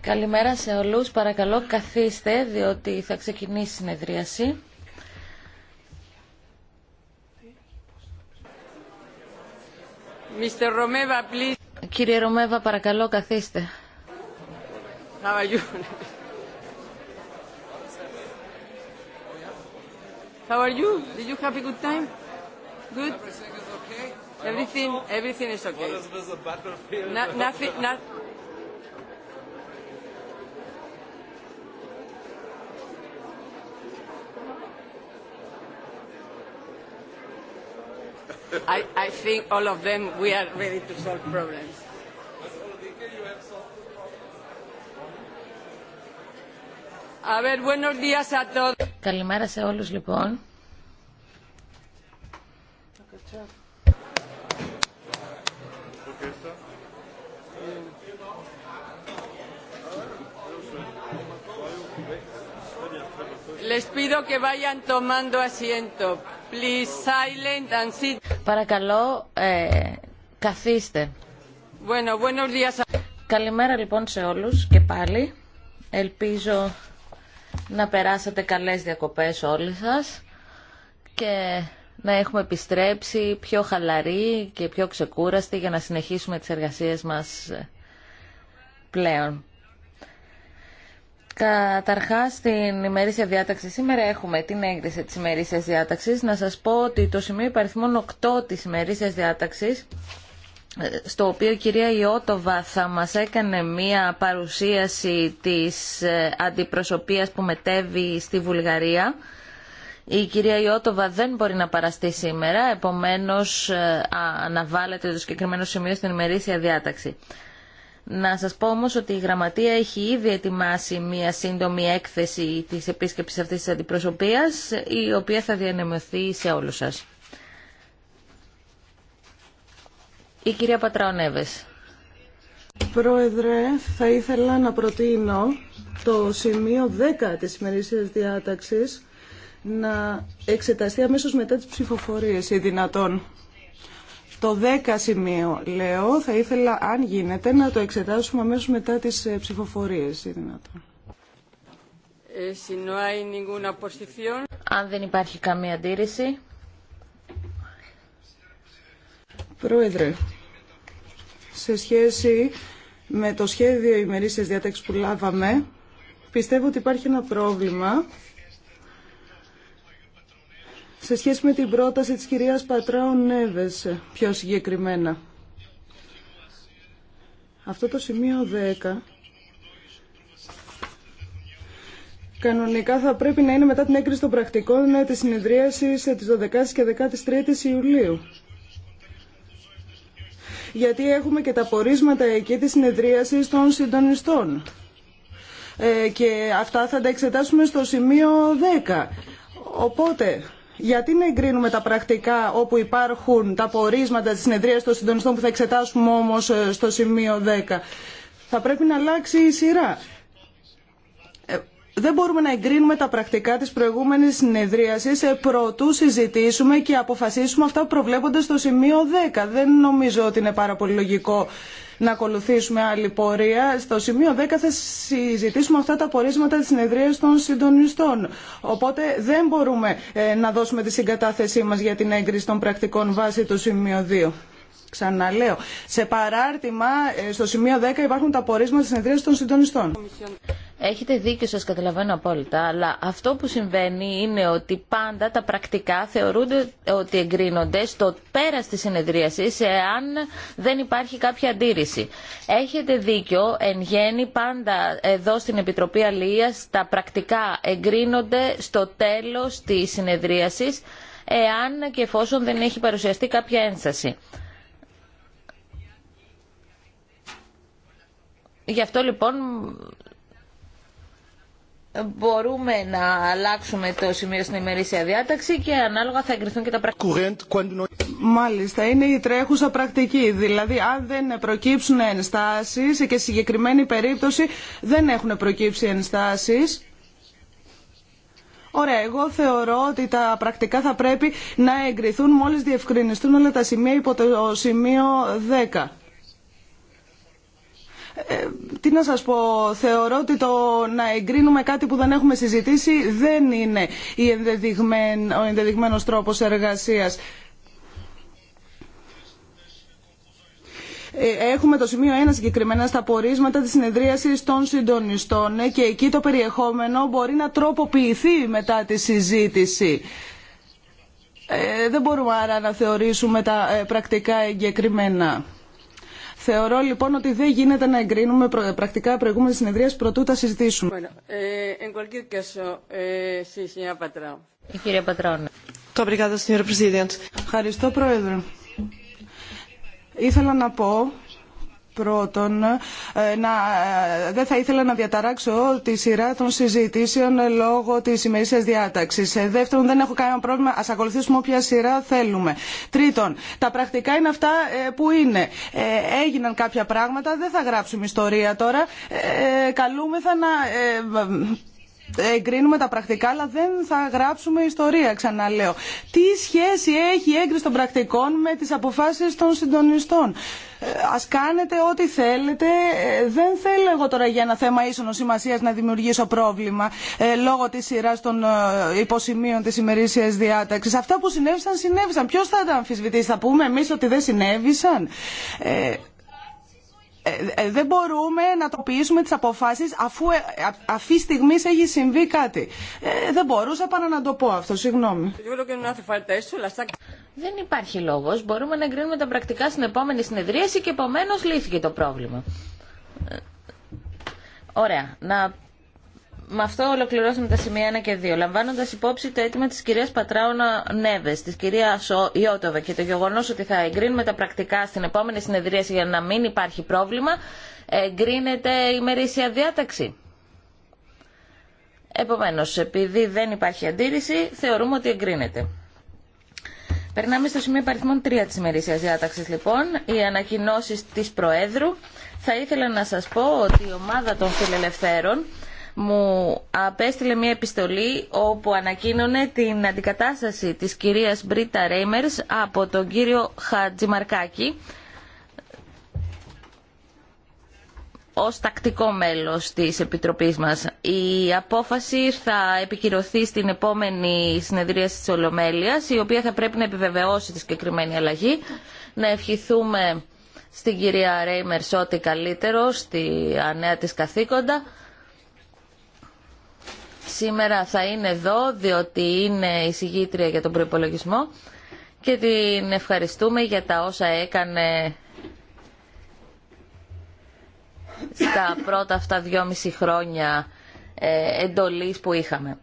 Καλημέρα σε όλους. Παρακαλώ καθίστε, διότι θα ξεκινήσει η συνεδρίαση. Κύριε Ρωμέβα, παρακαλώ καθίστε. How are you? Did you have a good time? Good. Everything, everything is okay. What is this a battlefield? Not, nothing, not. I, I think all of them, we are ready to solve problems. A ver, buenos días a todos. Καλημέρα σε όλους λοιπόν. Παρακαλώ, καθίστε. Καλημέρα λοιπόν σε όλους και πάλι. Ελπίζω να περάσατε καλές διακοπές όλοι σας και να έχουμε επιστρέψει πιο χαλαροί και πιο ξεκούραστοι για να συνεχίσουμε τις εργασίες μας πλέον. Καταρχάς, στην ημερήσια διάταξη σήμερα έχουμε την έγκριση της ημερήσια διάταξη. Να σας πω ότι το σημείο υπαριθμών 8 της ημερήσια διάταξη, στο οποίο η κυρία Ιώτοβα θα μας έκανε μία παρουσίαση της ε, αντιπροσωπείας που μετέβει στη Βουλγαρία. Η κυρία Ιώτοβα δεν μπορεί να παραστεί σήμερα, επομένως ε, αναβάλλεται το συγκεκριμένο σημείο στην ημερήσια διάταξη. Να σας πω όμως ότι η Γραμματεία έχει ήδη ετοιμάσει μία σύντομη έκθεση της επίσκεψης αυτής της αντιπροσωπείας, η οποία θα διανεμωθεί σε όλους σας. Η κυρία Πατραονέβες. Πρόεδρε, θα ήθελα να προτείνω το σημείο 10 της σημερινής διάταξης να εξεταστεί αμέσως μετά τις ψηφοφορίες ή δυνατόν. Το 10 σημείο, λέω, θα ήθελα, αν γίνεται, να το εξετάσουμε αμέσως μετά τις ε, ψηφοφορίες. Ε, αν δεν υπάρχει καμία αντίρρηση. Πρόεδρε, σε σχέση με το σχέδιο ημερήσιας διάταξης που λάβαμε, πιστεύω ότι υπάρχει ένα πρόβλημα σε σχέση με την πρόταση της κυρίας Πατράου Νέβες πιο συγκεκριμένα. Αυτό το σημείο 10 κανονικά θα πρέπει να είναι μετά την έγκριση των πρακτικών της συνεδρίασης της 12 και 13 Ιουλίου. Γιατί έχουμε και τα πορίσματα εκεί της συνεδρίασης των συντονιστών. Ε, και αυτά θα τα εξετάσουμε στο σημείο 10. Οπότε, γιατί να εγκρίνουμε τα πρακτικά όπου υπάρχουν τα πορίσματα της συνεδρίας των συντονιστών που θα εξετάσουμε όμως ε, στο σημείο 10. Θα πρέπει να αλλάξει η σειρά δεν μπορούμε να εγκρίνουμε τα πρακτικά της προηγούμενης συνεδρίασης ε, πρωτού συζητήσουμε και αποφασίσουμε αυτά που προβλέπονται στο σημείο 10. Δεν νομίζω ότι είναι πάρα πολύ λογικό να ακολουθήσουμε άλλη πορεία. Στο σημείο 10 θα συζητήσουμε αυτά τα πορίσματα της συνεδρίας των συντονιστών. Οπότε δεν μπορούμε ε, να δώσουμε τη συγκατάθεσή μας για την έγκριση των πρακτικών βάσει του σημείο 2. Ξαναλέω, σε παράρτημα ε, στο σημείο 10 υπάρχουν τα πορίσματα συνεδρίας των συντονιστών. Έχετε δίκιο σας, καταλαβαίνω απόλυτα, αλλά αυτό που συμβαίνει είναι ότι πάντα τα πρακτικά θεωρούνται ότι εγκρίνονται στο πέρας της συνεδρίασης εάν δεν υπάρχει κάποια αντίρρηση. Έχετε δίκιο, εν γέννη πάντα εδώ στην Επιτροπή Αλληλείας τα πρακτικά εγκρίνονται στο τέλος της συνεδρίασης εάν και εφόσον δεν έχει παρουσιαστεί κάποια ένσταση. Γι' αυτό λοιπόν μπορούμε να αλλάξουμε το σημείο στην ημερήσια διάταξη και ανάλογα θα εγκριθούν και τα πρακτικά. Μάλιστα, είναι η τρέχουσα πρακτική. Δηλαδή, αν δεν προκύψουν ενστάσεις και συγκεκριμένη περίπτωση δεν έχουν προκύψει ενστάσεις, Ωραία, εγώ θεωρώ ότι τα πρακτικά θα πρέπει να εγκριθούν μόλις διευκρινιστούν όλα τα σημεία υπό το σημείο 10. Ε, τι να σας πω, θεωρώ ότι το να εγκρίνουμε κάτι που δεν έχουμε συζητήσει δεν είναι η ενδεδειγμένο, ο ενδεδειγμένος τρόπος εργασίας. Ε, έχουμε το σημείο 1 συγκεκριμένα στα πορίσματα της συνεδρίασης των συντονιστών ε, και εκεί το περιεχόμενο μπορεί να τροποποιηθεί μετά τη συζήτηση. Ε, δεν μπορούμε άρα να θεωρήσουμε τα πρακτικά εγκεκριμένα. Θεωρώ λοιπόν ότι δεν γίνεται να εγκρίνουμε πρακτικά προηγούμενε συνεδρίε προτού τα συζητήσουμε. Eh, eh, Ευχαριστώ, Πρόεδρε. Ήθελα να πω Πρώτον, ε, να, ε, δεν θα ήθελα να διαταράξω τη σειρά των συζητήσεων ε, λόγω τη ημερήσια διάταξη. Δεύτερον, δεν έχω κανένα πρόβλημα. Α ακολουθήσουμε όποια σειρά θέλουμε. Τρίτον, τα πρακτικά είναι αυτά που είναι. Έγιναν κάποια πράγματα, δεν θα γράψουμε ιστορία τώρα. Καλούμεθα να εγκρίνουμε τα πρακτικά, αλλά δεν θα γράψουμε ιστορία, ξαναλέω. Τι σχέση έχει η έγκριση των πρακτικών με τις αποφάσεις των συντονιστών. Ε, ας κάνετε ό,τι θέλετε. Ε, δεν θέλω εγώ τώρα για ένα θέμα ίσονος σημασία να δημιουργήσω πρόβλημα ε, λόγω της σειράς των υποσημείων της ημερήσιας διάταξης. Αυτά που συνέβησαν, συνέβησαν. Ποιος θα τα αμφισβητήσει, θα πούμε εμείς ότι δεν συνέβησαν. Ε, ε, δεν μπορούμε να τοποιήσουμε τις αποφάσεις αφού ε, αυτή στιγμή έχει συμβεί κάτι. δεν μπορούσα παρά να το πω αυτό, συγγνώμη. Δεν υπάρχει λόγος. Μπορούμε να εγκρίνουμε τα πρακτικά στην επόμενη συνεδρίαση και επομένως λύθηκε το πρόβλημα. Ωραία. Να με αυτό ολοκληρώσαμε τα σημεία 1 και 2. Λαμβάνοντα υπόψη το αίτημα τη κυρία Πατράουνα Νέβε, τη κυρία Ιώτοβε και το γεγονό ότι θα εγκρίνουμε τα πρακτικά στην επόμενη συνεδρίαση για να μην υπάρχει πρόβλημα, εγκρίνεται η μερίσια διάταξη. Επομένω, επειδή δεν υπάρχει αντίρρηση, θεωρούμε ότι εγκρίνεται. Περνάμε στο σημείο παριθμών 3 τη ημερήσια διάταξη, λοιπόν, οι ανακοινώσει τη Προέδρου. Θα ήθελα να σα πω ότι η ομάδα των φιλελευθέρων μου απέστειλε μια επιστολή όπου ανακοίνωνε την αντικατάσταση της κυρίας Μπρίτα Ρέιμερς από τον κύριο Χατζημαρκάκη ως τακτικό μέλος της Επιτροπής μας. Η απόφαση θα επικυρωθεί στην επόμενη συνεδρία της Ολομέλειας, η οποία θα πρέπει να επιβεβαιώσει τη συγκεκριμένη αλλαγή. Να ευχηθούμε στην κυρία Ρέιμερς ό,τι καλύτερο στη ανέα της καθήκοντα σήμερα θα είναι εδώ διότι είναι εισηγήτρια για τον προϋπολογισμό και την ευχαριστούμε για τα όσα έκανε στα πρώτα αυτά δυόμιση χρόνια ε, εντολής που είχαμε.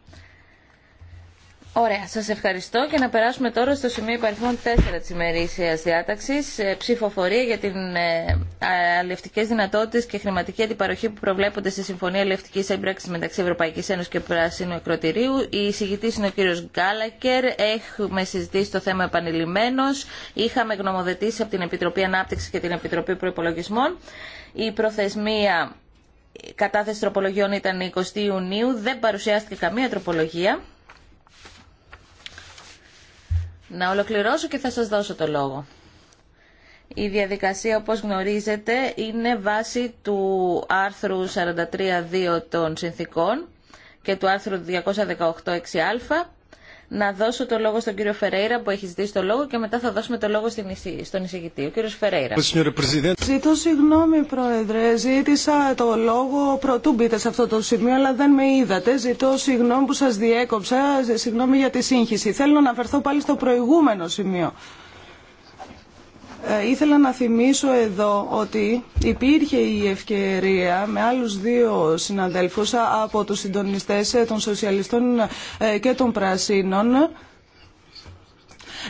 Ωραία, σας ευχαριστώ και να περάσουμε τώρα στο σημείο υπαριθμών 4 της ημερήσιας διάταξης, ε, ψηφοφορία για την ε, αλληλευτικές δυνατότητες και χρηματική αντιπαροχή που προβλέπονται στη Συμφωνία Αλληλευτικής Έμπραξης μεταξύ Ευρωπαϊκής Ένωσης και Πράσινου Εκροτηρίου. Η εισηγητής είναι ο κύριος Γκάλακερ, έχουμε συζητήσει το θέμα επανειλημμένος, είχαμε γνωμοδετήσει από την Επιτροπή Ανάπτυξης και την Επιτροπή προπολογισμών. Η προθεσμία κατάθεση τροπολογιών ήταν 20 Ιουνίου, δεν παρουσιάστηκε καμία τροπολογία. Να ολοκληρώσω και θα σας δώσω το λόγο. Η διαδικασία, όπως γνωρίζετε, είναι βάση του άρθρου 43.2 των συνθήκων και του άρθρου 218.6α να δώσω το λόγο στον κύριο Φερέιρα που έχει ζητήσει το λόγο και μετά θα δώσουμε το λόγο στον εισηγητή. Ο κύριος Φερέιρα. Ζητώ συγγνώμη Πρόεδρε, ζήτησα το λόγο πρωτού μπείτε σε αυτό το σημείο αλλά δεν με είδατε. Ζητώ συγγνώμη που σα διέκοψα, συγγνώμη για τη σύγχυση. Θέλω να αναφερθώ πάλι στο προηγούμενο σημείο. Ε, ήθελα να θυμίσω εδώ ότι υπήρχε η ευκαιρία με άλλους δύο συναδέλφους από τους συντονιστές των Σοσιαλιστών ε, και των Πρασίνων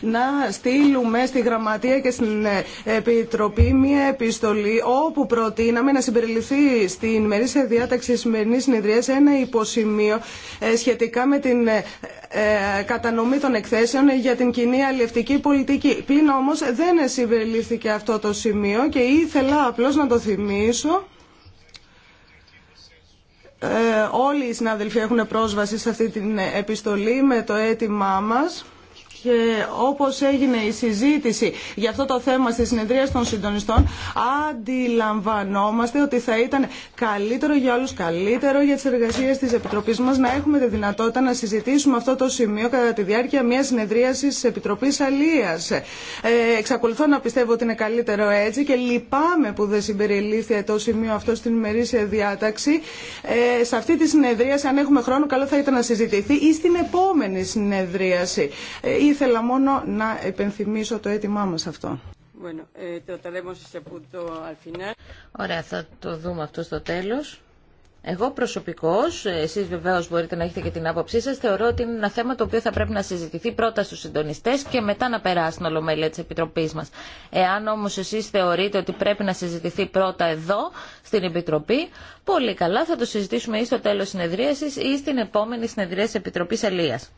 να στείλουμε στη Γραμματεία και στην ε, Επιτροπή μία επιστολή όπου προτείναμε να συμπεριληφθεί στην ημερήσια διάταξη σημερινή σημερινής ένα υποσημείο ε, σχετικά με την ε, κατανομή των εκθέσεων για την κοινή αλληλευτική πολιτική. Πλην όμως δεν συμπεριλήφθηκε αυτό το σημείο και ήθελα απλώς να το θυμίσω. όλοι οι συνάδελφοι έχουν πρόσβαση σε αυτή την επιστολή με το αίτημά μας και όπως έγινε η συζήτηση για αυτό το θέμα στη συνεδρία των συντονιστών, αντιλαμβανόμαστε ότι θα ήταν καλύτερο για όλους, καλύτερο για τις εργασίες της Επιτροπής μας να έχουμε τη δυνατότητα να συζητήσουμε αυτό το σημείο κατά τη διάρκεια μιας συνεδρίασης της Επιτροπής Αλίας. Ε, εξακολουθώ να πιστεύω ότι είναι καλύτερο έτσι και λυπάμαι που δεν συμπεριλήφθη το σημείο αυτό στην ημερήσια διάταξη. Ε, σε αυτή τη συνεδρίαση, αν έχουμε χρόνο, καλό θα ήταν να συζητηθεί ή στην επόμενη συνεδρίαση. Ε, Ήθελα μόνο να επενθυμίσω το αίτημά μας αυτό. Eh, Ωραία, θα το δούμε αυτό στο τέλος. Εγώ προσωπικώς, εσείς βεβαίως μπορείτε να έχετε και την άποψή σας, θεωρώ ότι είναι ένα θέμα το οποίο θα πρέπει να συζητηθεί πρώτα στους συντονιστές και μετά να περάσει στην Ολομέλεια της Επιτροπής μας. Εάν όμως εσείς θεωρείτε ότι πρέπει να συζητηθεί πρώτα εδώ, στην Επιτροπή, πολύ καλά θα το συζητήσουμε ή στο τέλος συνεδρίασης ή στην επόμενη συνεδρία της Επιτροπής Ελίας.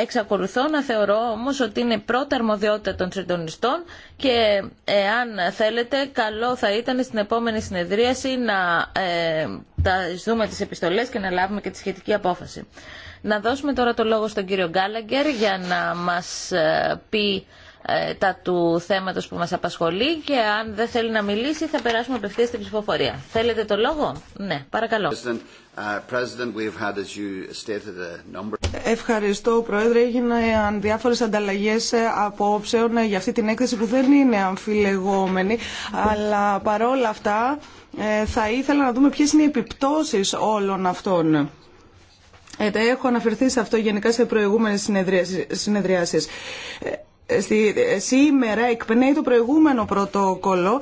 Εξακολουθώ να θεωρώ όμως ότι είναι πρώτα αρμοδιότητα των συντονιστών και εάν θέλετε καλό θα ήταν στην επόμενη συνεδρίαση να ε, τα δούμε τις επιστολές και να λάβουμε και τη σχετική απόφαση. Να δώσουμε τώρα το λόγο στον κύριο Γκάλαγκερ για να μας ε, πει ε, τα του θέματος που μας απασχολεί και αν δεν θέλει να μιλήσει θα περάσουμε απευθείας στην ψηφοφορία. Θέλετε το λόγο? Ναι, παρακαλώ. Uh, Ευχαριστώ, Πρόεδρε. Έγιναν ε, διάφορε ανταλλαγέ ε, απόψεων για αυτή την έκθεση που δεν είναι αμφιλεγόμενη. Αλλά παρόλα αυτά θα ήθελα να δούμε ποιε είναι οι επιπτώσει όλων αυτών. έχω αναφερθεί σε αυτό γενικά σε προηγούμενε συνεδριάσει σήμερα εκπνέει το προηγούμενο πρωτόκολλο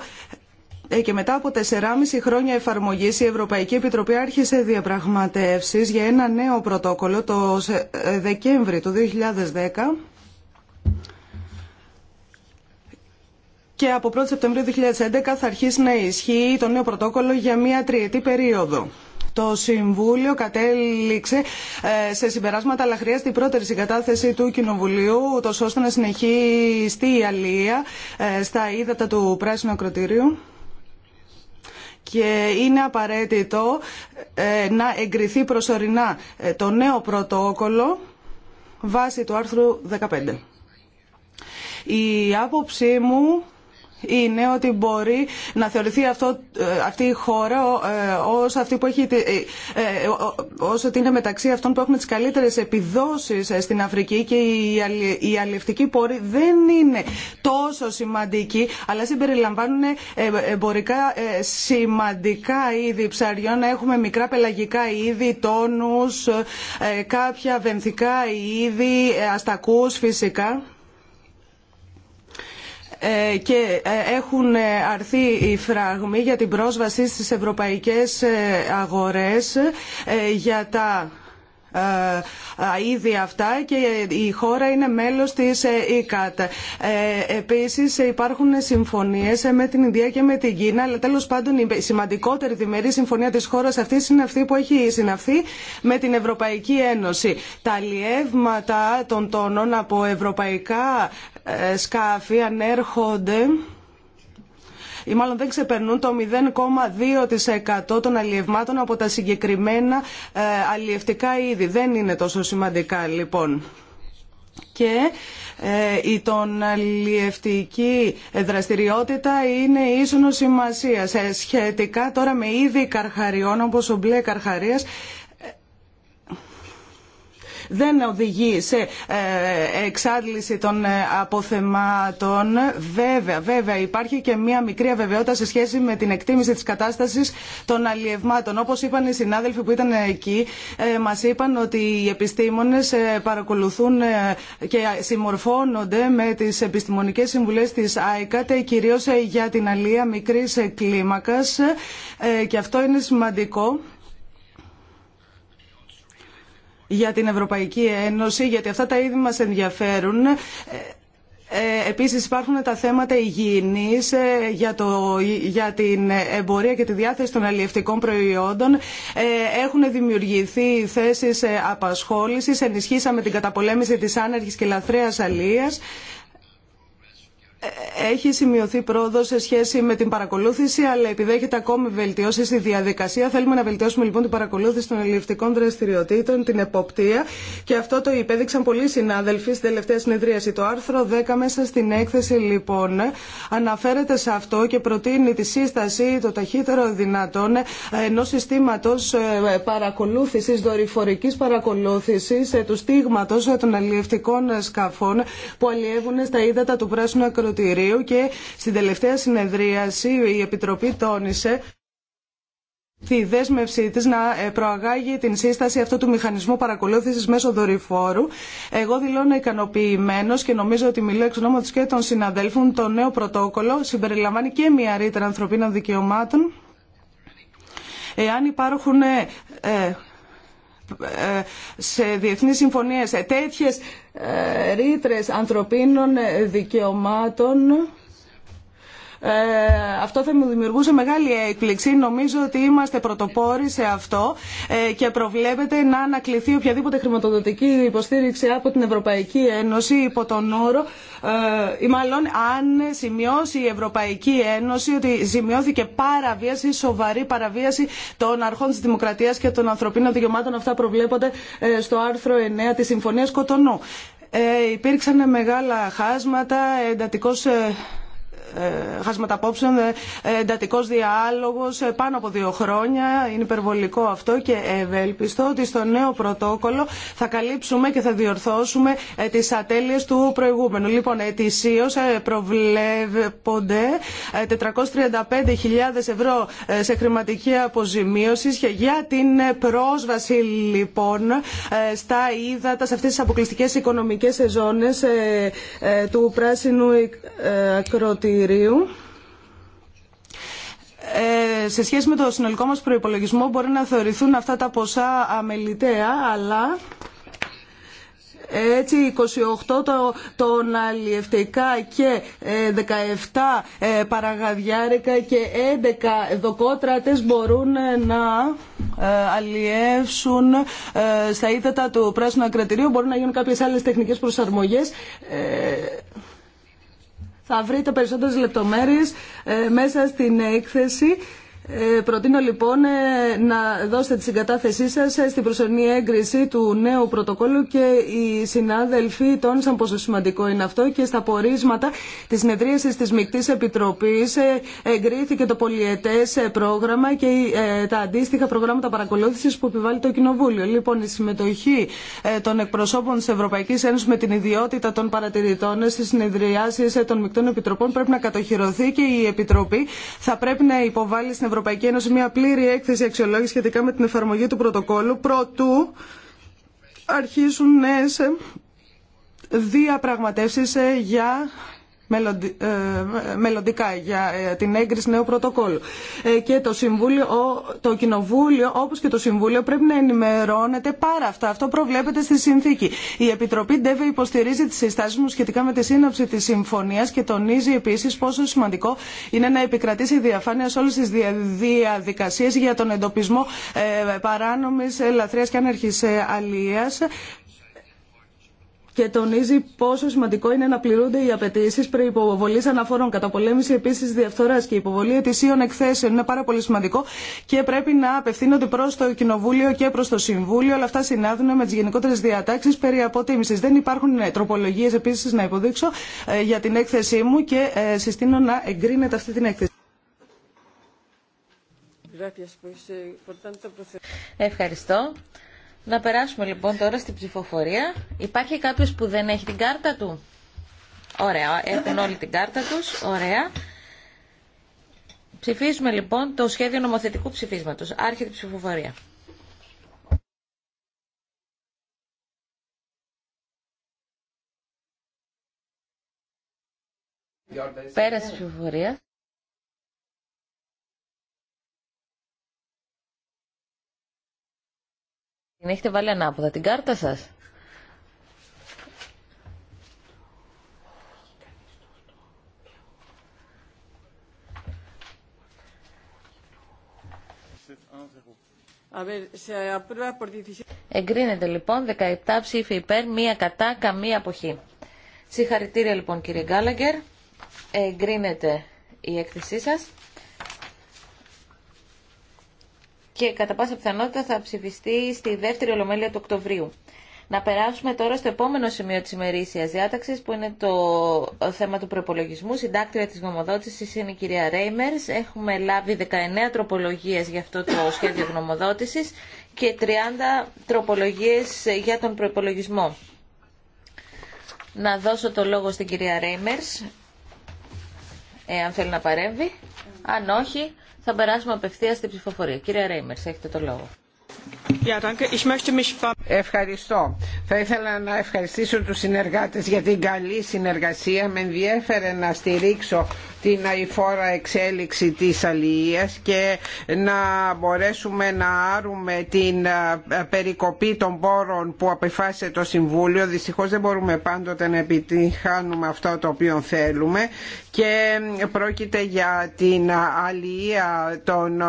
ε, και μετά από 4,5 χρόνια εφαρμογής η Ευρωπαϊκή Επιτροπή άρχισε διαπραγματεύσεις για ένα νέο πρωτόκολλο το ε, Δεκέμβρη του 2010 και από Σεπτεμβρίου 2011 θα αρχίσει να ισχύει το νέο πρωτόκολλο για μια τριετή περίοδο. Το Συμβούλιο κατέληξε ε, σε συμπεράσματα, αλλά χρειάζεται η πρώτερη συγκατάθεση του Κοινοβουλίου, ούτως ώστε να συνεχίσει η αλληλεία ε, στα ύδατα του Πράσινου Ακροτήριου και είναι απαραίτητο ε, να εγκριθεί προσωρινά το νέο πρωτόκολλο βάσει του άρθρου 15. Η άποψή μου είναι ότι μπορεί να θεωρηθεί αυτό, ε, αυτή η χώρα ε, ως, αυτή που έχει, ε, ως ότι είναι μεταξύ αυτών που έχουν τις καλύτερες επιδόσεις στην Αφρική και η αλληλευτική πόρη δεν είναι τόσο σημαντική αλλά συμπεριλαμβάνουν εμπορικά σημαντικά είδη ψαριών έχουμε μικρά πελαγικά είδη, τόνους, κάποια βενθικά είδη, αστακούς φυσικά ε, και ε, έχουν αρθεί οι φράγμοι για την πρόσβαση στις ευρωπαϊκές ε, αγορές για τα είδη αυτά και η χώρα είναι μέλος της ΕΚΑΤ. Επίσης υπάρχουν συμφωνίες με την Ινδία και με την Κίνα, αλλά τέλος πάντων η σημαντικότερη διμερή συμφωνία της χώρας αυτής είναι αυτή που έχει συναυθεί με την Ευρωπαϊκή Ένωση. Τα λιεύματα των τόνων από ευρωπαϊκά σκάφη ανέρχονται ή μάλλον δεν ξεπερνούν το 0,2% των αλλιευμάτων από τα συγκεκριμένα ε, αλλιευτικά είδη. Δεν είναι τόσο σημαντικά λοιπόν. Και ε, η τον αλλιευτική δραστηριότητα είναι ίσονο σημασία. Ε, σχετικά τώρα με είδη καρχαριών όπως ο μπλε καρχαρίας δεν οδηγεί σε ε, εξάντληση των ε, αποθεμάτων. Βέβαια, βέβαια υπάρχει και μία μικρή αβεβαιότητα σε σχέση με την εκτίμηση της κατάστασης των αλλιευμάτων. Όπως είπαν οι συνάδελφοι που ήταν εκεί, ε, μας είπαν ότι οι επιστήμονες παρακολουθούν και συμμορφώνονται με τις επιστημονικές συμβουλές της και κυρίως για την αλλία μικρής κλίμακας και αυτό είναι σημαντικό για την Ευρωπαϊκή Ένωση, γιατί αυτά τα είδη μας ενδιαφέρουν. Ε, ε, επίσης υπάρχουν τα θέματα υγιεινής ε, για, το, για την εμπορία και τη διάθεση των αλλιευτικών προϊόντων. Έχουν δημιουργηθεί θέσεις απασχόλησης, ενισχύσαμε την καταπολέμηση της άνεργης και λαθρέας αλίας έχει σημειωθεί πρόοδο σε σχέση με την παρακολούθηση, αλλά επιδέχεται ακόμη βελτιώσει στη διαδικασία. Θέλουμε να βελτιώσουμε λοιπόν την παρακολούθηση των ελληνικών δραστηριοτήτων, την εποπτεία. Και αυτό το υπέδειξαν πολλοί συνάδελφοι στην τελευταία συνεδρίαση. Το άρθρο 10 μέσα στην έκθεση λοιπόν αναφέρεται σε αυτό και προτείνει τη σύσταση το ταχύτερο δυνατόν ενό συστήματο ε, παρακολούθηση, δορυφορική παρακολούθηση ε, του στίγματο των αλλιευτικών σκαφών που αλλιεύουν στα ύδατα του πράσινου και στην τελευταία συνεδρίαση η Επιτροπή τόνισε τη δέσμευσή τη να ε, προαγάγει την σύσταση αυτού του μηχανισμού παρακολούθηση μέσω δορυφόρου. Εγώ δηλώνω ικανοποιημένο και νομίζω ότι μιλώ εξ ονόματο και των συναδέλφων. Το νέο πρωτόκολλο συμπεριλαμβάνει και μια ρήτρα ανθρωπίνων δικαιωμάτων. Εάν υπάρχουν ε, ε, σε διεθνείς συμφωνίες τέτοιες ε, ρήτρες ανθρωπίνων δικαιωμάτων ε, αυτό θα μου δημιουργούσε μεγάλη έκπληξη. Νομίζω ότι είμαστε πρωτοπόροι σε αυτό ε, και προβλέπεται να ανακληθεί οποιαδήποτε χρηματοδοτική υποστήριξη από την Ευρωπαϊκή Ένωση υπό τον όρο ε, ή μάλλον αν σημειώσει η Ευρωπαϊκή Ένωση ότι σημειώθηκε παραβίαση, σοβαρή παραβίαση των αρχών της δημοκρατίας και των ανθρωπίνων δικαιωμάτων. Αυτά προβλέπονται στο άρθρο 9 της Συμφωνίας Κοτονού. υπήρξαν μεγάλα χάσματα, εντατικός ε, χάσματα απόψεων, ε, ε, εντατικό διάλογο πάνω από δύο χρόνια. Είναι υπερβολικό αυτό και ευέλπιστο ότι στο νέο πρωτόκολλο θα καλύψουμε και θα διορθώσουμε τι ατέλειε του προηγούμενου. Λοιπόν, ετησίω προβλέπονται 435.000 ευρώ σε χρηματική αποζημίωση για την πρόσβαση λοιπόν στα ύδατα, σε αυτέ τι αποκλειστικέ οικονομικέ ζώνε του πράσινου ακροτήρου. Ε, σε σχέση με το συνολικό μας προϋπολογισμό μπορεί να θεωρηθούν αυτά τα ποσά αμεληταία, αλλά έτσι 28 των αλλιευτικά και 17 ε, ε, παραγαδιάρικα και 11 δοκότρατες μπορούν να αλλιεύσουν στα ύδατα του πράσινου ακρατηρίου. Μπορούν να γίνουν κάποιες άλλες τεχνικές προσαρμογές. Θα βρείτε περισσότερες λεπτομέρειες ε, μέσα στην ε, έκθεση. Ε, προτείνω λοιπόν ε, να δώσετε τη συγκατάθεσή σας ε, στην προσωρινή έγκριση του νέου πρωτοκόλλου και οι συνάδελφοι τόνισαν πόσο σημαντικό είναι αυτό και στα πορίσματα της συνεδρίασης της Μικτής Επιτροπής εγκρίθηκε το πολιετές πρόγραμμα και τα αντίστοιχα προγράμματα παρακολούθησης που επιβάλλει το Κοινοβούλιο. Λοιπόν, η συμμετοχή των εκπροσώπων της Ευρωπαϊκής Ένωσης με την ιδιότητα των παρατηρητών στις συνεδριάσεις των Μικτών Επιτροπών πρέπει να κατοχυρωθεί και η Επιτροπή θα πρέπει να υποβάλει στην Ευρωπαϊκή Ευρωπαϊκή Ένωση μια πλήρη έκθεση αξιολόγηση σχετικά με την εφαρμογή του πρωτοκόλου προτού αρχίσουν νέε διαπραγματεύσει ε, για ε, μελλοντικά για ε, την έγκριση νέου πρωτοκόλλου. Ε, και το, συμβούλιο, το Κοινοβούλιο, όπως και το Συμβούλιο, πρέπει να ενημερώνεται πάρα αυτά. Αυτό προβλέπεται στη συνθήκη. Η Επιτροπή ΝΤΕΒΕ υποστηρίζει τις συστάσεις μου σχετικά με τη σύναψη της συμφωνίας και τονίζει επίσης πόσο σημαντικό είναι να επικρατήσει η διαφάνεια σε όλες τις διαδικασίες για τον εντοπισμό παράνομης, ελαθρείας και ανερχή αλίας και τονίζει πόσο σημαντικό είναι να πληρούνται οι απαιτήσει πριν υποβολή αναφορών. πολέμηση επίση διαφθορά και υποβολή ετησίων εκθέσεων είναι πάρα πολύ σημαντικό και πρέπει να απευθύνονται προ το Κοινοβούλιο και προ το Συμβούλιο. Αλλά αυτά συνάδουν με τι γενικότερε διατάξει περί αποτίμηση. Δεν υπάρχουν ε, τροπολογίε επίση να υποδείξω ε, για την έκθεσή μου και ε, συστήνω να εγκρίνεται αυτή την έκθεση. Eh, Ευχαριστώ. Να περάσουμε λοιπόν τώρα στην ψηφοφορία. Υπάρχει κάποιος που δεν έχει την κάρτα του. Ωραία, έχουν όλοι την κάρτα τους. Ωραία. Ψηφίζουμε λοιπόν το σχέδιο νομοθετικού ψηφίσματος. Άρχεται η ψηφοφορία. Πέρασε η ψηφοφορία. Την έχετε βάλει ανάποδα την κάρτα σας. Εγκρίνεται λοιπόν 17 ψήφοι υπέρ, μία κατά, καμία αποχή. Συγχαρητήρια λοιπόν κύριε Γκάλαγκερ. Εγκρίνεται η έκθεσή σας και κατά πάσα πιθανότητα θα ψηφιστεί στη δεύτερη ολομέλεια του Οκτωβρίου. Να περάσουμε τώρα στο επόμενο σημείο της ημερήσιας διάταξης που είναι το θέμα του προπολογισμού. Συντάκτρια της γνωμοδότησης είναι η κυρία Ρέιμερς. Έχουμε λάβει 19 τροπολογίες για αυτό το σχέδιο γνωμοδότησης και 30 τροπολογίες για τον προπολογισμό. Να δώσω το λόγο στην κυρία Ρέιμερ εάν θέλει να παρέμβει. Αν όχι, θα περάσουμε απευθεία στη ψηφοφορία. Κύριε Ρέιμερ, έχετε το λόγο. Ευχαριστώ. Θα ήθελα να ευχαριστήσω τους συνεργάτες για την καλή συνεργασία. Με ενδιέφερε να στηρίξω την αηφόρα εξέλιξη της αλληλείας και να μπορέσουμε να άρουμε την ε, περικοπή των πόρων που απεφάσισε το Συμβούλιο. Δυστυχώς δεν μπορούμε πάντοτε να επιτυχάνουμε αυτό το οποίο θέλουμε και πρόκειται για την αλληλεία των ε,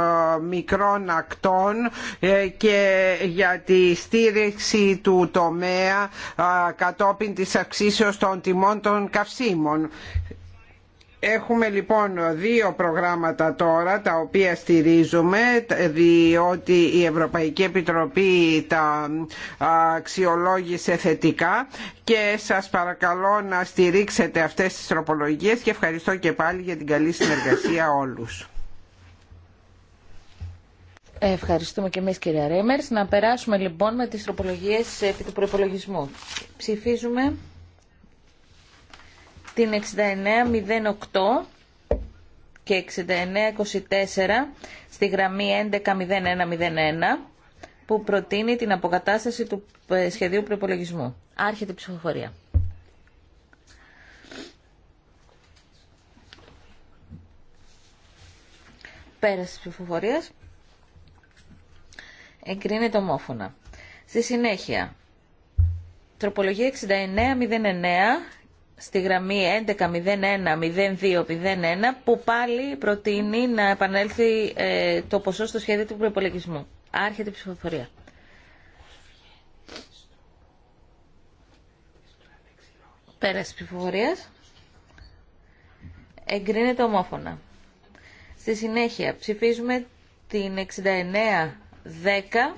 μικρών ακτών ε, και για τη στήριξη του τομέα κατόπιν της αυξήσεως των τιμών των καυσίμων Έχουμε λοιπόν δύο προγράμματα τώρα τα οποία στηρίζουμε διότι η Ευρωπαϊκή Επιτροπή τα αξιολόγησε θετικά και σας παρακαλώ να στηρίξετε αυτές τις τροπολογίες και ευχαριστώ και πάλι για την καλή συνεργασία όλους. Ευχαριστούμε και εμείς κυρία Ρέμερς. Να περάσουμε λοιπόν με τις τροπολογίες επί του προϋπολογισμού. Ψηφίζουμε την 6908 και 6924 στη γραμμή 110101 που προτείνει την αποκατάσταση του ε, σχεδίου προπολογισμού. Άρχεται η ψηφοφορία. Πέραση τη ψηφοφορίας. Εγκρίνεται ομόφωνα. Στη συνέχεια, τροπολογία 6909 στη γραμμή 11.01.02.01 που πάλι προτείνει να επανέλθει ε, το ποσό στο σχέδιο του προπολογισμού. Άρχεται η ψηφοφορία. Πέραση ψηφοφορία; Εγκρίνεται ομόφωνα. Στη συνέχεια ψηφίζουμε την 69.10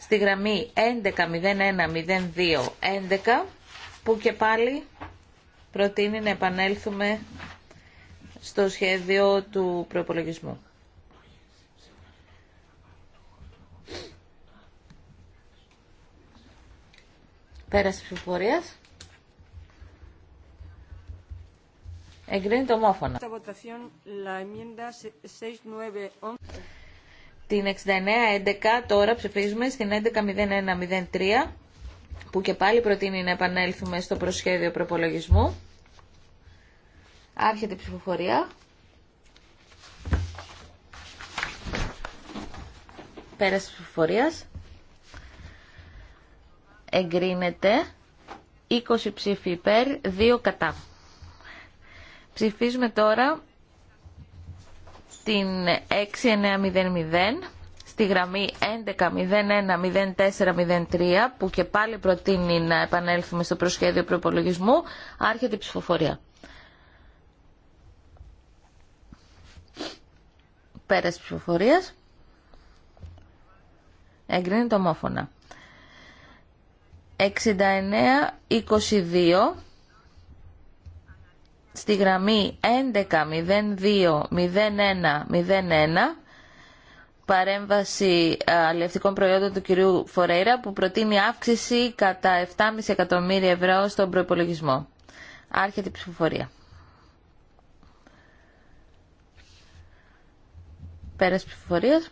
στη γραμμή 11.01.02.11 που και πάλι προτείνει να επανέλθουμε στο σχέδιο του προπολογισμού. Πέραση ψηφοφορία. Εγκρίνεται ομόφωνα. Την 69-11 τώρα ψηφίζουμε στην 11 που και πάλι προτείνει να επανέλθουμε στο προσχέδιο προπολογισμού. Άρχεται η ψηφοφορία. Πέραση ψηφοφορία. Εγκρίνεται 20 ψήφοι υπέρ, 2 κατά. Ψηφίζουμε τώρα την 6900 Στη γραμμή 11-01-04-03, που και πάλι προτείνει να επανέλθουμε στο προσχέδιο προπολογισμού. άρχεται η ψηφοφορία. Πέρας ψηφοφορίας. Εγκρίνει το 69 69-22. Στη γραμμή 11-02-01-01, παρέμβαση αλληλευτικών προϊόντων του κυρίου Φορέιρα που προτείνει αύξηση κατά 7,5 εκατομμύρια ευρώ στον προϋπολογισμό. Άρχεται η ψηφοφορία. Πέρας ψηφοφορίας.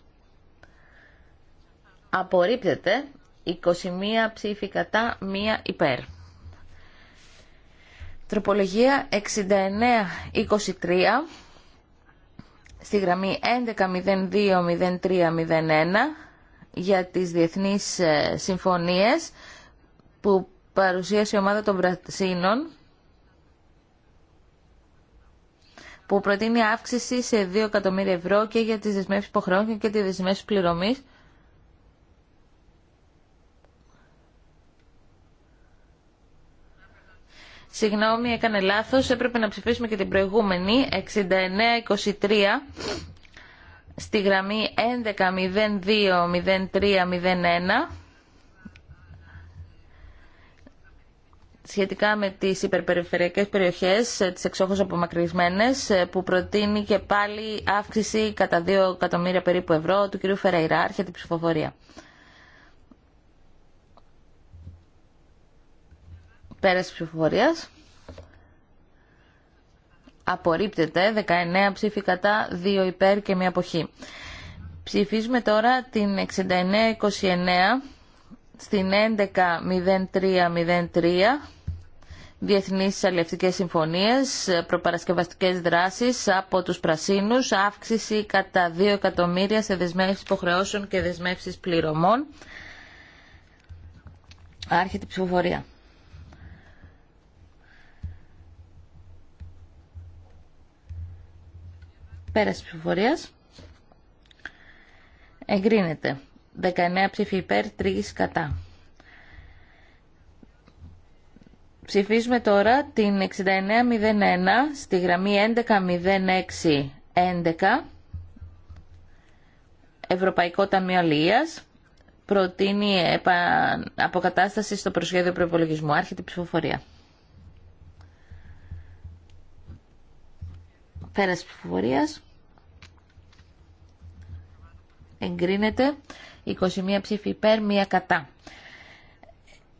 Απορρίπτεται 21 ψήφοι κατά, 1 υπέρ. Τροπολογία 69-23 στη γραμμή 11020301 για τις διεθνείς ε, συμφωνίες που παρουσίασε η ομάδα των Πρασίνων που προτείνει αύξηση σε 2 εκατομμύρια ευρώ και για τις δεσμεύσεις υποχρεώσεων και τις δεσμεύσεις πληρωμής Συγγνώμη, έκανε λάθο, Έπρεπε να ψηφίσουμε και την προηγούμενη, 6923, στη γραμμή 11020301 σχετικά με τις υπερπεριφερειακές περιοχές, ε, τις εξόχως απομακρυσμένες, ε, που προτείνει και πάλι αύξηση κατά 2 εκατομμύρια περίπου ευρώ του κ. Φεραϊρά, για την ψηφοφορία. Πέρας ψηφοφορίας. Απορρίπτεται 19 ψήφοι κατά, 2 υπέρ και μια αποχή. Ψηφίζουμε τώρα την 6929 στην 110303 Διεθνείς Αλληλευτικές Συμφωνίες, προπαρασκευαστικές δράσεις από τους Πρασίνους, αύξηση κατά 2 εκατομμύρια σε δεσμεύσεις υποχρεώσεων και δεσμεύσεις πληρωμών. Άρχεται η ψηφοφορία. Πέρας ψηφοφορίας. Εγκρίνεται. 19 ψήφοι υπέρ, 3 κατά. Ψηφίζουμε τώρα την 6901 στη γραμμή 110611 11, Ευρωπαϊκό Ταμείο Αλληλείας προτείνει αποκατάσταση στο προσχέδιο προπολογισμού. Άρχεται η ψηφοφορία. Πέρας ψηφοφορίας. Εγκρίνεται. 21 ψήφοι υπέρ, 1 κατά.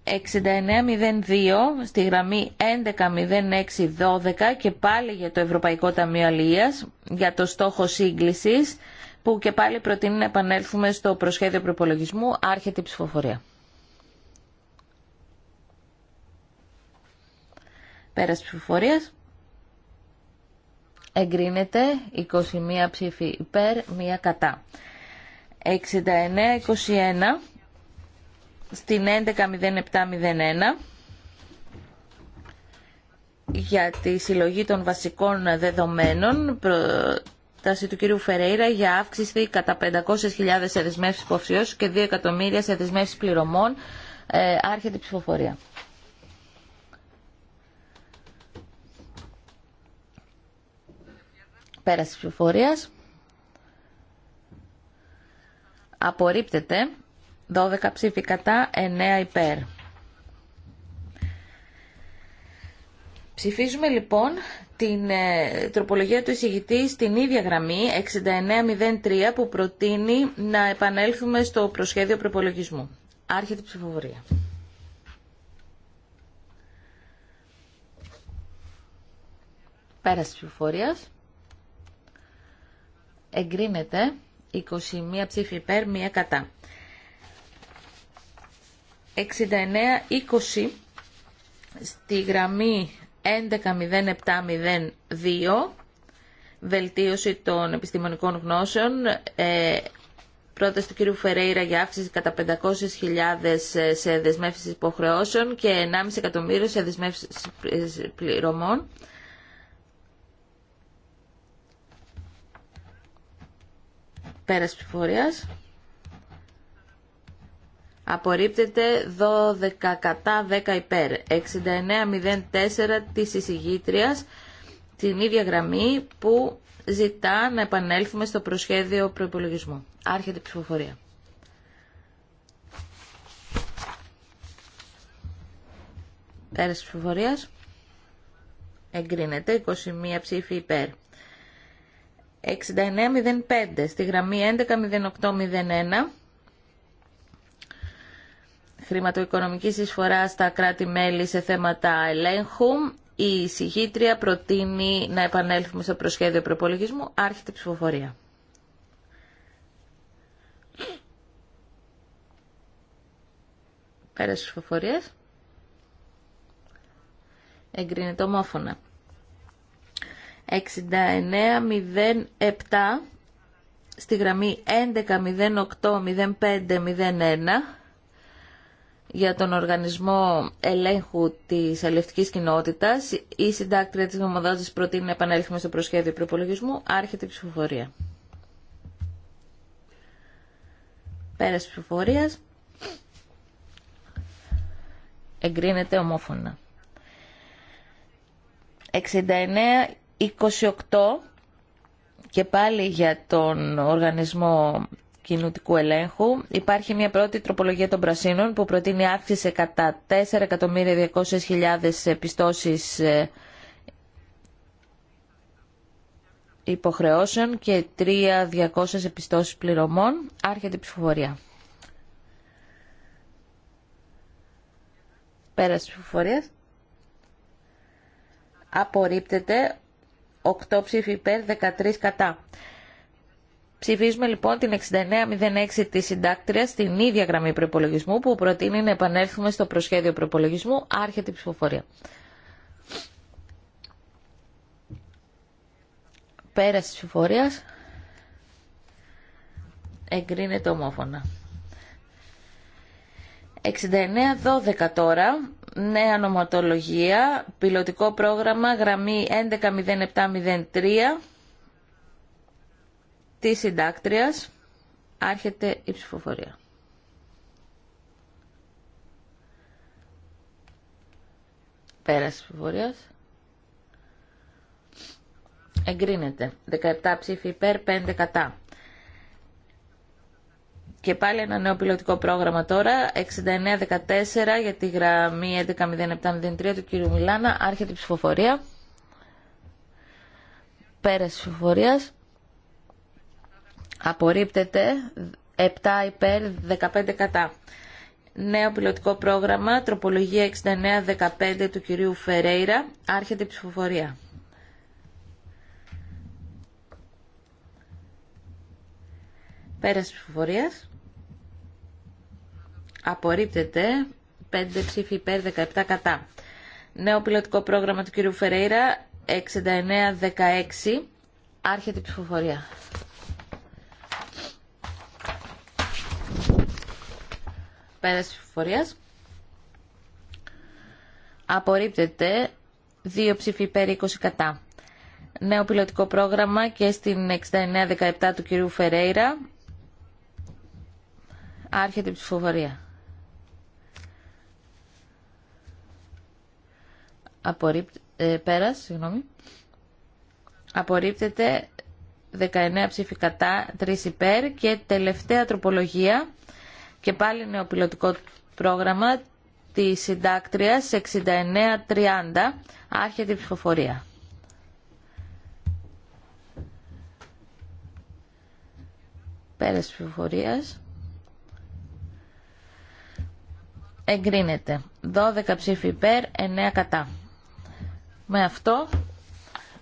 6902 στη γραμμή 110612 και πάλι για το Ευρωπαϊκό Ταμείο Αλληλείας για το στόχο σύγκλησης που και πάλι προτείνει να επανέλθουμε στο προσχέδιο προπολογισμού άρχεται η ψηφοφορία. Πέρας ψηφοφορίας. Εγκρίνεται 21 ψήφοι υπέρ, 1 κατά. 69-21 στην 11.07.01 για τη συλλογή των βασικών δεδομένων πρόταση του κυρίου Φερέιρα για αύξηση κατά 500.000 σε δεσμεύσει και 2 εκατομμύρια σε δεσμεύσει πληρωμών ε, άρχεται η ψηφοφορία. Πέραση της ψηφοφορίας. Απορρίπτεται. 12 ψήφοι κατά, 9 υπέρ. Ψηφίζουμε λοιπόν την ε, τροπολογία του εισηγητή στην ίδια γραμμή 6903 που προτείνει να επανέλθουμε στο προσχέδιο προπολογισμού. Άρχεται η ψηφοφορία. Πέραση ψηφοφορίας εγκρίνεται 21 ψήφι υπέρ, 1 κατά. 69-20 στη γραμμή 110702 βελτίωση των επιστημονικών γνώσεων ε, πρόταση του κ. Φερέιρα για αύξηση κατά 500.000 ε, σε δεσμεύσεις υποχρεώσεων και 1,5 εκατομμύριο σε δεσμεύσεις πληρωμών. Πέρας ψηφορίας. Απορρίπτεται 12 κατά 10 υπέρ. 6904 της εισηγήτριας, την ίδια γραμμή που ζητά να επανέλθουμε στο προσχέδιο προϋπολογισμού. Άρχεται η ψηφοφορία. Πέρας ψηφοφορίας. Εγκρίνεται 21 ψήφοι υπέρ. 6905 στη γραμμή 110801 χρηματοοικονομική εισφορά στα κράτη-μέλη σε θέματα ελέγχου. Η συγχύτρια προτείνει να επανέλθουμε στο προσχέδιο προπολογισμού. Άρχεται ψηφοφορία. Πέρασε ψηφοφορίες. Εγκρίνεται ομόφωνα. 6907 στη γραμμή 11080501 για τον Οργανισμό Ελέγχου της Αλληλευτικής Κοινότητας. Η συντάκτρια της νομοδότησης προτείνει να επανέλθουμε στο προσχέδιο προπολογισμού. Άρχεται η ψηφοφορία. Πέρας ψηφοφορίας εγκρίνεται ομόφωνα. 69 28 και πάλι για τον οργανισμό κινητικού ελέγχου. Υπάρχει μια πρώτη τροπολογία των πρασίνων που προτείνει αύξηση κατά 4.200.000 επιστώσεις ε, υποχρεώσεων και 3.200 επιστώσεις πληρωμών. Άρχεται η ψηφοφορία. Πέραση ψηφοφορίας. Απορρίπτεται 8 ψήφοι υπέρ, 13 κατά. Ψηφίζουμε λοιπόν την 6906 της συντάκτριας στην ίδια γραμμή προπολογισμού που προτείνει να επανέλθουμε στο προσχέδιο προπολογισμού. Άρχεται η ψηφοφορία. Πέραση της ψηφοφορίας εγκρίνεται ομόφωνα. 69-12 τώρα νέα νομοτολογία, πιλωτικό πρόγραμμα, γραμμή 110703 της συντάκτριας. Άρχεται η ψηφοφορία. Πέραση ψηφοφορία. Εγκρίνεται. 17 ψήφοι υπέρ, 5 κατά. Και πάλι ένα νέο πιλωτικό πρόγραμμα τώρα, 6914 για τη γραμμή 110703 του κύριου Μιλάνα, άρχεται η ψηφοφορία. Πέραση ψηφοφορίας. Απορρίπτεται 7 υπέρ 15 κατά. Νέο πιλωτικό πρόγραμμα, τροπολογία 6915 του κυρίου Φερέιρα, άρχεται η ψηφοφορία. Πέραση ψηφοφορίας. Απορρίπτεται. 5 ψήφοι υπέρ, 17 κατά. Νέο πιλωτικό πρόγραμμα του κυρίου Φερέιρα, 69-16. Άρχεται η ψηφοφορία. Πέραση ψηφοφορια Απορρίπτεται. 2 ψήφοι υπέρ, 20 κατά. Νέο πιλωτικό πρόγραμμα και στην 69-17 του κυρίου Φερέιρα. Άρχεται η ψηφοφορία. απορρίπτε, συγγνώμη. Απορρίπτεται 19 ψήφοι κατά, 3 υπέρ και τελευταία τροπολογία και πάλι νεοπιλωτικό πρόγραμμα τη συντάκια 69-30, άρχεται η ψηφοφορία. Πέρας ψηφοφορίας. Εγκρίνεται. 12 ψήφοι υπέρ, 9 κατά. Με αυτό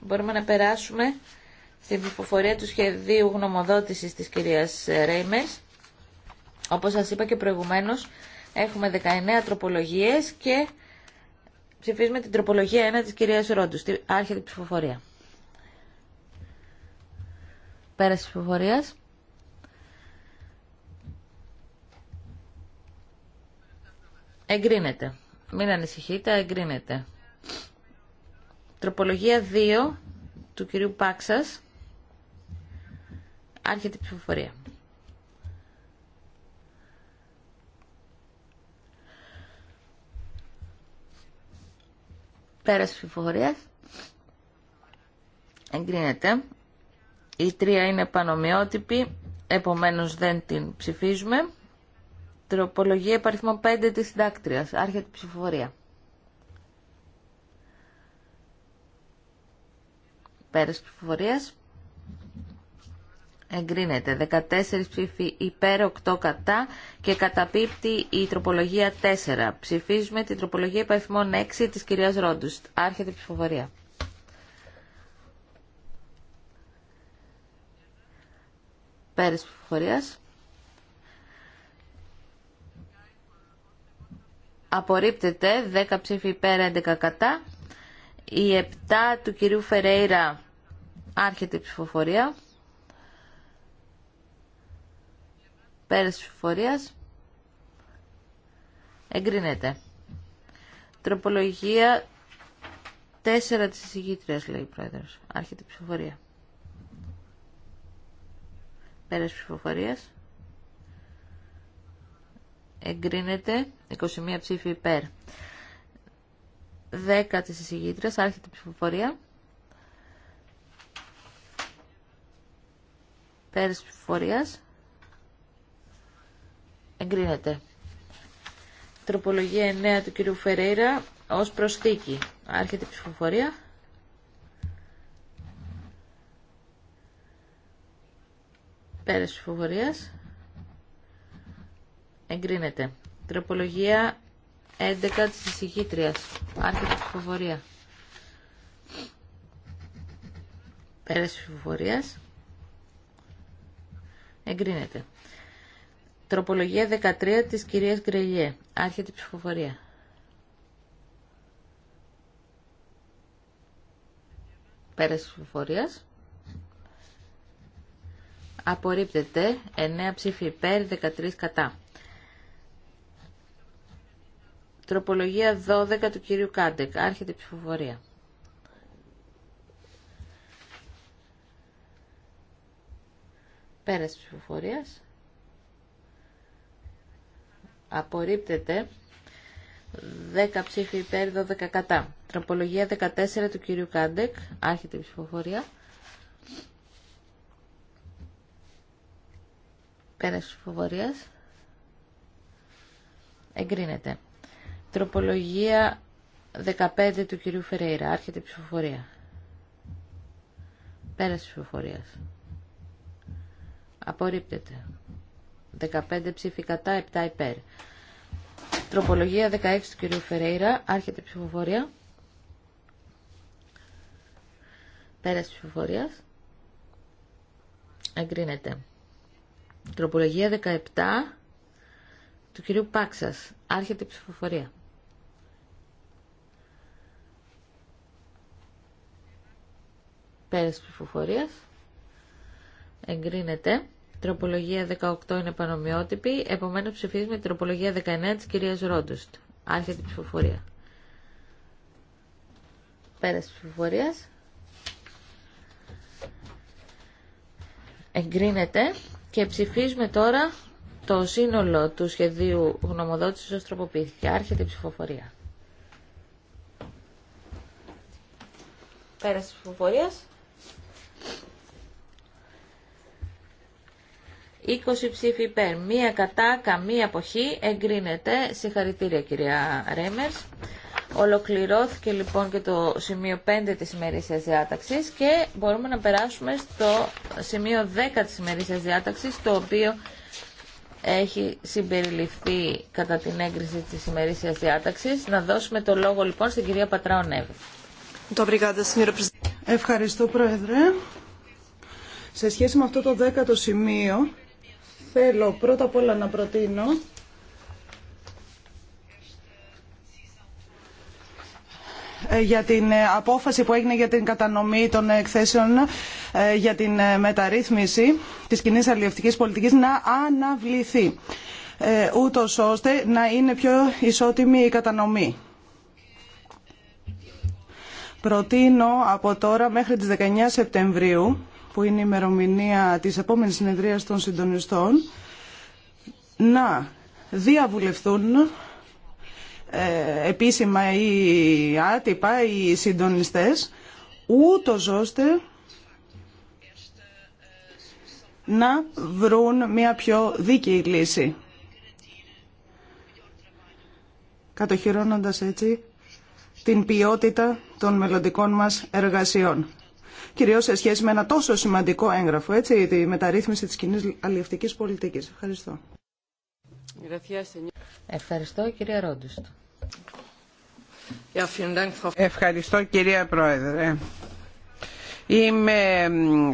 μπορούμε να περάσουμε στην ψηφοφορία του σχεδίου γνωμοδότησης της κυρίας Ρέιμες. Όπως σας είπα και προηγουμένως, έχουμε 19 τροπολογίες και ψηφίζουμε την τροπολογία 1 της κυρίας Ρόντου, άρχη της ψηφοφορία. Πέραση ψηφοφορίας. Εγκρίνεται. Μην ανησυχείτε, εγκρίνεται. Τροπολογία 2 του κυρίου Πάξας. Άρχεται η ψηφοφορία. η ψηφοφορία; Εγκρίνεται. Η 3 είναι πανομοιότυπη, επομένως δεν την ψηφίζουμε. Τροπολογία επαριθμό 5 της συντάκτριας. Άρχεται η ψηφοφορία. Πέρας ψηφοφορίας. Εγκρίνεται. 14 ψήφοι υπέρ, 8 κατά και καταπίπτει η τροπολογία 4. Ψηφίζουμε την τροπολογία υπαριθμών 6 της κυρίας Ρόντους. Άρχεται η ψηφοφορία. Πέρας ψηφοφορίας. Απορρίπτεται 10 ψήφοι υπέρ, 11 κατά. Η 7 του κυρίου Φερέιρα άρχεται η ψηφοφορία. Πέρας ψηφοφορίας. Εγκρίνεται. Τροπολογία 4 της εισηγήτριας λέει ο πρόεδρος. Άρχεται η ψηφοφορία. Πέρας ψηφοφορίας. Εγκρίνεται 21 ψήφοι υπέρ. 10 της εισηγήτριας, άρχεται η ψηφοφορία. Πέρας ψηφοφορία. Εγκρίνεται. Τροπολογία 9 του κυρίου Φερέιρα ως προσθήκη. Άρχεται η ψηφοφορία. Πέρα ψηφοφορία. Εγκρίνεται. Τροπολογία 11 της εισηγήτριας. Άρχεται ψηφοφορία. Πέραση ψηφοφορίας. Εγκρίνεται. Τροπολογία 13 της κυρίας Γκρελιέ. Άρχεται ψηφοφορία. Πέραση ψηφοφορίας. Απορρίπτεται 9 ψήφοι υπέρ, 13 κατά. Τροπολογία 12 του κυρίου Κάντεκ. Άρχεται η ψηφοφορία. Πέρας ψηφοφορίας. Απορρίπτεται 10 ψήφοι υπέρ 12 κατά. Τροπολογία 14 του κυρίου Κάντεκ. Άρχεται η ψηφοφορία. Πέρας ψηφοφορίας. Εγκρίνεται. Τροπολογία 15 του κυρίου Φερέιρα. Άρχεται η ψηφοφορία. Πέραση ψηφοφορία. Απορρίπτεται. 15 ψηφικά κατά, 7 υπέρ. Τροπολογία 16 του κυρίου Φερέιρα. Άρχεται η ψηφοφορία. Πέραση ψηφοφορία. Εγκρίνεται. Τροπολογία 17 του κυρίου Πάξας. Άρχεται η ψηφοφορία. Πέρας ψηφοφορίας. Εγκρίνεται. Τροπολογία 18 είναι πανομοιότυπη. Επομένως ψηφίζουμε την τροπολογία 19 της κυρίας Ρόντουστ. Άρχεται η ψηφοφορία. Πέρας ψηφοφορίας. Εγκρίνεται. Και ψηφίζουμε τώρα το σύνολο του σχεδίου γνωμοδότησης ως τροποποιήθηκε. Άρχεται η ψηφοφορία. Πέρας ψηφοφορίας. 20 ψήφοι υπέρ, μία κατά, καμία αποχή, εγκρίνεται. Συγχαρητήρια κυρία Ρέμερς. Ολοκληρώθηκε λοιπόν και το σημείο 5 της ημερήσιας διάταξης και μπορούμε να περάσουμε στο σημείο 10 της ημερήσιας διάταξης, το οποίο έχει συμπεριληφθεί κατά την έγκριση της ημερήσιας διάταξης. Να δώσουμε το λόγο λοιπόν στην κυρία Πατράων. Νέβη. Ευχαριστώ Πρόεδρε. Σε σχέση με αυτό το δέκατο σημείο, Θέλω πρώτα απ' όλα να προτείνω ε, για την ε, απόφαση που έγινε για την κατανομή των εκθέσεων ε, για την μεταρρύθμιση της κοινή αλληλευτικής πολιτικής να αναβληθεί ούτως ώστε να είναι πιο ισότιμη η κατανομή. Προτείνω από τώρα μέχρι τις 19 Σεπτεμβρίου που είναι η ημερομηνία της επόμενης συνεδρίας των συντονιστών, να διαβουλευτούν ε, επίσημα ή άτυπα οι συντονιστές, ούτως ώστε να βρουν μια πιο δίκαιη λύση. Κατοχυρώνοντας έτσι την ποιότητα των μελλοντικών μας εργασιών κυρίως σε σχέση με ένα τόσο σημαντικό έγγραφο, έτσι, τη μεταρρύθμιση της κοινή αλληλευτικής πολιτικής. Ευχαριστώ. Ευχαριστώ, κυρία Ρόντουστο. Ευχαριστώ, κυρία Πρόεδρε. Είμαι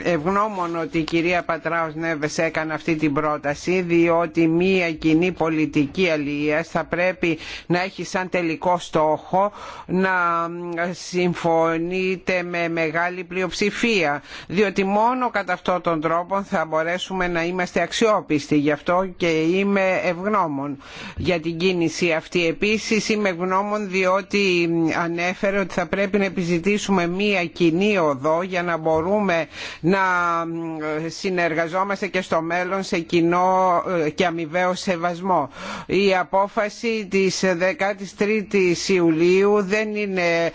ευγνώμων ότι η κυρία Πατράος Νέβες έκανε αυτή την πρόταση διότι μία κοινή πολιτική αλληλείας θα πρέπει να έχει σαν τελικό στόχο να συμφωνείται με μεγάλη πλειοψηφία διότι μόνο κατά αυτόν τον τρόπο θα μπορέσουμε να είμαστε αξιόπιστοι γι' αυτό και είμαι ευγνώμων για την κίνηση αυτή. Επίσης είμαι ευγνώμων διότι ανέφερε ότι θα πρέπει να επιζητήσουμε μία κοινή οδό να μπορούμε να συνεργαζόμαστε και στο μέλλον σε κοινό ε, και αμοιβαίο σεβασμό. Η απόφαση της 13ης Ιουλίου δεν είναι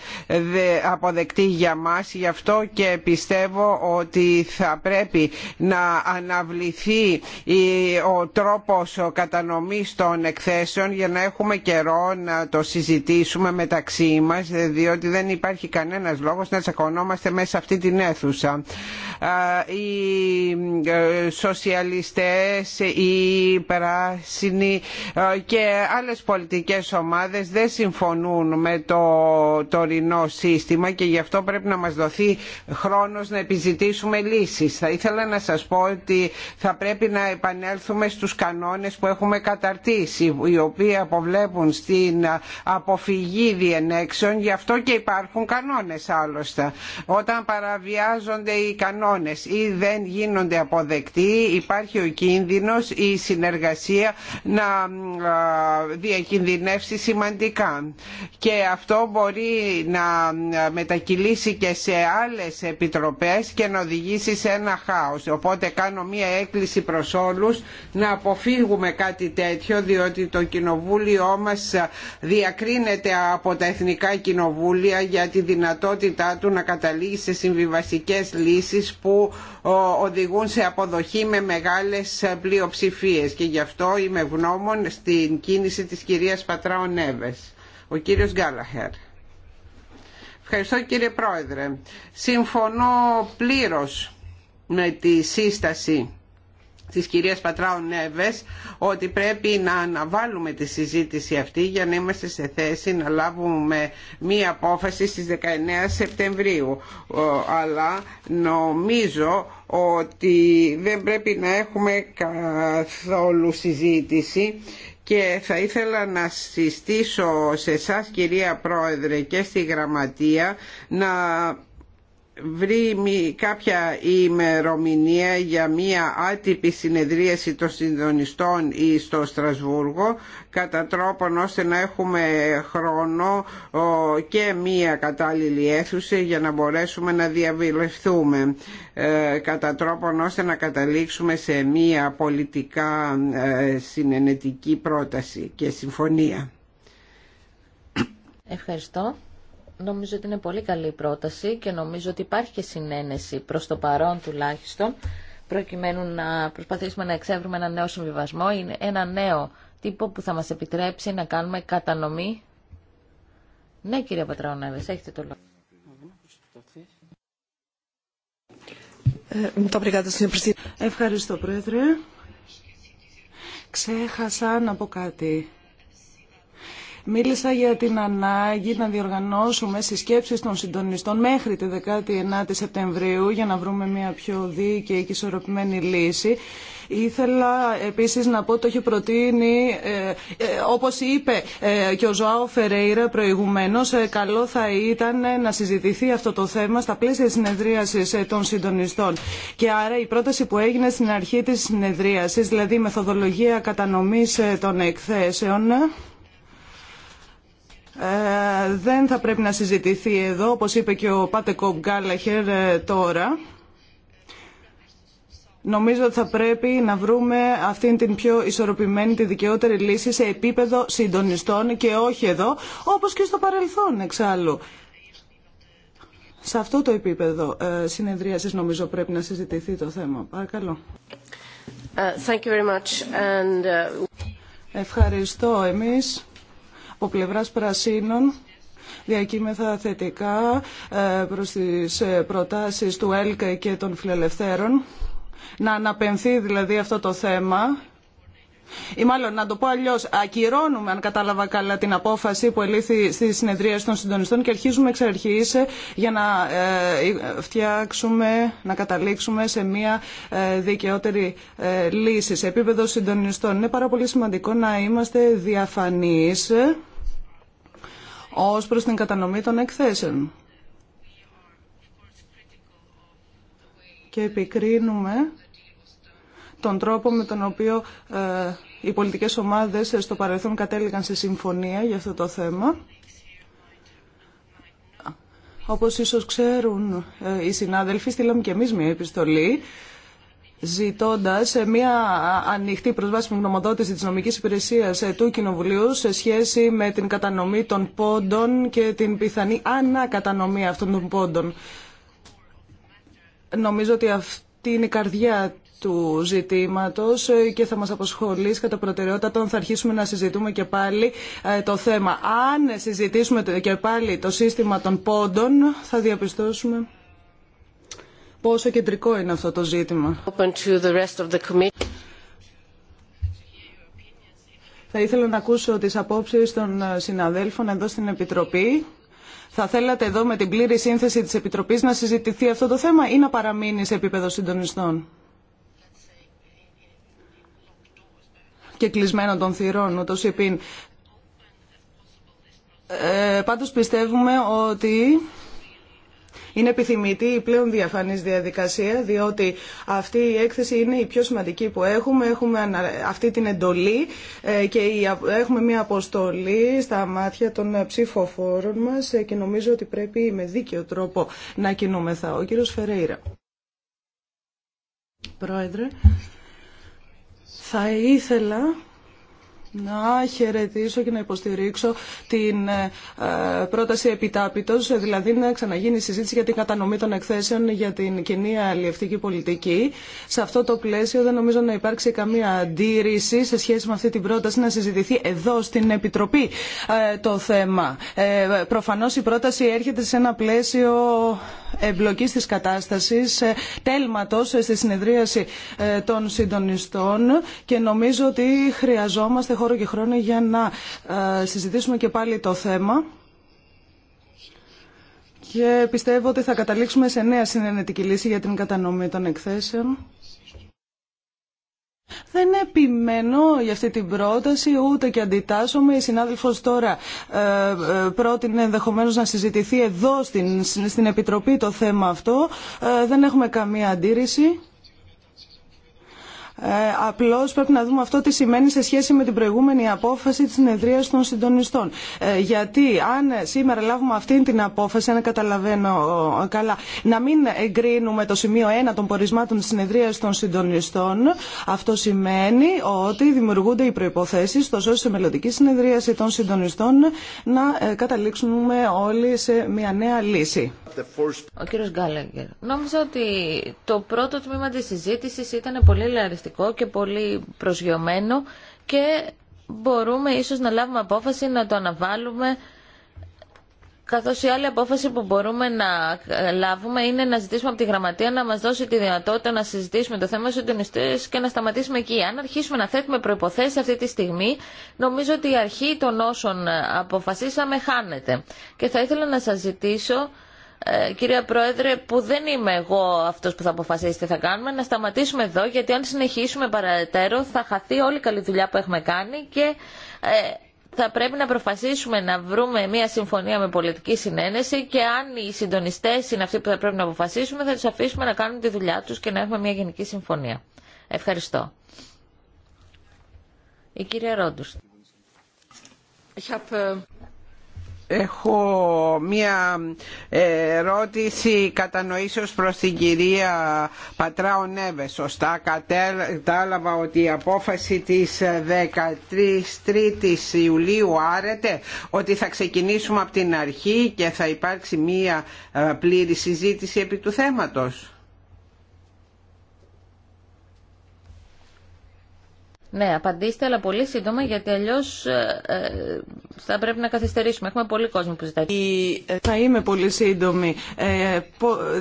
αποδεκτή για μας, γι' αυτό και πιστεύω ότι θα πρέπει να αναβληθεί ε, ο τρόπος κατανομής των εκθέσεων για να έχουμε καιρό να το συζητήσουμε μεταξύ μας, διότι δεν υπάρχει κανένας λόγος να τσακωνόμαστε μέσα σε αυτή την αίθουσα. Οι ε, σοσιαλιστές, οι πράσινοι ε, και άλλες πολιτικές ομάδες δεν συμφωνούν με το τωρινό σύστημα και γι' αυτό πρέπει να μας δοθεί χρόνος να επιζητήσουμε λύσεις. Θα ήθελα να σας πω ότι θα πρέπει να επανέλθουμε στους κανόνες που έχουμε καταρτήσει, οι οποίοι αποβλέπουν στην αποφυγή διενέξεων, γι' αυτό και υπάρχουν κανόνες άλλωστε. Όταν παραβιάζονται οι κανόνες ή δεν γίνονται αποδεκτοί, υπάρχει ο κίνδυνος η συνεργασία να διακινδυνεύσει σημαντικά. Και αυτό μπορεί να μετακυλήσει και σε άλλες επιτροπές και να οδηγήσει σε ένα χάος. Οπότε κάνω μία έκκληση προς όλους να αποφύγουμε κάτι τέτοιο διότι το κοινοβούλιο μας διακρίνεται από τα εθνικά κοινοβούλια για τη δυνατότητά του να καταλήγει σε συμβιβασμό βασικές λύσεις που οδηγούν σε αποδοχή με μεγάλες πλειοψηφίες και γι' αυτό είμαι ευγνώμων στην κίνηση της κυρίας Πατράου Νέβες. Ο κύριος Γκάλαχερ. Ευχαριστώ κύριε Πρόεδρε. Συμφωνώ πλήρως με τη σύσταση της κυρίας Πατράου Νέβες ότι πρέπει να αναβάλουμε τη συζήτηση αυτή για να είμαστε σε θέση να λάβουμε μία απόφαση στις 19 Σεπτεμβρίου. Αλλά νομίζω ότι δεν πρέπει να έχουμε καθόλου συζήτηση και θα ήθελα να συστήσω σε εσά κυρία Πρόεδρε και στη Γραμματεία να βρει κάποια ημερομηνία για μία άτυπη συνεδρίαση των συντονιστών ή στο Στρασβούργο κατά τρόπον ώστε να έχουμε χρόνο και μία κατάλληλη αίθουση για να μπορέσουμε να διαβιλευθούμε ε, κατά τρόπον ώστε να καταλήξουμε σε μία πολιτικά ε, συνενετική πρόταση και συμφωνία. Ευχαριστώ. Νομίζω ότι είναι πολύ καλή η πρόταση και νομίζω ότι υπάρχει και συνένεση προς το παρόν τουλάχιστον προκειμένου να προσπαθήσουμε να εξεύρουμε ένα νέο συμβιβασμό, ένα νέο τύπο που θα μας επιτρέψει να κάνουμε κατανομή. Ναι, κύριε Πατραωνέβες, έχετε το λόγο. Ευχαριστώ, Πρόεδρε. Ξέχασα να πω κάτι. Μίλησα για την ανάγκη να διοργανώσουμε συσκέψεις των συντονιστών μέχρι τη 19η Σεπτεμβρίου για να βρούμε μια πιο δίκαιη και ισορροπημένη λύση. Ήθελα επίσης να πω ότι το έχει προτείνει, ε, ε όπως είπε ε, και ο Ζωάο Φερέιρα προηγουμένως, ε, καλό θα ήταν να συζητηθεί αυτό το θέμα στα πλαίσια της συνεδρίασης των συντονιστών. Και άρα η πρόταση που έγινε στην αρχή της συνεδρίασης, δηλαδή η μεθοδολογία κατανομής των εκθέσεων, ε, δεν θα πρέπει να συζητηθεί εδώ, όπως είπε και ο Πάτεκο Κομπ Γκάλαχερ ε, τώρα. Νομίζω ότι θα πρέπει να βρούμε αυτήν την πιο ισορροπημένη, τη δικαιότερη λύση σε επίπεδο συντονιστών και όχι εδώ, όπως και στο παρελθόν εξάλλου. Σε αυτό το επίπεδο ε, συνεδρίασης νομίζω πρέπει να συζητηθεί το θέμα. Παρακαλώ. Ε, thank you very Ευχαριστώ εμείς από πλευρά πρασίνων διακείμεθα θετικά ε, προς τις ε, προτάσεις του ΕλΚΑ και των φιλελευθέρων να αναπενθεί δηλαδή αυτό το θέμα ή μάλλον να το πω αλλιώ, ακυρώνουμε, αν κατάλαβα καλά, την απόφαση που ελήφθη στη συνεδρία των συντονιστών και αρχίζουμε εξ αρχή ε, για να φτιάξουμε, να καταλήξουμε σε μια δικαιότερη λύση σε επίπεδο συντονιστών. Είναι πάρα πολύ σημαντικό να είμαστε διαφανεί ως προς την κατανομή των εκθέσεων. Και επικρίνουμε τον τρόπο με τον οποίο ε, οι πολιτικές ομάδες στο παρελθόν κατέληγαν σε συμφωνία για αυτό το θέμα. Όπως ίσως ξέρουν ε, οι συνάδελφοι, στείλαμε και εμείς μια επιστολή ζητώντα μια ανοιχτή προσβάσιμη γνωμοδότηση τη νομική υπηρεσία ε, του Κοινοβουλίου σε σχέση με την κατανομή των πόντων και την πιθανή ανακατανομή αυτών των πόντων. Νομίζω ότι αυτή είναι η καρδιά του ζητήματος ε, και θα μας απασχολήσει κατά προτεραιότητα όταν θα αρχίσουμε να συζητούμε και πάλι ε, το θέμα. Αν συζητήσουμε και πάλι το σύστημα των πόντων θα διαπιστώσουμε πόσο κεντρικό είναι αυτό το ζήτημα. Θα ήθελα να ακούσω τις απόψεις των συναδέλφων εδώ στην Επιτροπή. Θα θέλατε εδώ με την πλήρη σύνθεση της Επιτροπής να συζητηθεί αυτό το θέμα ή να παραμείνει σε επίπεδο συντονιστών. Και κλεισμένο των θυρών, ούτως είπε. Ε, πάντως πιστεύουμε ότι είναι επιθυμητή η πλέον διαφανής διαδικασία, διότι αυτή η έκθεση είναι η πιο σημαντική που έχουμε. Έχουμε αυτή την εντολή ε, και έχουμε μια αποστολή στα μάτια των ε, ψηφοφόρων μας ε, και νομίζω ότι πρέπει με δίκαιο τρόπο να κινούμεθα. Ο κύριος Φερέιρα. Πρόεδρε, θα ήθελα να χαιρετήσω και να υποστηρίξω την ε, πρόταση επιτάπητος, δηλαδή να ξαναγίνει η συζήτηση για την κατανομή των εκθέσεων για την κοινή αλληλευτική πολιτική. Σε αυτό το πλαίσιο δεν νομίζω να υπάρξει καμία αντίρρηση σε σχέση με αυτή την πρόταση να συζητηθεί εδώ στην Επιτροπή ε, το θέμα. Ε, προφανώς η πρόταση έρχεται σε ένα πλαίσιο Εμπλοκή της κατάστασης, ε, τέλματος ε, στη συνεδρίαση ε, των συντονιστών και νομίζω ότι χρειαζόμαστε χώρο και χρόνο για να συζητήσουμε και πάλι το θέμα και πιστεύω ότι θα καταλήξουμε σε νέα συνενετική λύση για την κατανομή των εκθέσεων. Δεν επιμένω για αυτή την πρόταση, ούτε και αντιτάσσομαι. Η συνάδελφος τώρα ε, ε πρότεινε ενδεχομένω να συζητηθεί εδώ στην, στην Επιτροπή το θέμα αυτό. Ε, δεν έχουμε καμία αντίρρηση. Ε, Απλώ πρέπει να δούμε αυτό τι σημαίνει σε σχέση με την προηγούμενη απόφαση τη συνεδρία των συντονιστών. Ε, γιατί αν σήμερα λάβουμε αυτή την απόφαση, αν καταλαβαίνω ε, καλά, να μην εγκρίνουμε το σημείο 1 των πορισμάτων τη συνεδρία των συντονιστών, αυτό σημαίνει ότι δημιουργούνται οι προποθέσει τόσο σε μελλοντική συνεδρίαση των συντονιστών, να καταλήξουμε όλοι σε μια νέα λύση. Ο κύριο Γκάλεγκερ, νόμιζα ότι το πρώτο τμήμα τη συζήτηση ήταν πολύ λαριστικό και πολύ προσγειωμένο και μπορούμε ίσως να λάβουμε απόφαση να το αναβάλουμε καθώς η άλλη απόφαση που μπορούμε να λάβουμε είναι να ζητήσουμε από τη Γραμματεία να μας δώσει τη δυνατότητα να συζητήσουμε το θέμα συντονιστές και να σταματήσουμε εκεί. Αν αρχίσουμε να θέτουμε προϋποθέσεις αυτή τη στιγμή, νομίζω ότι η αρχή των όσων αποφασίσαμε χάνεται. Και θα ήθελα να σας ζητήσω κύριε Πρόεδρε, που δεν είμαι εγώ αυτός που θα αποφασίσει τι θα κάνουμε, να σταματήσουμε εδώ, γιατί αν συνεχίσουμε παρατέρω θα χαθεί όλη η καλή δουλειά που έχουμε κάνει και ε, θα πρέπει να προφασίσουμε να βρούμε μια συμφωνία με πολιτική συνένεση και αν οι συντονιστές είναι αυτοί που θα πρέπει να αποφασίσουμε, θα τους αφήσουμε να κάνουν τη δουλειά τους και να έχουμε μια γενική συμφωνία. Ευχαριστώ. Η κυρία Ρόντους. Ich ε, έχω μία ερώτηση κατανοήσεως προς την κυρία Πατρά Νέβε. Σωστά κατάλαβα ότι η απόφαση της 13ης Ιουλίου άρεται ότι θα ξεκινήσουμε από την αρχή και θα υπάρξει μία ε, πλήρη συζήτηση επί του θέματος. Ναι, απαντήστε, αλλά πολύ σύντομα, γιατί αλλιώ ε, ε, θα πρέπει να καθυστερήσουμε. Έχουμε πολύ κόσμο που ζητάει. Ε, θα είμαι πολύ σύντομη.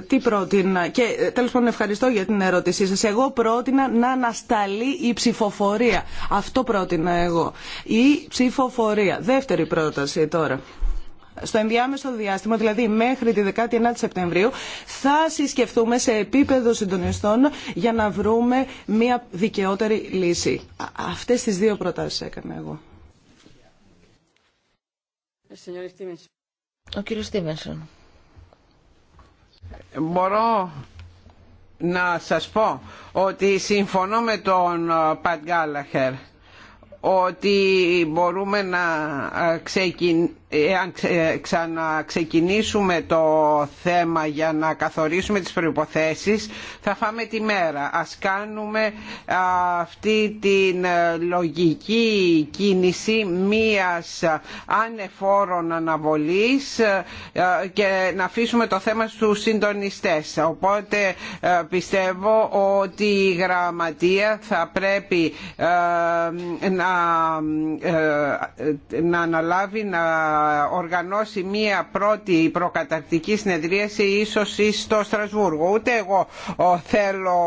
τι πρότεινα. Και τέλο πάντων, ευχαριστώ για την ερώτησή σα. Εγώ πρότεινα να ανασταλεί η ψηφοφορία. Αυτό πρότεινα εγώ. Η ψηφοφορία. Δεύτερη πρόταση τώρα στο ενδιάμεσο διάστημα, δηλαδή μέχρι τη 19η Σεπτεμβρίου, θα συσκεφτούμε σε επίπεδο συντονιστών για να βρούμε μια δικαιότερη λύση. Αυτές τις δύο προτάσεις έκανα εγώ. Ο κύριος Στίβενσον. Μπορώ να σας πω ότι συμφωνώ με τον Πατ ε, Γκάλαχερ ότι μπορούμε να ε, ξεκινήσουμε εάν ε, ξαναξεκινήσουμε το θέμα για να καθορίσουμε τις προϋποθέσεις θα φάμε τη μέρα. Ας κάνουμε αυτή την ε, λογική κίνηση μίας ανεφόρων αναβολής ε, και να αφήσουμε το θέμα στους συντονιστές. Οπότε πιστεύω ότι η γραμματεία θα πρέπει να, να αναλάβει να οργανώσει μία πρώτη προκαταρκτική συνεδρίαση ίσως στο Στρασβούργο. Ούτε εγώ θέλω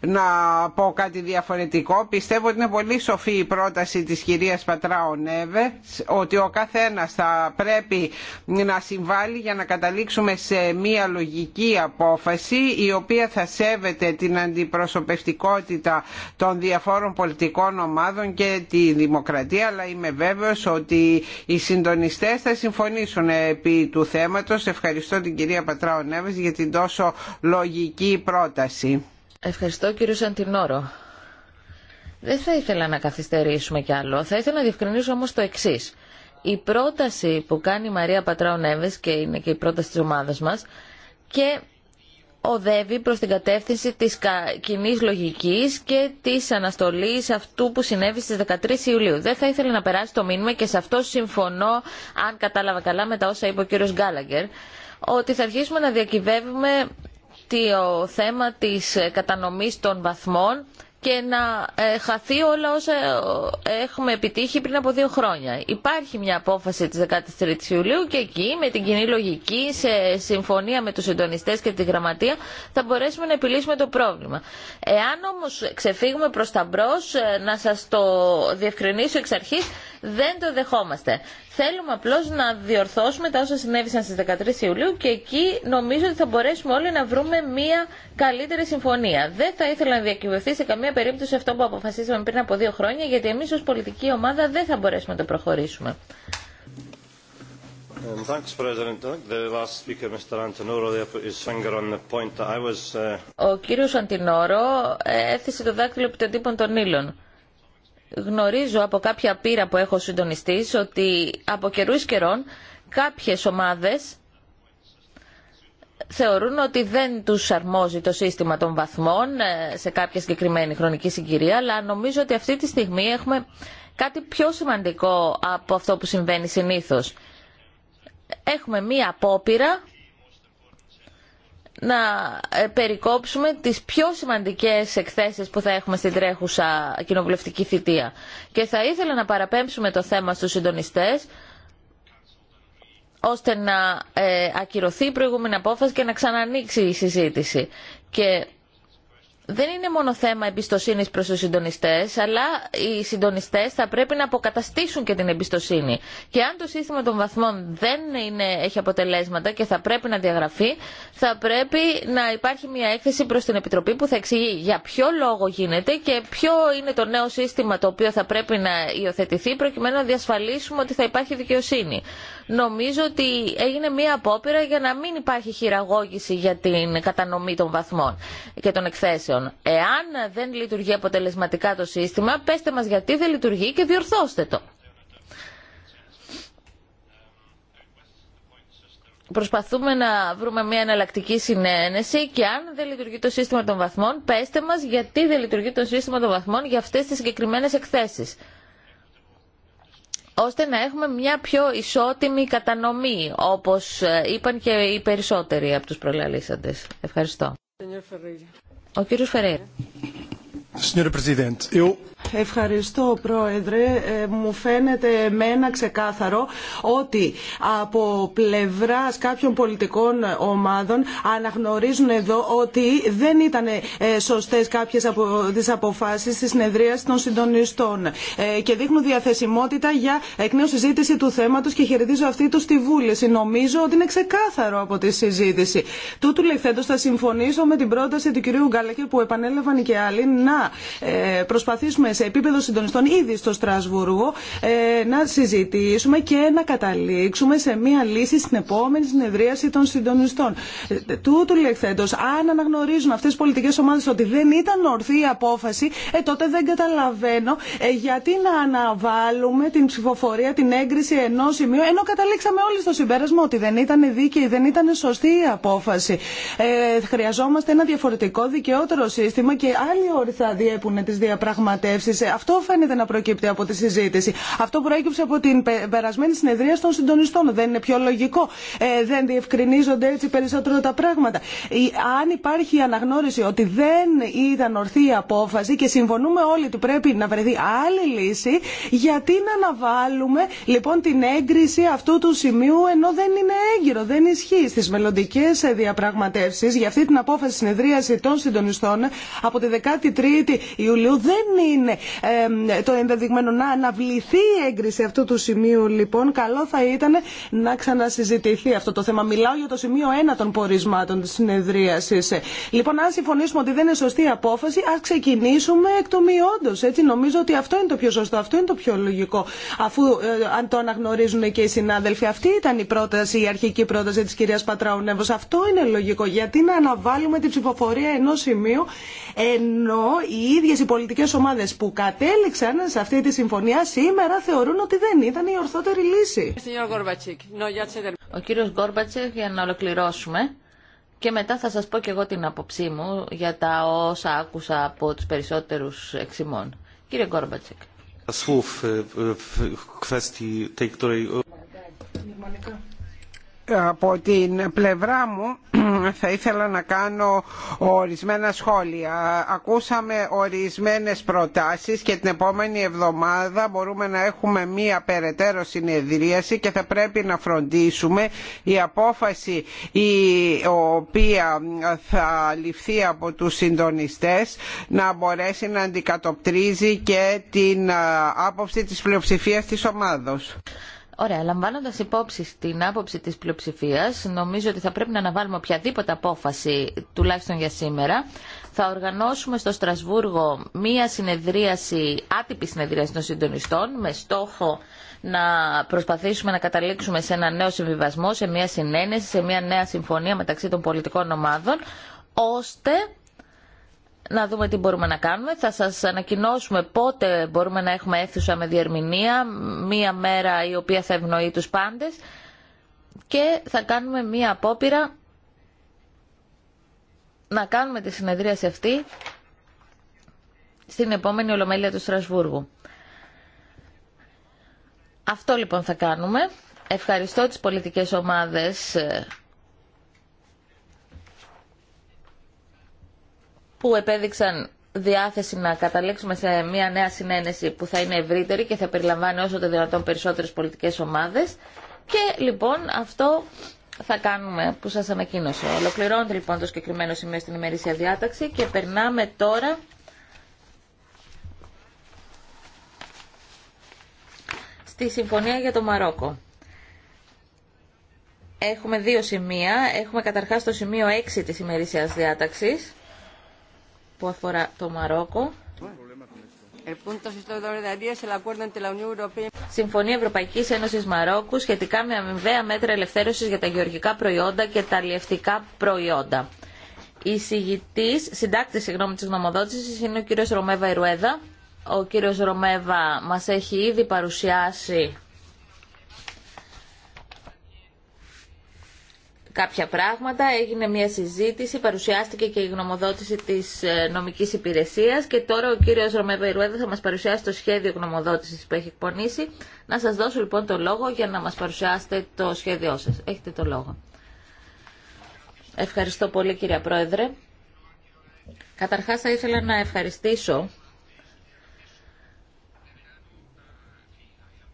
να πω κάτι διαφορετικό. Πιστεύω ότι είναι πολύ σοφή η πρόταση της κυρίας Πατράου Νέβε ότι ο καθένας θα πρέπει να συμβάλλει για να καταλήξουμε σε μία λογική απόφαση η οποία θα σέβεται την αντιπροσωπευτικότητα των διαφόρων πολιτικών ομάδων και τη δημοκρατία αλλά είμαι βέβαιος ότι η θα συμφωνήσουν επί του θέματος. Ευχαριστώ την κυρία Πατράο Νέβες για την τόσο λογική πρόταση. Ευχαριστώ κύριο Σαντινόρο. Δεν θα ήθελα να καθυστερήσουμε κι άλλο. Θα ήθελα να διευκρινίσω όμως το εξή. Η πρόταση που κάνει η Μαρία Πατράο Νέβες και είναι και η πρόταση της ομάδας μας και οδεύει προς την κατεύθυνση της κοινή λογικής και της αναστολής αυτού που συνέβη στις 13 Ιουλίου. Δεν θα ήθελε να περάσει το μήνυμα και σε αυτό συμφωνώ, αν κατάλαβα καλά με τα όσα είπε ο κύριος Γκάλαγκερ, ότι θα αρχίσουμε να διακυβεύουμε το θέμα της κατανομής των βαθμών και να ε, χαθεί όλα όσα ε, έχουμε επιτύχει πριν από δύο χρόνια. Υπάρχει μια απόφαση της 13ης Ιουλίου και εκεί με την κοινή λογική σε συμφωνία με τους συντονιστέ και τη γραμματεία θα μπορέσουμε να επιλύσουμε το πρόβλημα. Εάν όμως ξεφύγουμε προς τα μπρος, ε, να σας το διευκρινίσω εξ αρχής, δεν το δεχόμαστε. Θέλουμε απλώς να διορθώσουμε τα όσα συνέβησαν στις 13 Ιουλίου και εκεί νομίζω ότι θα μπορέσουμε όλοι να βρούμε μία καλύτερη συμφωνία. Δεν θα ήθελα να διακυβευτεί σε καμία περίπτωση αυτό που αποφασίσαμε πριν από δύο χρόνια γιατί εμείς ως πολιτική ομάδα δεν θα μπορέσουμε να το προχωρήσουμε. Ο κύριος Αντινόρο ε, έθεσε το δάκτυλο επί των ήλων γνωρίζω από κάποια πείρα που έχω συντονιστεί ότι από καιρούς καιρών κάποιες ομάδες θεωρούν ότι δεν τους αρμόζει το σύστημα των βαθμών ε, σε κάποια συγκεκριμένη χρονική συγκυρία, αλλά νομίζω ότι αυτή τη στιγμή έχουμε κάτι πιο σημαντικό από αυτό που συμβαίνει συνήθως. Έχουμε μία απόπειρα να ε, περικόψουμε τις πιο σημαντικές εκθέσεις που θα έχουμε στην τρέχουσα κοινοβουλευτική θητεία. Και θα ήθελα να παραπέμψουμε το θέμα στους συντονιστές ώστε να ε, ακυρωθεί η προηγούμενη απόφαση και να ξανανοίξει η συζήτηση. Και δεν είναι μόνο θέμα εμπιστοσύνη προ του συντονιστέ, αλλά οι συντονιστέ θα πρέπει να αποκαταστήσουν και την εμπιστοσύνη. Και αν το σύστημα των βαθμών δεν είναι, έχει αποτελέσματα και θα πρέπει να διαγραφεί, θα πρέπει να υπάρχει μια έκθεση προ την Επιτροπή που θα εξηγεί για ποιο λόγο γίνεται και ποιο είναι το νέο σύστημα το οποίο θα πρέπει να υιοθετηθεί προκειμένου να διασφαλίσουμε ότι θα υπάρχει δικαιοσύνη νομίζω ότι έγινε μία απόπειρα για να μην υπάρχει χειραγώγηση για την κατανομή των βαθμών και των εκθέσεων. Εάν δεν λειτουργεί αποτελεσματικά το σύστημα, πέστε μας γιατί δεν λειτουργεί και διορθώστε το. Προσπαθούμε να βρούμε μια εναλλακτική συνένεση και αν δεν λειτουργεί το σύστημα των βαθμών, πέστε μας γιατί δεν λειτουργεί το σύστημα των βαθμών για αυτές τις συγκεκριμένες εκθέσεις ώστε να έχουμε μια πιο ισότιμη κατανομή, όπως ε, είπαν και οι περισσότεροι από τους προλαλήσαντες. Ευχαριστώ. Ο κύριος Ευχαριστώ Πρόεδρε. Ε, μου φαίνεται μένα ξεκάθαρο ότι από πλευράς κάποιων πολιτικών ομάδων αναγνωρίζουν εδώ ότι δεν ήταν ε, σωστές κάποιες από τις αποφάσεις της συνεδρίας των συντονιστών ε, και δείχνουν διαθεσιμότητα για εκ νέου συζήτηση του θέματος και χαιρετίζω αυτή του στη Βούληση. Νομίζω ότι είναι ξεκάθαρο από τη συζήτηση. Τούτου λεχθέντος θα συμφωνήσω με την πρόταση του κυρίου Γκάλακη που επανέλαβαν και άλλοι να προσπαθήσουμε σε επίπεδο συντονιστών ήδη στο Στρασβούργο ε, να συζητήσουμε και να καταλήξουμε σε μία λύση στην επόμενη συνεδρίαση των συντονιστών. Ε, τούτου λεχθέντος, αν αναγνωρίζουν αυτέ τι πολιτικέ ομάδε ότι δεν ήταν ορθή η απόφαση, ε, τότε δεν καταλαβαίνω ε, γιατί να αναβάλουμε την ψηφοφορία, την έγκριση ενό σημείου, ενώ καταλήξαμε όλοι στο συμπέρασμα ότι δεν ήταν δίκαιη, δεν ήταν σωστή η απόφαση. Ε, χρειαζόμαστε ένα διαφορετικό δικαιότερο σύστημα και άλλοι όροι θα διέπουν τι διαπραγματεύσει. Ε, αυτό φαίνεται να προκύπτει από τη συζήτηση. Αυτό προέκυψε από την περασμένη συνεδρία των συντονιστών. Δεν είναι πιο λογικό. Ε, δεν διευκρινίζονται έτσι περισσότερο τα πράγματα. αν υπάρχει αναγνώριση ότι δεν ήταν ορθή η απόφαση και συμφωνούμε όλοι ότι πρέπει να βρεθεί άλλη λύση, γιατί να αναβάλουμε λοιπόν την έγκριση αυτού του σημείου ενώ δεν είναι έγκυρο, δεν ισχύει στι μελλοντικέ διαπραγματεύσει για αυτή την απόφαση συνεδρίαση των συντονιστών από τη 13η Ιουλίου δεν είναι είναι το ενδεδειγμένο να αναβληθεί η έγκριση αυτού του σημείου λοιπόν. Καλό θα ήταν να ξανασυζητηθεί αυτό το θέμα. Μιλάω για το σημείο 1 των πορισμάτων της συνεδρίασης. Λοιπόν, αν συμφωνήσουμε ότι δεν είναι σωστή η απόφαση, ας ξεκινήσουμε εκ το μειόντος. Έτσι νομίζω ότι αυτό είναι το πιο σωστό, αυτό είναι το πιο λογικό. Αφού ε, αν το αναγνωρίζουν και οι συνάδελφοι, αυτή ήταν η πρόταση, η αρχική πρόταση της κυρίας Πατραουνεύος. Αυτό είναι λογικό. Γιατί να αναβάλουμε την ψηφοφορία ενός σημείου, ενώ οι ίδιες οι πολιτικές ομάδες που κατέληξαν σε αυτή τη συμφωνία σήμερα θεωρούν ότι δεν ήταν η ορθότερη λύση. Ο κύριο Γκόρμπατσεκ για να ολοκληρώσουμε και μετά θα σας πω και εγώ την άποψή μου για τα όσα άκουσα από του περισσότερους εξημών. Κύριε Γκόρμπατσεκ από την πλευρά μου θα ήθελα να κάνω ορισμένα σχόλια. Ακούσαμε ορισμένες προτάσεις και την επόμενη εβδομάδα μπορούμε να έχουμε μία περαιτέρω συνεδρίαση και θα πρέπει να φροντίσουμε η απόφαση η οποία θα ληφθεί από τους συντονιστές να μπορέσει να αντικατοπτρίζει και την ε, άποψη της πλειοψηφίας της ομάδος. Ωραία, λαμβάνοντα υπόψη την άποψη τη πλειοψηφία, νομίζω ότι θα πρέπει να αναβάλουμε οποιαδήποτε απόφαση, τουλάχιστον για σήμερα. Θα οργανώσουμε στο Στρασβούργο μία συνεδρίαση, άτυπη συνεδρίαση των συντονιστών, με στόχο να προσπαθήσουμε να καταλήξουμε σε ένα νέο συμβιβασμό, σε μία συνένεση, σε μία νέα συμφωνία μεταξύ των πολιτικών ομάδων, ώστε να δούμε τι μπορούμε να κάνουμε. Θα σας ανακοινώσουμε πότε μπορούμε να έχουμε αίθουσα με διερμηνία, μία μέρα η οποία θα ευνοεί τους πάντες και θα κάνουμε μία απόπειρα να κάνουμε τη συνεδρία σε αυτή στην επόμενη Ολομέλεια του Στρασβούργου. Αυτό λοιπόν θα κάνουμε. Ευχαριστώ τις πολιτικές ομάδες ε, που επέδειξαν διάθεση να καταλήξουμε σε μια νέα συνένεση που θα είναι ευρύτερη και θα περιλαμβάνει όσο το δυνατόν περισσότερες πολιτικές ομάδες. Και λοιπόν αυτό θα κάνουμε που σας ανακοίνωσα. Ολοκληρώνεται λοιπόν το συγκεκριμένο σημείο στην ημερήσια διάταξη και περνάμε τώρα στη Συμφωνία για το Μαρόκο. Έχουμε δύο σημεία. Έχουμε καταρχάς το σημείο 6 της ημερήσιας διάταξης που αφορά το Μαρόκο. Συμφωνία Ευρωπαϊκή Ένωση Μαρόκου σχετικά με αμοιβαία μέτρα ελευθέρωση για τα γεωργικά προϊόντα και τα αλλιευτικά προϊόντα. Η συγητή, συντάκτη συγγνώμη τη γνωμοδότηση είναι ο κύριο Ρωμέβα Ιρουέδα. Ο κύριο Ρωμέβα μα έχει ήδη παρουσιάσει κάποια πράγματα, έγινε μια συζήτηση, παρουσιάστηκε και η γνωμοδότηση της ε, νομικής υπηρεσίας και τώρα ο κύριος Ιρουέδα θα μας παρουσιάσει το σχέδιο γνωμοδότησης που έχει εκπονήσει. Να σας δώσω λοιπόν το λόγο για να μας παρουσιάσετε το σχέδιό σας. Έχετε το λόγο. Ευχαριστώ πολύ κύριε Πρόεδρε. Καταρχάς θα ήθελα να ευχαριστήσω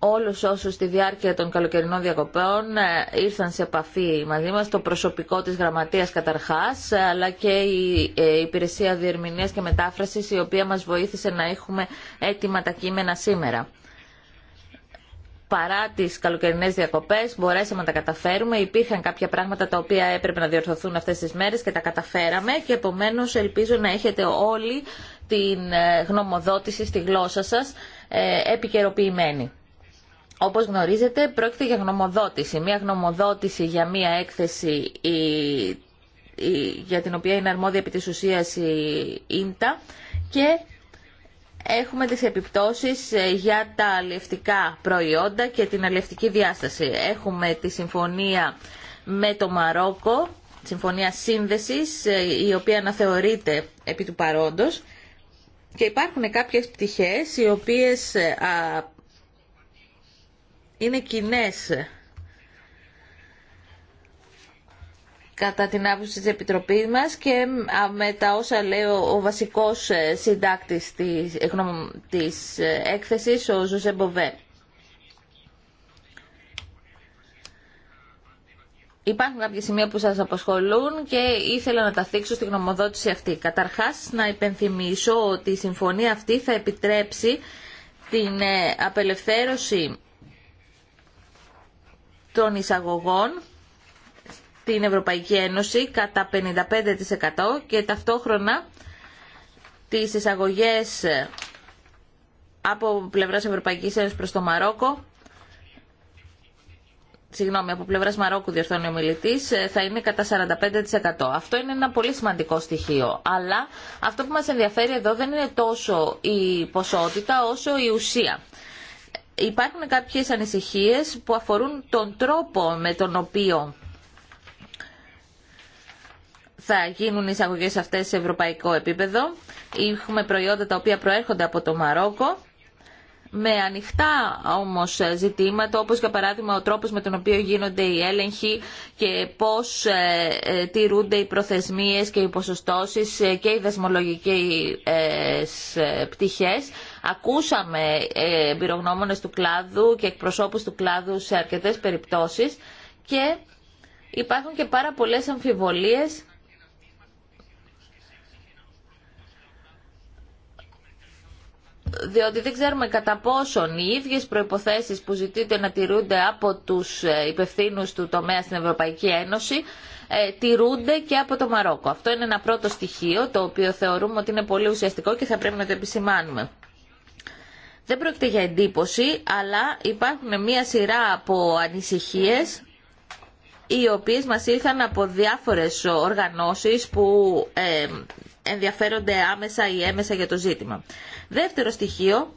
όλους όσους στη διάρκεια των καλοκαιρινών διακοπών ε, ήρθαν σε επαφή μαζί μας, το προσωπικό της γραμματείας καταρχάς, αλλά και η ε, υπηρεσία διερμηνίας και μετάφρασης, η οποία μας βοήθησε να έχουμε έτοιμα τα κείμενα σήμερα. Παρά τι καλοκαιρινέ διακοπέ, μπορέσαμε να τα καταφέρουμε. Υπήρχαν κάποια πράγματα τα οποία έπρεπε να διορθωθούν αυτέ τι μέρε και τα καταφέραμε και επομένω, ελπίζω να έχετε όλοι την ε, γνωμοδότηση στη γλώσσα σα επικαιροποιημένη. Όπως γνωρίζετε, πρόκειται για γνωμοδότηση. Μία γνωμοδότηση για μία έκθεση για την οποία είναι αρμόδια επί της ουσίας η ΙΝΤΑ και έχουμε τις επιπτώσεις ε, για τα αλληλευτικά προϊόντα και την αλληλευτική διάσταση. Έχουμε τη συμφωνία με το Μαρόκο, συμφωνία σύνδεσης, ε, η οποία αναθεωρείται επί του παρόντος και υπάρχουν κάποιες πτυχές οι οποίες ε, είναι κοινέ κατά την άποψη της Επιτροπής μας και με τα όσα λέει ο βασικός ε, συντάκτης της, ε, της ε, έκθεσης, ο Ζωζέ Μποβέ. Υπάρχουν κάποια σημεία που σας απασχολούν και ήθελα να τα θίξω στη γνωμοδότηση αυτή. Καταρχάς, να υπενθυμίσω ότι η συμφωνία αυτή θα επιτρέψει την απελευθέρωση των εισαγωγών στην Ευρωπαϊκή Ένωση κατά 55% και ταυτόχρονα τις εισαγωγές από πλευράς Ευρωπαϊκής Ένωσης προς το Μαρόκο συγγνώμη, από πλευρά Μαρόκου διορθώνει ο μιλητή, θα είναι κατά 45%. Αυτό είναι ένα πολύ σημαντικό στοιχείο. Αλλά αυτό που μα ενδιαφέρει εδώ δεν είναι τόσο η ποσότητα όσο η ουσία. Υπάρχουν κάποιες ανησυχίες που αφορούν τον τρόπο με τον οποίο θα γίνουν οι εισαγωγές αυτές σε ευρωπαϊκό επίπεδο. Έχουμε προϊόντα τα οποία προέρχονται από το Μαρόκο με ανοιχτά όμως ζητήματα όπως για παράδειγμα ο τρόπος με τον οποίο γίνονται οι έλεγχοι και πώς ε, ε τηρούνται οι προθεσμίες και οι ποσοστώσεις ε, και οι δεσμολογικές ε, πτυχές Ακούσαμε ε, εμπειρογνώμονες του κλάδου και εκπροσώπους του κλάδου σε αρκετές περιπτώσεις και υπάρχουν και πάρα πολλές αμφιβολίες διότι δεν ξέρουμε κατά πόσον οι ίδιες προϋποθέσεις που ζητείται να τηρούνται από τους ε, υπευθύνους του τομέα στην Ευρωπαϊκή Ένωση ε, τηρούνται και από το Μαρόκο. Αυτό είναι ένα πρώτο στοιχείο το οποίο θεωρούμε ότι είναι πολύ ουσιαστικό και θα πρέπει να το επισημάνουμε. Δεν πρόκειται για εντύπωση, αλλά υπάρχουν μία σειρά από ανησυχίες οι οποίες μας ήρθαν από διάφορες οργανώσεις που ε, ενδιαφέρονται άμεσα ή έμεσα για το ζήτημα. Δεύτερο στοιχείο,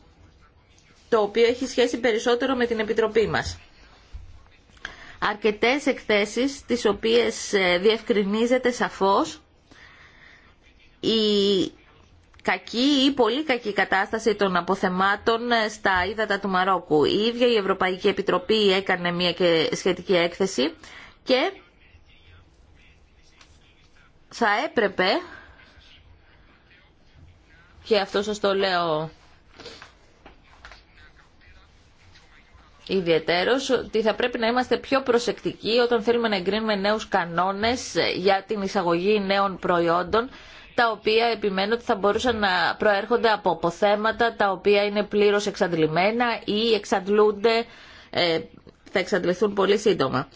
το οποίο έχει σχέση περισσότερο με την Επιτροπή μας. Αρκετές εκθέσεις, τις οποίες ε, διευκρινίζεται σαφώς η κακή ή πολύ κακή κατάσταση των αποθεμάτων ε, στα ύδατα του Μαρόκου. Η ίδια η Ευρωπαϊκή Επιτροπή έκανε μια σχετική έκθεση και θα έπρεπε και αυτό σας το λέω ιδιαιτέρως ότι θα πρέπει να είμαστε πιο προσεκτικοί όταν θέλουμε να εγκρίνουμε νέους κανόνες για την εισαγωγή νέων προϊόντων τα οποία επιμένω ότι θα μπορούσαν να προέρχονται από αποθέματα τα οποία είναι πλήρως εξαντλημένα ή εξαντλούνται, ε, θα εξαντληθούν πολύ σύντομα.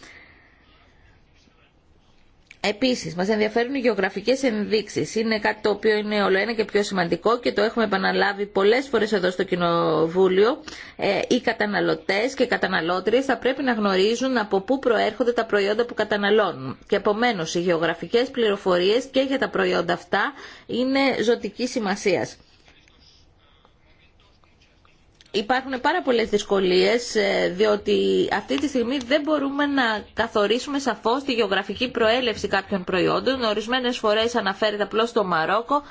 Επίσης, μας ενδιαφέρουν οι γεωγραφικές ενδείξεις. Είναι κάτι το οποίο είναι όλο ένα και πιο σημαντικό και το έχουμε επαναλάβει πολλές φορές εδώ στο Κοινοβούλιο. Ε, οι καταναλωτές και οι καταναλώτριες θα πρέπει να γνωρίζουν από πού προέρχονται τα προϊόντα που καταναλώνουν. Και επομένω, οι γεωγραφικές πληροφορίες και για τα προϊόντα αυτά είναι ζωτική σημασία. Υπάρχουν πάρα πολλές δυσκολίες ε, διότι αυτή τη στιγμή δεν μπορούμε να καθορίσουμε σαφώς τη γεωγραφική προέλευση κάποιων προϊόντων. Ορισμένες φορές αναφέρεται απλώ το Μαρόκο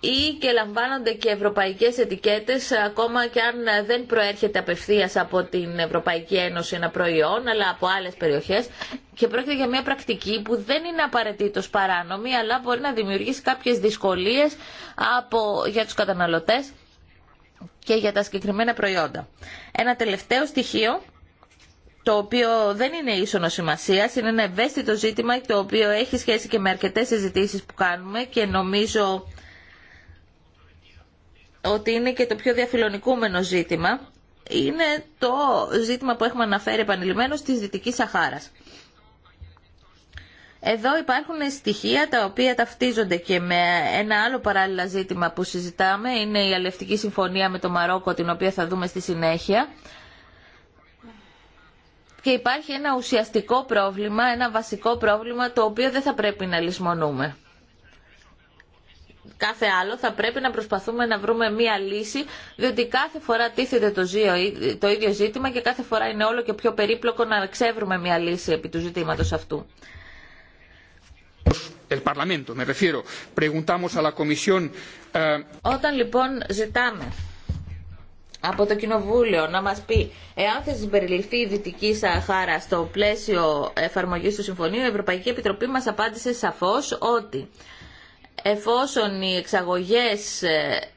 ή και λαμβάνονται και ευρωπαϊκές ετικέτες ακόμα και αν δεν προέρχεται απευθείας από την Ευρωπαϊκή Ένωση ένα προϊόν αλλά από άλλες περιοχές και πρόκειται για μια πρακτική που δεν είναι απαραίτητο παράνομη αλλά μπορεί να δημιουργήσει κάποιες δυσκολίες από, για τους καταναλωτές και για τα συγκεκριμένα προϊόντα. Ένα τελευταίο στοιχείο το οποίο δεν είναι ίσονο σημασία, είναι ένα ευαίσθητο ζήτημα το οποίο έχει σχέση και με αρκετές συζητήσει που κάνουμε και νομίζω ότι είναι και το πιο διαφιλονικούμενο ζήτημα. Είναι το ζήτημα που έχουμε αναφέρει επανειλημμένως της Δυτικής Σαχάρας. Εδώ υπάρχουν στοιχεία τα οποία ταυτίζονται και με ένα άλλο παράλληλα ζήτημα που συζητάμε, είναι η Αλευτική Συμφωνία με το Μαρόκο, την οποία θα δούμε στη συνέχεια. Και υπάρχει ένα ουσιαστικό πρόβλημα, ένα βασικό πρόβλημα, το οποίο δεν θα πρέπει να λησμονούμε. Κάθε άλλο θα πρέπει να προσπαθούμε να βρούμε μία λύση, διότι κάθε φορά τίθεται το, το ίδιο ζήτημα και κάθε φορά είναι όλο και πιο περίπλοκο να ξεύρουμε μία λύση επί του ζητήματος αυτού. Eh, Όταν λοιπόν ζητάμε από το Κοινοβούλιο να μας πει εάν θα συμπεριληφθεί η Δυτική Σαχάρα στο πλαίσιο εφαρμογής του Συμφωνίου, η Ευρωπαϊκή Επιτροπή μας απάντησε σαφώς ότι εφόσον οι εξαγωγές ε,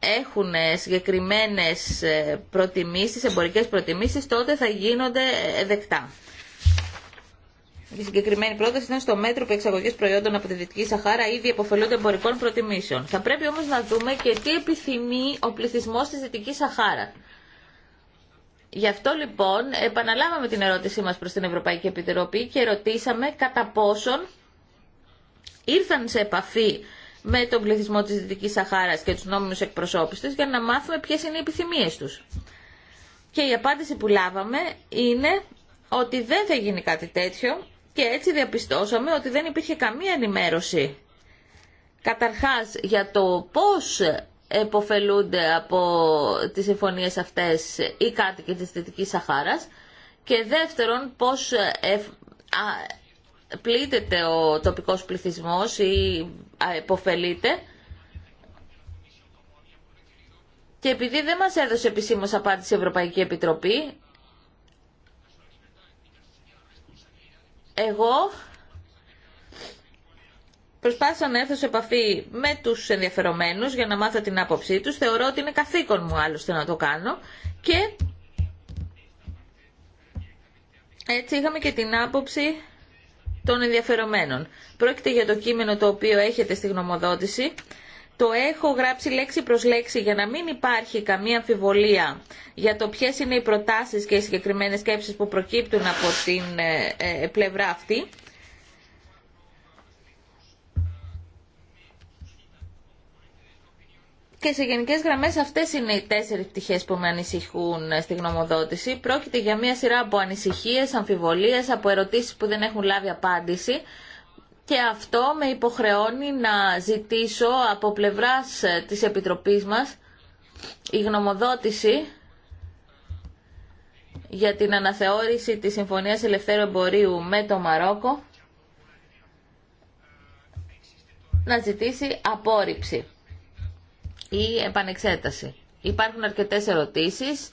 έχουν συγκεκριμένες ε, προτιμήσεις, εμπορικές προτιμήσεις, τότε θα γίνονται ε, δεκτά. Η συγκεκριμένη πρόταση ήταν στο μέτρο που εξαγωγή προϊόντων από τη Δυτική Σαχάρα ήδη υποφελούνται εμπορικών προτιμήσεων. Θα πρέπει όμω να δούμε και τι επιθυμεί ο πληθυσμό τη Δυτική Σαχάρα. Γι' αυτό λοιπόν επαναλάβαμε την ερώτησή μα προ την Ευρωπαϊκή Επιτροπή και ρωτήσαμε κατά πόσον ήρθαν σε επαφή με τον πληθυσμό τη Δυτική Σαχάρας και του νόμιμου εκπροσώπου για να μάθουμε ποιε είναι οι επιθυμίε του. Και η απάντηση που λάβαμε είναι ότι δεν θα γίνει κάτι τέτοιο και έτσι διαπιστώσαμε ότι δεν υπήρχε καμία ενημέρωση. Καταρχάς για το πώς εποφελούνται από τις συμφωνίες αυτές οι κάτοικοι της Δυτικής Σαχάρας και δεύτερον πώς ε, α... πλήττεται ο τοπικός πληθυσμός ή εποφελείται και επειδή δεν μας έδωσε επισήμως απάντηση η Ευρωπαϊκή Επιτροπή Εγώ προσπάθησα να έρθω σε επαφή με τους ενδιαφερομένους για να μάθω την άποψή τους. Θεωρώ ότι είναι καθήκον μου άλλωστε να το κάνω και έτσι είχαμε και την άποψη των ενδιαφερομένων. Πρόκειται για το κείμενο το οποίο έχετε στη γνωμοδότηση. Το έχω γράψει λέξη προς λέξη για να μην υπάρχει καμία αμφιβολία για το ποιες είναι οι προτάσεις και οι συγκεκριμένες σκέψεις που προκύπτουν από την ε, ε, πλευρά αυτή. Και σε γενικέ γραμμέ αυτέ είναι οι τέσσερι πτυχέ που με ανησυχούν ε, στη γνωμοδότηση. Πρόκειται για μια σειρά από ανησυχίε, αμφιβολίε, από ερωτήσει που δεν έχουν λάβει απάντηση και αυτό με υποχρεώνει να ζητήσω από πλευράς ε, της Επιτροπής μας η γνωμοδότηση για την αναθεώρηση της Συμφωνίας Ελευθέρου Εμπορίου με το Μαρόκο να ζητήσει απόρριψη ή επανεξέταση. Υπάρχουν αρκετές ερωτήσεις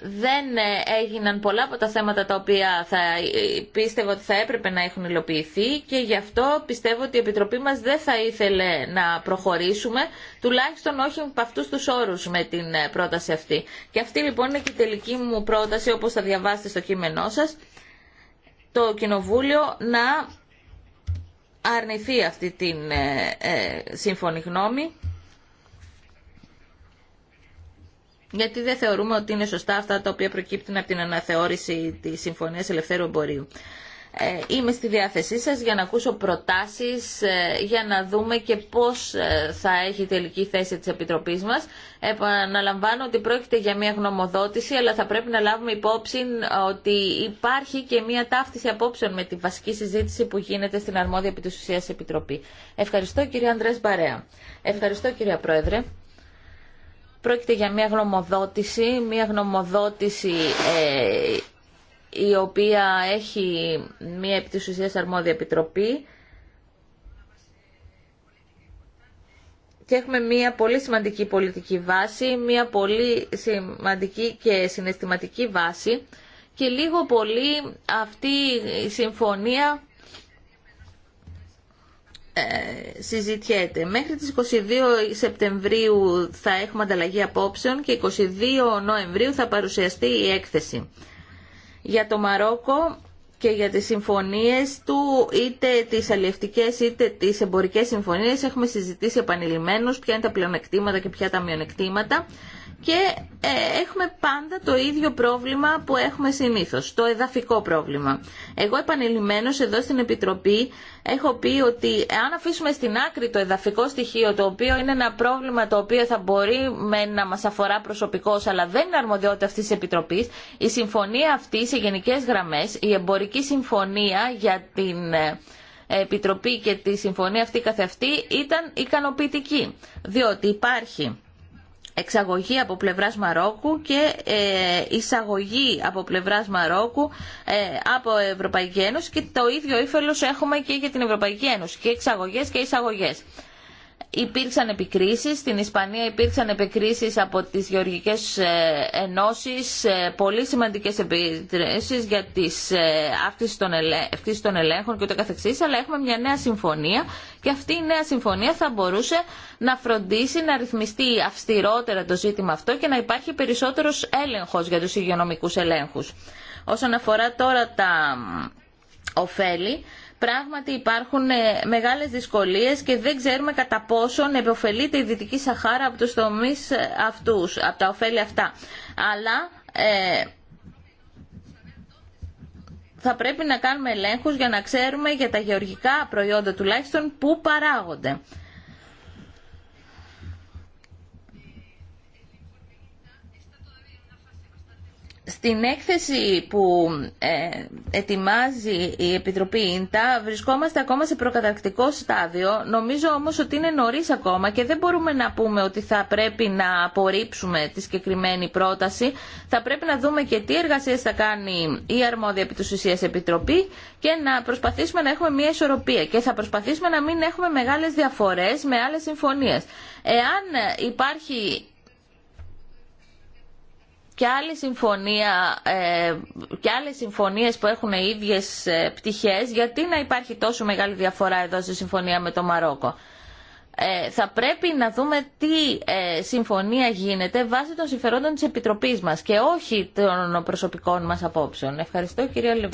δεν ε, έγιναν πολλά από τα θέματα τα οποία θα ε, πίστευα ότι θα έπρεπε να έχουν υλοποιηθεί και γι' αυτό πιστεύω ότι η Επιτροπή μας δεν θα ήθελε να προχωρήσουμε, τουλάχιστον όχι από αυτού τους όρους με την ε, πρόταση αυτή. Και αυτή λοιπόν είναι και η τελική μου πρόταση όπως θα διαβάσετε στο κείμενό σας, το Κοινοβούλιο να αρνηθεί αυτή την σύμφωνη γνώμη γιατί δεν θεωρούμε ότι είναι σωστά αυτά τα οποία προκύπτουν από την αναθεώρηση τη συμφωνία Ελευθέρου Εμπορίου. Ε, είμαι στη διάθεσή σα για να ακούσω προτάσεις, ε, για να δούμε και πώς ε, θα έχει η τελική θέση τη επιτροπή μα. Επαναλαμβάνω ότι πρόκειται για μια γνωμοδότηση, αλλά θα πρέπει να λάβουμε υπόψη ότι υπάρχει και μια ταύτιση απόψεων με τη βασική συζήτηση που γίνεται στην αρμόδια επί Επιτροπή. Ευχαριστώ κύριε Ανδρέα Μπαρέα. Ευχαριστώ κυρία Πρόεδρε. Πρόκειται για μια γνωμοδότηση, μια γνωμοδότηση ε, η οποία έχει μια επιτυσσουσία αρμόδια επιτροπή και έχουμε μια πολύ σημαντική πολιτική βάση, μια πολύ σημαντική και συναισθηματική βάση και λίγο πολύ αυτή η συμφωνία ε, συζητιέται. Μέχρι τις 22 Σεπτεμβρίου θα έχουμε ανταλλαγή απόψεων και 22 Νοεμβρίου θα παρουσιαστεί η έκθεση. Για το Μαρόκο και για τις συμφωνίες του, είτε τις αλλιευτικές είτε τις εμπορικές συμφωνίες, έχουμε συζητήσει επανειλημμένως ποια είναι τα πλεονεκτήματα και ποια τα μειονεκτήματα και ε, έχουμε πάντα το ίδιο πρόβλημα που έχουμε συνήθως, το εδαφικό πρόβλημα. Εγώ επανειλημμένως εδώ στην Επιτροπή έχω πει ότι αν αφήσουμε στην άκρη το εδαφικό στοιχείο, το οποίο είναι ένα πρόβλημα το οποίο θα μπορεί με να μας αφορά προσωπικώς, αλλά δεν είναι αρμοδιότητα αυτής της Επιτροπής, η συμφωνία αυτή σε γενικές γραμμές, η εμπορική συμφωνία για την... Ε, Επιτροπή και τη συμφωνία αυτή αυτή ήταν ικανοποιητική, διότι υπάρχει εξαγωγή από πλευράς Μαρόκου και ε, εισαγωγή από πλευράς Μαρόκου ε, από Ευρωπαϊκή Ένωση και το ίδιο ύφελος έχουμε και για την Ευρωπαϊκή Ένωση και εξαγωγές και εισαγωγές υπήρξαν επικρίσεις. Στην Ισπανία υπήρξαν επικρίσεις από τις γεωργικές ε, ενώσεις, ε, πολύ σημαντικές επικρίσεις για τις ε, αύξηση των ελέγχων και ούτε καθεξής, αλλά έχουμε μια νέα συμφωνία και αυτή η νέα συμφωνία θα μπορούσε να φροντίσει να ρυθμιστεί αυστηρότερα το ζήτημα αυτό και να υπάρχει περισσότερος έλεγχος για τους υγειονομικούς ελέγχους. Όσον αφορά τώρα τα ωφέλη, Πράγματι υπάρχουν ε, μεγάλες δυσκολίες και δεν ξέρουμε κατά πόσον επωφελείται η Δυτική Σαχάρα από τους τομείς ε, αυτούς, από τα ωφέλη αυτά. Αλλά ε, θα πρέπει να κάνουμε ελέγχους για να ξέρουμε για τα γεωργικά προϊόντα τουλάχιστον πού παράγονται. Στην έκθεση που ε, ετοιμάζει η Επιτροπή ΙΝΤΑ βρισκόμαστε ακόμα σε προκαταρκτικό στάδιο. Νομίζω όμως ότι είναι νωρίς ακόμα και δεν μπορούμε να πούμε ότι θα πρέπει να απορρίψουμε τη συγκεκριμένη πρόταση. Θα πρέπει να δούμε και τι εργασίες θα κάνει η αρμόδια επί της Επιτροπή και να προσπαθήσουμε να έχουμε μια ισορροπία και θα προσπαθήσουμε να μην έχουμε μεγάλες διαφορές με άλλες συμφωνίες. Εάν υπάρχει και άλλη συμφωνία ε, άλλες συμφωνίες που έχουν οι ίδιες ε, πτυχές γιατί να υπάρχει τόσο μεγάλη διαφορά εδώ στη συμφωνία με το Μαρόκο. Ε, θα πρέπει να δούμε τι ε, συμφωνία γίνεται βάσει των συμφερόντων της Επιτροπής μας και όχι των προσωπικών μας απόψεων. Ευχαριστώ κυρία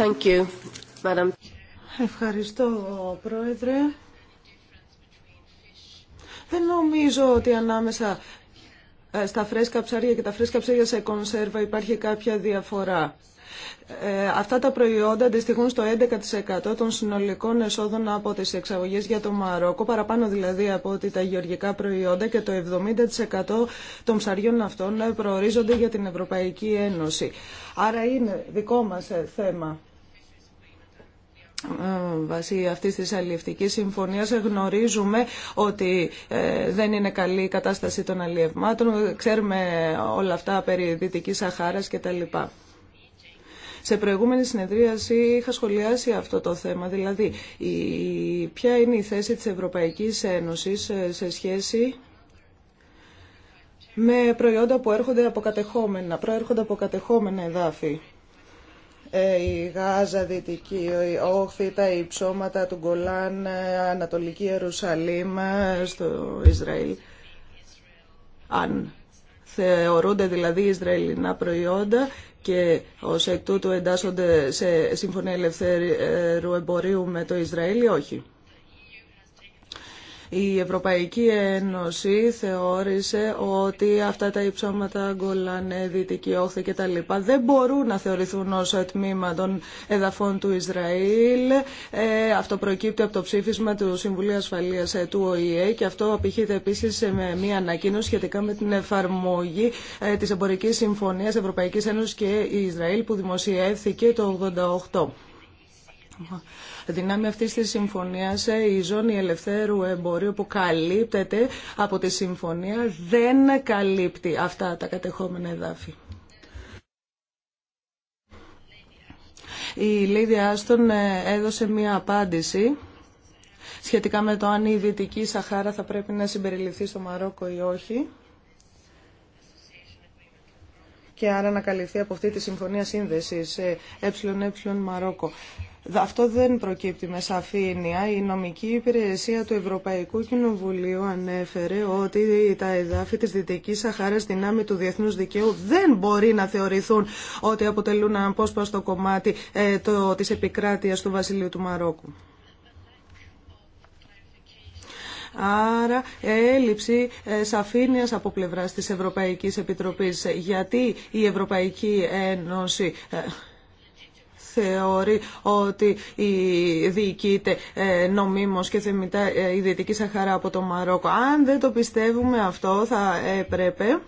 madam. Ευχαριστώ πρόεδρε. Δεν νομίζω ότι ανάμεσα ε, στα φρέσκα ψάρια και τα φρέσκα ψάρια σε κονσέρβα υπάρχει κάποια διαφορά. Ε, αυτά τα προϊόντα αντιστοιχούν στο 11% των συνολικών εσόδων από τις εξαγωγές για το Μαρόκο, παραπάνω δηλαδή από ότι τα γεωργικά προϊόντα και το 70% των ψαριών αυτών προορίζονται για την Ευρωπαϊκή Ένωση. Άρα είναι δικό μας ε, θέμα. Ε, βάσει αυτη της αλλιευτικής συμφωνίας γνωρίζουμε ότι ε, δεν είναι καλή η κατάσταση των αλλιευμάτων. Ξέρουμε όλα αυτά περί Δυτικής Σαχάρας κτλ. Σε προηγούμενη συνεδρίαση είχα σχολιάσει αυτό το θέμα, δηλαδή η, ποια είναι η θέση της Ευρωπαϊκής Ένωσης ε, σε σχέση με προϊόντα που έρχονται από κατεχόμενα, προέρχονται από κατεχόμενα εδάφη. Ε, η Γάζα, Δυτική Όχθη, τα υψώματα του Γκολάν, ε, Ανατολική Ιερουσαλήμ, ε, στο Ισραήλ. Αν θεωρούνται δηλαδή Ισραηλινά προϊόντα και ως εκ τούτου εντάσσονται σε Συμφωνία Ελευθερού Εμπορίου με το Ισραήλ ή όχι. Η Ευρωπαϊκή Ένωση θεώρησε ότι αυτά τα υψώματα Γκολάνε, Δυτική Όχθη κτλ. δεν μπορούν να θεωρηθούν ως τμήμα των εδαφών του Ισραήλ. Ε, αυτό προκύπτει από το ψήφισμα του Συμβουλίου Ασφαλείας ε, του ΟΗΕ και αυτό απηχείται επίσης με μια ανακοίνωση σχετικά με την εφαρμογή ε, της Εμπορικής Συμφωνίας Ευρωπαϊκής Ένωσης και Ισραήλ που δημοσιεύθηκε το 1988. Δυνάμει αυτή τη συμφωνία, η ζώνη ελευθέρου εμπορίου που καλύπτεται από τη συμφωνία δεν καλύπτει αυτά τα κατεχόμενα εδάφη. Η Λίδια Άστον έδωσε μία απάντηση σχετικά με το αν η Δυτική Σαχάρα θα πρέπει να συμπεριληφθεί στο Μαρόκο ή όχι και άρα να καλυφθεί από αυτή τη Συμφωνία Σύνδεσης ΕΕ Μαρόκο. Αυτό δεν προκύπτει με σαφήνεια. Η νομική υπηρεσία του Ευρωπαϊκού Κοινοβουλίου ανέφερε ότι τα εδάφη της Δυτικής Σαχάρας στην άμυ του διεθνούς δικαίου δεν μπορεί να θεωρηθούν ότι αποτελούν στο κομμάτι ε, το, της επικράτειας του Βασιλείου του Μαρόκου. Άρα έλλειψη ε, σαφήνειας από πλευράς της Ευρωπαϊκής Επιτροπής. Γιατί η Ευρωπαϊκή Ένωση ε, θεωρεί ότι διοικείται ε, νομίμως και θεμητά ε, η Δυτική Σαχαρά από το Μαρόκο. Αν δεν το πιστεύουμε αυτό θα έπρεπε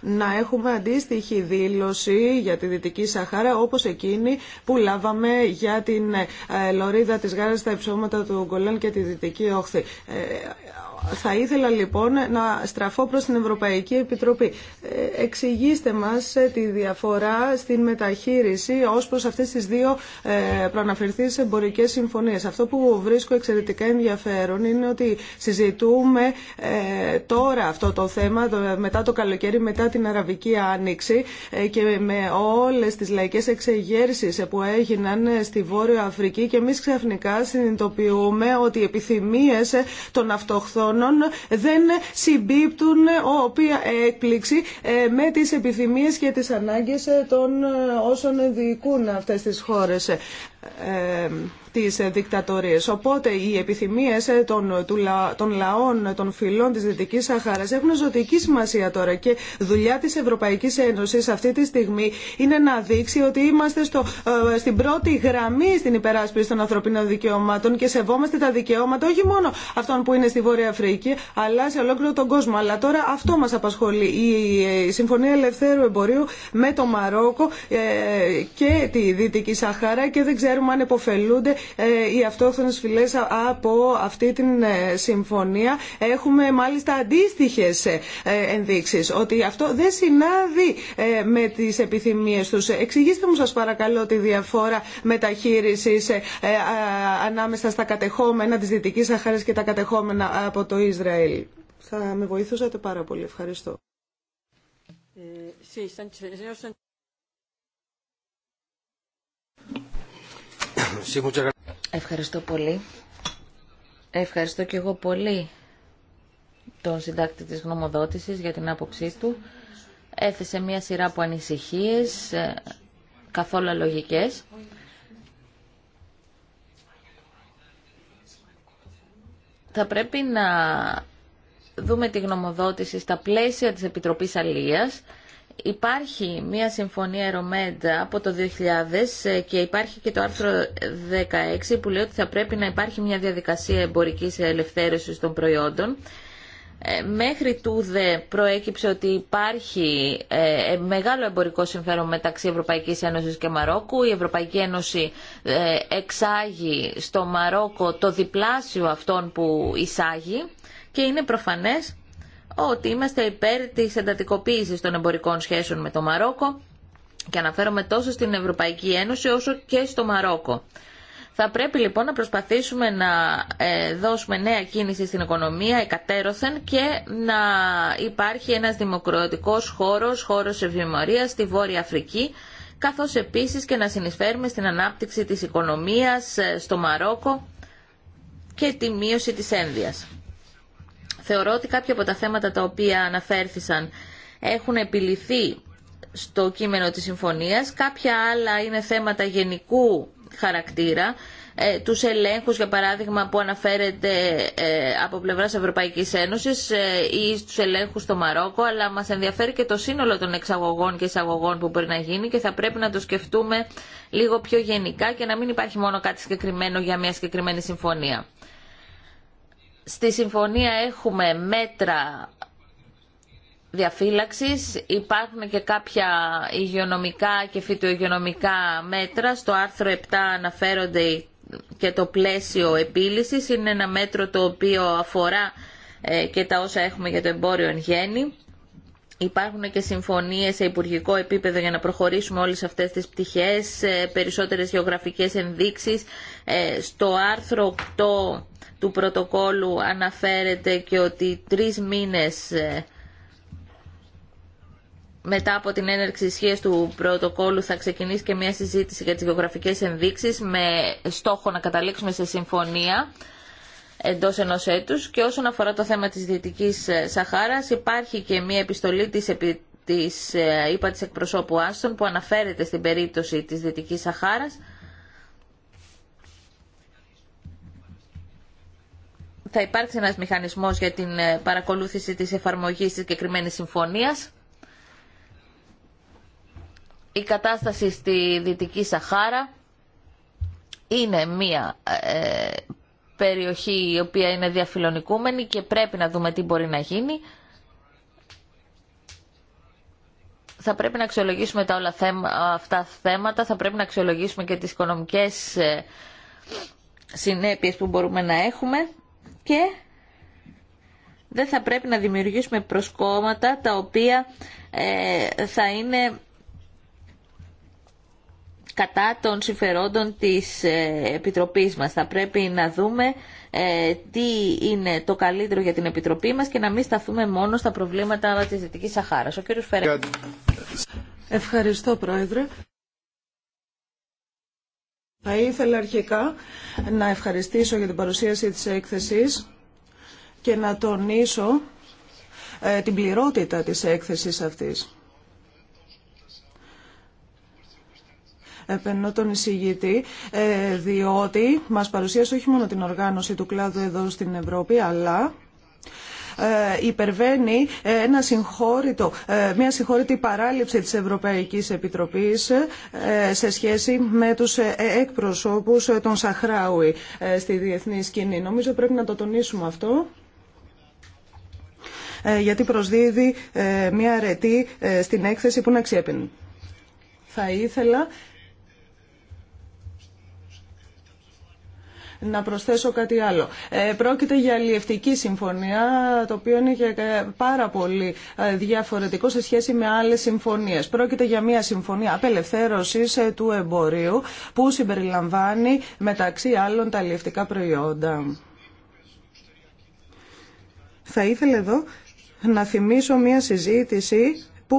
να έχουμε αντίστοιχη δήλωση για τη Δυτική Σαχάρα όπως εκείνη που λάβαμε για την ε, λωρίδα της Γάρας στα υψώματα του Γκολάν και τη Δυτική Όχθη. Θα ήθελα λοιπόν να στραφώ προς την Ευρωπαϊκή Επιτροπή. Ε, εξηγήστε μας ε, τη διαφορά στην μεταχείριση ως προς αυτές τις δύο ε, προαναφερθείς εμπορικές συμφωνίες. Αυτό που βρίσκω εξαιρετικά ενδιαφέρον είναι ότι συζητούμε τώρα αυτό το θέμα μετά το καλοκαίρι, μετά την Αραβική Άνοιξη και με όλες τις λαϊκές εξεγέρσεις που έγιναν στη Βόρεια Αφρική και εμείς ξαφνικά συνειδητοποιούμε ότι οι επιθυμίες των αυτοχθών δεν συμπίπτουν όποια έκπληξη ε, με τις επιθυμίες και τις ανάγκες ε, των ε, όσων διοικούν αυτές τις χώρες τις δικτατορίες. Οπότε οι επιθυμίες των, των λαών, των φυλών της Δυτικής Σαχάρας έχουν ζωτική σημασία τώρα και δουλειά της Ευρωπαϊκής Ένωσης αυτή τη στιγμή είναι να δείξει ότι είμαστε στο, ε, στην πρώτη γραμμή στην υπεράσπιση των ανθρωπίνων δικαιωμάτων και σεβόμαστε τα δικαιώματα όχι μόνο αυτών που είναι στη Βόρεια Αφρική αλλά σε ολόκληρο τον κόσμο. Αλλά τώρα αυτό μας απασχολεί. Η Συμφωνία Ελευθέρου Εμπορίου με το Μαρόκο ε, και τη Δυτική Σαχάρα και δεν ξέρουμε αν υποφελούνται ε, οι αυτόχθονε φυλέ από αυτή την ε, συμφωνία. Έχουμε μάλιστα αντίστοιχες ε, ενδείξεις ότι αυτό δεν συνάδει με τις επιθυμίες τους. Εξηγήστε μου σας παρακαλώ τη διαφορά μεταχείρισης ανάμεσα στα κατεχόμενα της Δυτικής Αχάρης και τα κατεχόμενα από το Ισραήλ. Θα με βοηθούσατε πάρα πολύ. Ευχαριστώ. Ευχαριστώ πολύ. Ευχαριστώ και εγώ πολύ τον συντάκτη της γνωμοδότησης για την άποψή του. Έθεσε μία σειρά από ανησυχίες, ε, καθόλου λογικές. Θα πρέπει να δούμε τη γνωμοδότηση στα πλαίσια της Επιτροπής Αλίας Υπάρχει μια συμφωνία Ρομέντ από το 2000 ε, και υπάρχει και το άρθρο 16 που λέει ότι θα πρέπει να υπάρχει μια διαδικασία εμπορικής ελευθέρωσης των προϊόντων. Ε, μέχρι τούδε προέκυψε ότι υπάρχει ε, μεγάλο εμπορικό συμφέρον μεταξύ Ευρωπαϊκής Ένωσης και Μαρόκου. Η Ευρωπαϊκή Ένωση εξάγει στο Μαρόκο το διπλάσιο αυτών που εισάγει και είναι προφανές ότι είμαστε υπέρ της εντατικοποίησης των εμπορικών σχέσεων με το Μαρόκο και αναφέρομαι τόσο στην Ευρωπαϊκή Ένωση όσο και στο Μαρόκο. Θα πρέπει λοιπόν να προσπαθήσουμε να ε, δώσουμε νέα κίνηση στην οικονομία εκατέρωθεν και να υπάρχει ένας δημοκρατικός χώρος, χώρος ευημερία στη Βόρεια Αφρική καθώς επίσης και να συνεισφέρουμε στην ανάπτυξη της οικονομίας ε, στο Μαρόκο και τη μείωση της ένδυας. Θεωρώ ότι κάποια από τα θέματα τα οποία αναφέρθησαν έχουν επιληθεί στο κείμενο της συμφωνίας. Κάποια άλλα είναι θέματα γενικού χαρακτήρα. Ε, τους ελέγχους, για παράδειγμα, που αναφέρεται ε, από πλευράς Ευρωπαϊκής Ένωσης ε, ή στους ελέγχους στο Μαρόκο, αλλά μας ενδιαφέρει και το σύνολο των εξαγωγών και εισαγωγών που μπορεί να γίνει και θα πρέπει να το σκεφτούμε λίγο πιο γενικά και να μην υπάρχει μόνο κάτι συγκεκριμένο για μια συγκεκριμένη συμφωνία. Στη συμφωνία έχουμε μέτρα διαφύλαξης, υπάρχουν και κάποια υγειονομικά και φυτοϊγειονομικά μέτρα. Στο άρθρο 7 αναφέρονται και το πλαίσιο επίλυσης. Είναι ένα μέτρο το οποίο αφορά ε, και τα όσα έχουμε για το εμπόριο εν γέννη. Υπάρχουν και συμφωνίες σε υπουργικό επίπεδο για να προχωρήσουμε όλες αυτές τις πτυχές, περισσότερες γεωγραφικές ενδείξεις. Ε, στο άρθρο 8 του πρωτοκόλου αναφέρεται και ότι τρεις μήνες ε, μετά από την έναρξη ισχύω του πρωτοκόλου θα ξεκινήσει και μια συζήτηση για τις γεωγραφικές ενδείξεις με στόχο να καταλήξουμε σε συμφωνία εντός ενός έτους και όσον αφορά το θέμα της δυτική ε, Σαχάρα, υπάρχει και μια επιστολή της, επί, ε, της, εκπροσώπου Άστον που αναφέρεται στην περίπτωση της Δυτικής Σαχάρας θα υπάρξει ένας μηχανισμός για την ε, παρακολούθηση της εφαρμογής της συγκεκριμένη συμφωνίας. Η κατάσταση στη Δυτική Σαχάρα είναι μία περιοχή η οποία είναι διαφιλονικούμενη και πρέπει να δούμε τι μπορεί να γίνει. Θα πρέπει να αξιολογήσουμε τα όλα αυτά τα θέματα, θα πρέπει να αξιολογήσουμε και τις οικονομικές ε, συνέπειες που μπορούμε να έχουμε και δεν θα πρέπει να δημιουργήσουμε προσκόμματα τα οποία ε, θα είναι κατά των συμφερόντων της ε, Επιτροπής μας. Θα πρέπει να δούμε ε, τι είναι το καλύτερο για την Επιτροπή μας και να μην σταθούμε μόνο στα προβλήματα της Δυτικής Σαχάρας. Ο κύριος Φερέ. Ευχαριστώ, Πρόεδρε. Θα ήθελα αρχικά να ευχαριστήσω για την παρουσίαση της έκθεσης και να τονίσω ε, την πληρότητα της έκθεσης αυτής. επενώ τον εισηγητή, ε, διότι μας παρουσίασε όχι μόνο την οργάνωση του κλάδου εδώ στην Ευρώπη, αλλά ε, υπερβαίνει ε, ένα συγχώρητο, μια συγχώρητη παράληψη της Ευρωπαϊκής Επιτροπής σε σχέση με τους εκπροσώπους των Σαχράουι στη διεθνή σκηνή. Νομίζω πρέπει να το τονίσουμε αυτό γιατί προσδίδει μια αρετή στην έκθεση που να αξιέπινη. Θα ήθελα να προσθέσω κάτι άλλο. Ε, πρόκειται για αλλιευτική συμφωνία, το οποίο είναι και πάρα πολύ ε, διαφορετικό σε σχέση με άλλες συμφωνίες. Πρόκειται για μια συμφωνία απελευθέρωσης ε, του εμπορίου που συμπεριλαμβάνει μεταξύ άλλων τα αλλιευτικά προϊόντα. Θα ήθελα εδώ να θυμίσω μια συζήτηση που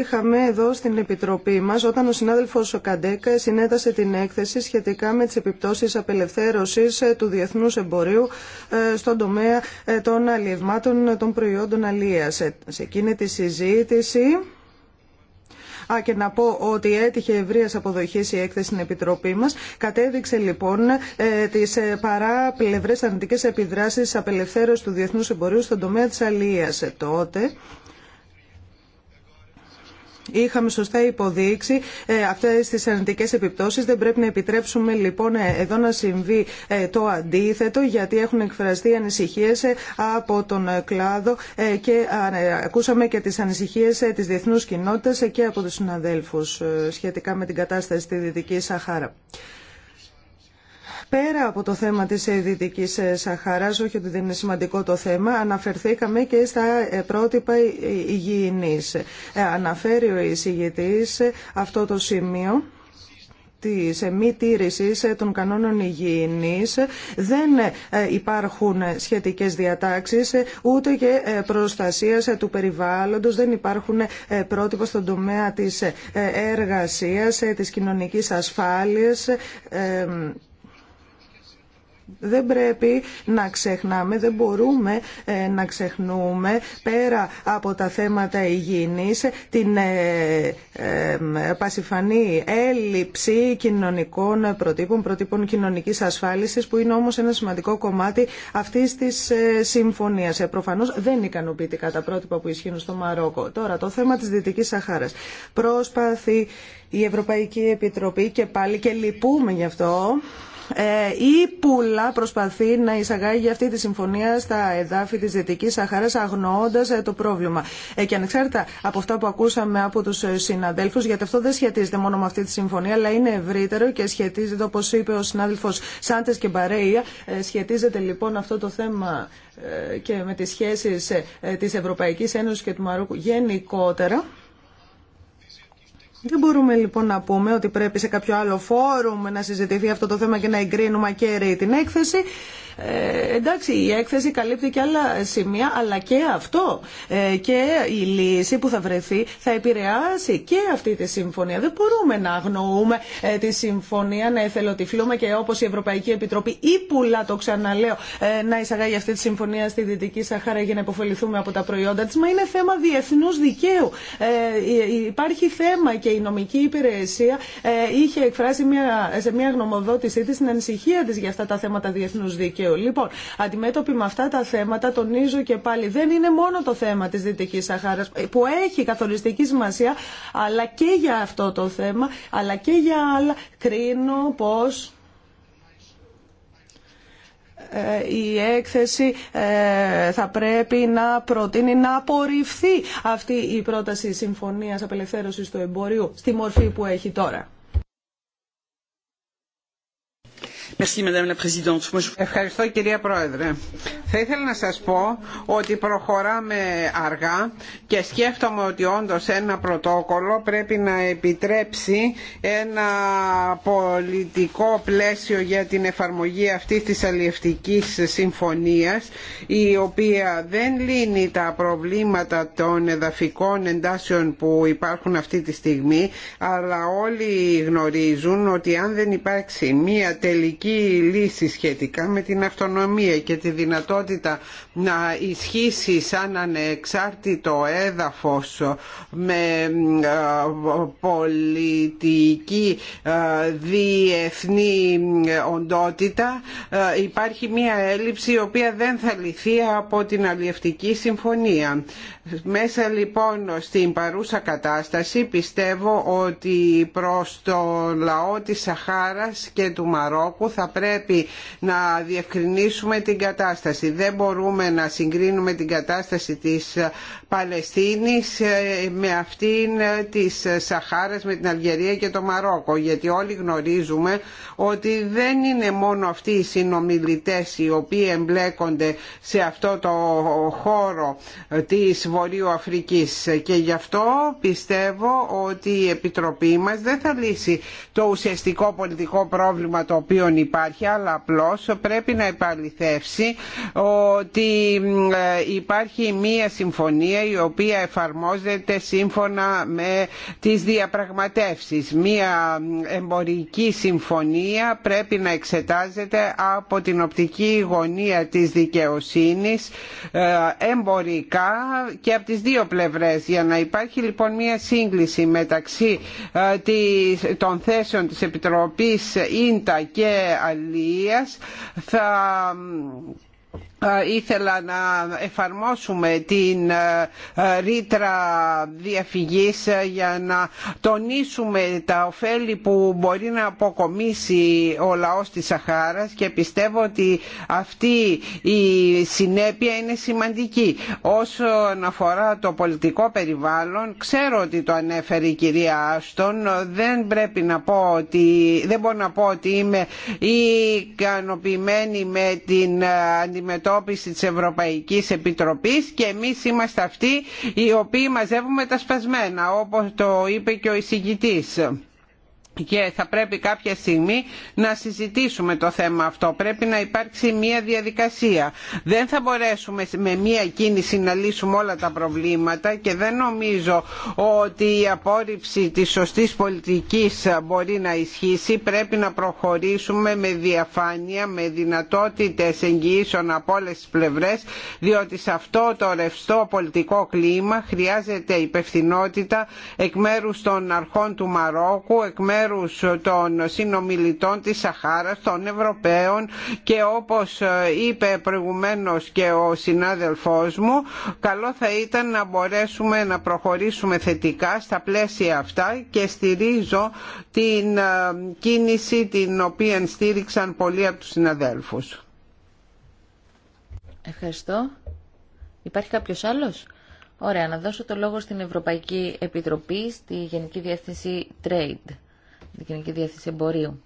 είχαμε εδώ στην Επιτροπή μας όταν ο συνάδελφος Καντέκα συνέτασε την έκθεση σχετικά με τις επιπτώσεις απελευθέρωσης ε, του διεθνούς εμπορίου ε, στον τομέα ε, των αλλιευμάτων των προϊόντων αλλίας. Σε εκείνη τη συζήτηση... Α, και να πω ότι έτυχε ευρεία αποδοχή η έκθεση στην Επιτροπή μα. Κατέδειξε λοιπόν ε, τι ε, παράπλευρε αρνητικέ επιδράσει απελευθέρωση του διεθνού εμπορίου στον τομέα τη ε, τότε είχαμε σωστά υποδείξει ε, αυτές τις αρνητικές επιπτώσεις. Δεν πρέπει να επιτρέψουμε λοιπόν ε, εδώ να συμβεί ε, το αντίθετο γιατί έχουν εκφραστεί ανησυχίες από τον κλάδο και ακούσαμε και τις ανησυχίες της διεθνούς κοινότητας και από τους συναδέλφους σχετικά με την κατάσταση στη Δυτική Σαχάρα. Πέρα από το θέμα της ε, Δυτικής ε, Σαχαράς, όχι ότι δεν είναι σημαντικό το θέμα, αναφερθήκαμε και στα ε, πρότυπα υγιεινής. Αναφέρει ο εισηγητής αυτό το σημείο της μη τήρησης των κανόνων υγιεινής δεν υπάρχουν σχετικές διατάξεις ούτε και προστασίας του περιβάλλοντος δεν υπάρχουν πρότυπα στον τομέα της εργασίας της κοινωνικής ασφάλειας δεν πρέπει να ξεχνάμε, δεν μπορούμε ε, να ξεχνούμε πέρα από τα θέματα υγιεινής την ε, ε, πασιφανή έλλειψη κοινωνικών προτύπων, προτύπων κοινωνικής ασφάλισης που είναι όμως ένα σημαντικό κομμάτι αυτής της συμφωνίας. Προφανώς δεν ικανοποιείται κατά πρότυπα που ισχύουν στο Μαρόκο. Τώρα το θέμα της Δυτικής Σαχάρας. Πρόσπαθη η Ευρωπαϊκή Επιτροπή και πάλι και λυπούμε γι' αυτό ε, η Πούλα προσπαθεί να εισαγάγει αυτή τη συμφωνία στα εδάφη της Δυτικής Σαχάρας αγνοώντας ε, το πρόβλημα. Ε, και ανεξάρτητα από αυτά που ακούσαμε από τους συναδέλφους, γιατί αυτό δεν σχετίζεται μόνο με αυτή τη συμφωνία, αλλά είναι ευρύτερο και σχετίζεται, όπως είπε ο συνάδελφος Σάντες και Μπαρέια, σχετίζεται λοιπόν αυτό το θέμα και με τις σχέσεις της Ευρωπαϊκής Ένωσης και του Μαρόκου γενικότερα. Δεν μπορούμε λοιπόν να πούμε ότι πρέπει σε κάποιο άλλο φόρουμ να συζητηθεί αυτό το θέμα και να εγκρίνουμε ακέραιη την έκθεση. Ε, εντάξει, η έκθεση καλύπτει και άλλα σημεία, αλλά και αυτό ε, και η λύση που θα βρεθεί θα επηρεάσει και αυτή τη συμφωνία. Δεν μπορούμε να αγνοούμε ε, τη συμφωνία, να εθελοτυφλούμε και όπω η Ευρωπαϊκή Επιτροπή ή πουλά, το ξαναλέω, ε, να εισαγάγει αυτή τη συμφωνία στη Δυτική Σαχάρα για να υποφεληθούμε από τα προϊόντα τη. Μα είναι θέμα διεθνού δικαίου. Ε, υπάρχει θέμα και η νομική υπηρεσία είχε εκφράσει μια, σε μια γνωμοδότησή τη την ανησυχία τη για αυτά τα θέματα διεθνού δικαίου. Λοιπόν, αντιμέτωποι με αυτά τα θέματα, τονίζω και πάλι, δεν είναι μόνο το θέμα της Δυτική Σαχάρα που έχει καθοριστική σημασία, αλλά και για αυτό το θέμα, αλλά και για άλλα. Κρίνω πως ε, η έκθεση ε, θα πρέπει να προτείνει να απορριφθεί αυτή η πρόταση συμφωνίας απελευθέρωσης του εμπορίου στη μορφή που έχει τώρα. Ευχαριστώ κυρία Πρόεδρε. Θα ήθελα να σας πω ότι προχωράμε αργά και σκέφτομαι ότι όντως ένα πρωτόκολλο πρέπει να επιτρέψει ένα πολιτικό πλαίσιο για την εφαρμογή αυτής της αλλιευτικής συμφωνίας η οποία δεν λύνει τα προβλήματα των εδαφικών εντάσεων που υπάρχουν αυτή τη στιγμή αλλά όλοι γνωρίζουν ότι αν δεν υπάρξει μία τελική λύση σχετικά με την αυτονομία και τη δυνατότητα να ισχύσει σαν ανεξάρτητο έδαφος με ε, πολιτική ε, διεθνή οντότητα ε, υπάρχει μια έλλειψη η οποία δεν θα λυθεί από την αλλιευτική συμφωνία. Μέσα λοιπόν στην παρούσα κατάσταση πιστεύω ότι προς το λαό της Σαχάρας και του Μαρόκου θα πρέπει να διευκρινίσουμε την κατάσταση. Δεν μπορούμε να συγκρίνουμε την κατάσταση της Παλαιστίνης ε, με αυτήν ε, της Σαχάρας, με την Αλγερία και το Μαρόκο γιατί όλοι γνωρίζουμε ότι δεν είναι μόνο αυτοί οι συνομιλητές οι οποίοι εμπλέκονται σε αυτό το χώρο της Βορείου Αφρικής και γι' αυτό πιστεύω ότι η Επιτροπή μας δεν θα λύσει το ουσιαστικό πολιτικό πρόβλημα το οποίο υπάρχει αλλά απλώς πρέπει να επαληθεύσει ότι ε, υπάρχει μία συμφωνία η οποία εφαρμόζεται σύμφωνα με τις διαπραγματεύσεις. Μία εμπορική συμφωνία πρέπει να εξετάζεται από την οπτική γωνία της δικαιοσύνης ε, εμπορικά και από τις δύο πλευρές για να υπάρχει λοιπόν μία σύγκληση μεταξύ ε, των θέσεων της Επιτροπής Ίντα και αλλιώς θα ήθελα να εφαρμόσουμε την ε, ε, ρήτρα διαφυγής ε, για να τονίσουμε τα ωφέλη που μπορεί να αποκομίσει ο λαός της Σαχάρας και πιστεύω ότι αυτή η συνέπεια είναι σημαντική. Όσον αφορά το πολιτικό περιβάλλον, ξέρω ότι το ανέφερε η κυρία Άστον, δεν πρέπει να πω ότι, δεν μπορώ να πω ότι είμαι ικανοποιημένη με την αντιμετώπιση αντιμετώπιση της Ευρωπαϊκής Επιτροπής και εμείς είμαστε αυτοί οι οποίοι μαζεύουμε τα σπασμένα όπως το είπε και ο εισηγητής και θα πρέπει κάποια στιγμή να συζητήσουμε το θέμα αυτό. Πρέπει να υπάρξει μια διαδικασία. Δεν θα μπορέσουμε με μια κίνηση να λύσουμε όλα τα προβλήματα και δεν νομίζω ότι η απόρριψη της σωστής πολιτικής μπορεί να ισχύσει. Πρέπει να προχωρήσουμε με διαφάνεια, με δυνατότητες εγγυήσεων από όλε τι πλευρές, διότι σε αυτό το ρευστό πολιτικό κλίμα χρειάζεται υπευθυνότητα εκ μέρους των αρχών του Μαρόκου, νεαρούς των συνομιλητών της Σαχάρας, των Ευρωπαίων και όπως ε, είπε προηγουμένως και ο συνάδελφός μου, καλό θα ήταν να μπορέσουμε να προχωρήσουμε θετικά στα πλαίσια αυτά και στηρίζω την ε, κίνηση την οποία στήριξαν πολλοί από τους συναδέλφους. Ευχαριστώ. Υπάρχει κάποιος άλλος? Ωραία, να δώσω το λόγο στην Ευρωπαϊκή Επιτροπή, στη Γενική Διεύθυνση Trade την Κοινωνική Διεύθυνση Εμπορίου.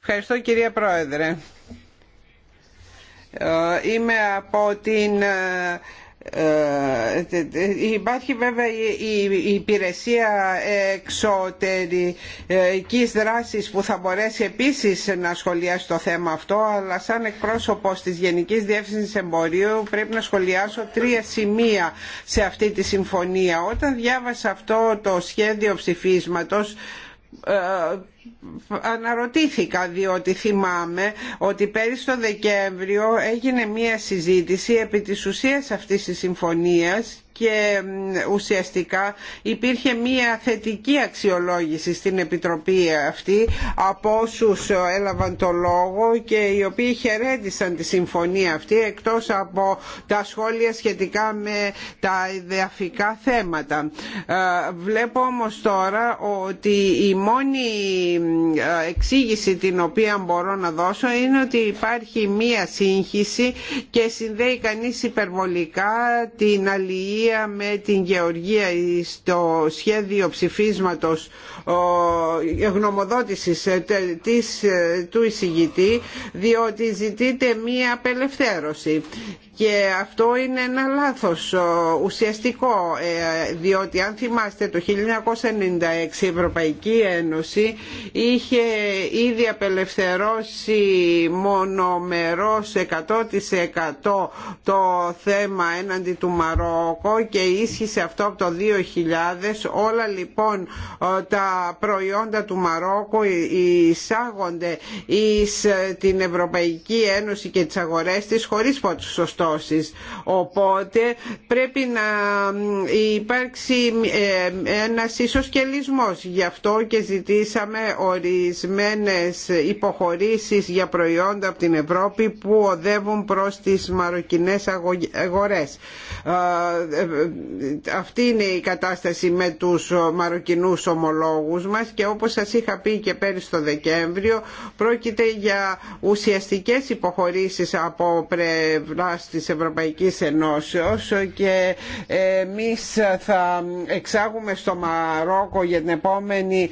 Ευχαριστώ κυρία Πρόεδρε. Ε, είμαι από την ε, ε, υπάρχει βέβαια η υπηρεσία εξωτερικής ε, δράσης που θα μπορέσει επίσης να σχολιάσει το θέμα αυτό αλλά σαν εκπρόσωπος της Γενικής Διεύθυνσης Εμπορίου πρέπει να σχολιάσω τρία σημεία σε αυτή τη συμφωνία. Όταν διάβασα αυτό το σχέδιο ψηφίσματος ε, αναρωτήθηκα διότι θυμάμαι ότι πέρυσι το Δεκέμβριο έγινε μία συζήτηση επί της ουσίας αυτής της συμφωνίας και ουσιαστικά υπήρχε μία θετική αξιολόγηση στην Επιτροπή αυτή από όσου έλαβαν το λόγο και οι οποίοι χαιρέτησαν τη συμφωνία αυτή εκτός από τα σχόλια σχετικά με τα ιδεαφικά θέματα. Ε, βλέπω όμως τώρα ότι η μόνη εξήγηση την οποία μπορώ να δώσω είναι ότι υπάρχει μία σύγχυση και συνδέει κανείς υπερβολικά την αλληλεία με την γεωργία στο σχέδιο ψηφίσματος γνωμοδότησης ε, ε, του εισηγητή διότι ζητείται μία απελευθέρωση και αυτό είναι ένα λάθος ουσιαστικό ε, διότι αν θυμάστε το 1996 η Ευρωπαϊκή Ένωση είχε ήδη απελευθερώσει μονομερός 100% το θέμα έναντι του Μαρόκο και ίσχυσε αυτό από το 2000 όλα λοιπόν τα προϊόντα του Μαρόκο ε, εισάγονται εις ε, την Ευρωπαϊκή Ένωση και τις αγορές της χωρίς πότους σωστό Οπότε πρέπει να υπάρξει ε, ένας ισοσκελισμός. Γι' αυτό και ζητήσαμε ορισμένες υποχωρήσεις για προϊόντα από την Ευρώπη που οδεύουν προς τις μαροκινές αγορές. Ε, ε, αυτή είναι η κατάσταση με τους μαροκινούς ομολόγους μας και όπως σας είχα πει και πέρυσι το Δεκέμβριο πρόκειται για ουσιαστικές υποχωρήσεις από πλευράς της Ευρωπαϊκής Ενώσεως και εμείς θα εξάγουμε στο Μαρόκο για την επόμενη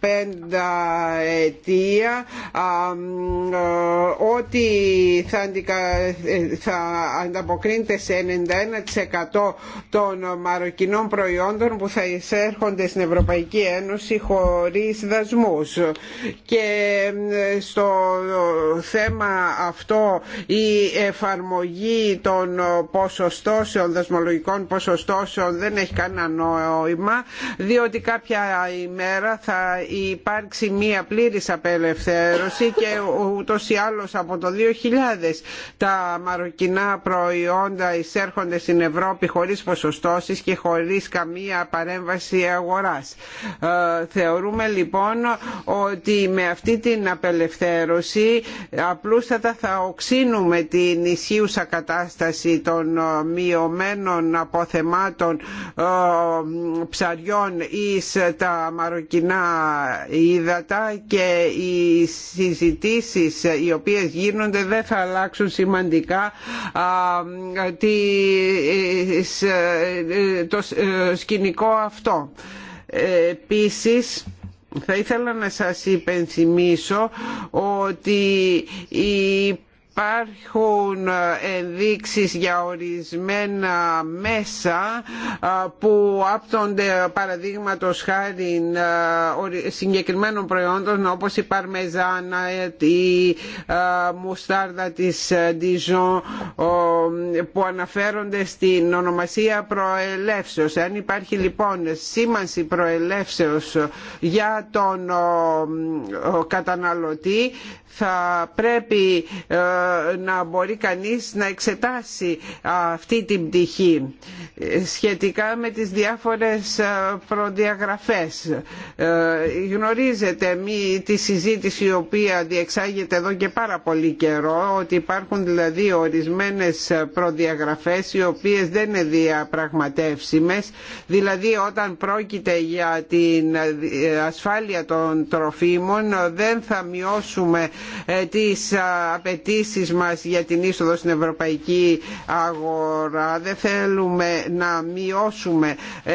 πέντα ετία ότι ε, θα ανταποκρίνεται σε 91% των μαροκινών προϊόντων που θα εισέρχονται στην Ευρωπαϊκή Ένωση χωρίς δασμούς και στο θέμα αυτό η εφαρμογή εφαρμογή των ποσοστώσεων, δασμολογικών ποσοστώσεων δεν έχει κανένα νόημα διότι κάποια ημέρα θα υπάρξει μία πλήρης απελευθέρωση και ούτως ή άλλως από το 2000 τα μαροκινά προϊόντα εισέρχονται στην Ευρώπη χωρίς ποσοστώσεις και χωρίς καμία παρέμβαση αγοράς. Ε, θεωρούμε λοιπόν ότι με αυτή την απελευθέρωση απλούστατα θα οξύνουμε την ισχύ Σα κατάσταση των ε, μειωμένων αποθεμάτων ε, ψαριών εις τα μαροκινά ύδατα και οι συζητήσεις οι οποίες γίνονται δεν θα αλλάξουν σημαντικά ε, το σκηνικό αυτό. Επίσης, θα ήθελα να σας υπενθυμίσω ότι η υπάρχουν ε, ενδείξεις για ορισμένα μέσα ε, που άπτονται παραδείγματος χάρη ε, συγκεκριμένων προϊόντων όπως η παρμεζάνα, η μουστάρδα της Dijon που αναφέρονται στην ονομασία προελεύσεως. Αν υπάρχει λοιπόν σήμανση προελεύσεως για τον καταναλωτή θα πρέπει ε, να μπορεί κανείς να εξετάσει αυτή την πτυχή ε, σχετικά με τις διάφορες ε, προδιαγραφές. Γνωρίζετε μη τη συζήτηση η οποία διεξάγεται εδώ και πάρα πολύ καιρό ότι υπάρχουν δηλαδή ορισμένες προδιαγραφές οι οποίες δεν είναι διαπραγματεύσιμες δηλαδή όταν πρόκειται για την ασφάλεια των τροφίμων δεν θα μειώσουμε ε, τις απαιτήσει μας για την είσοδο στην ευρωπαϊκή αγορά. Δεν θέλουμε να μειώσουμε ε,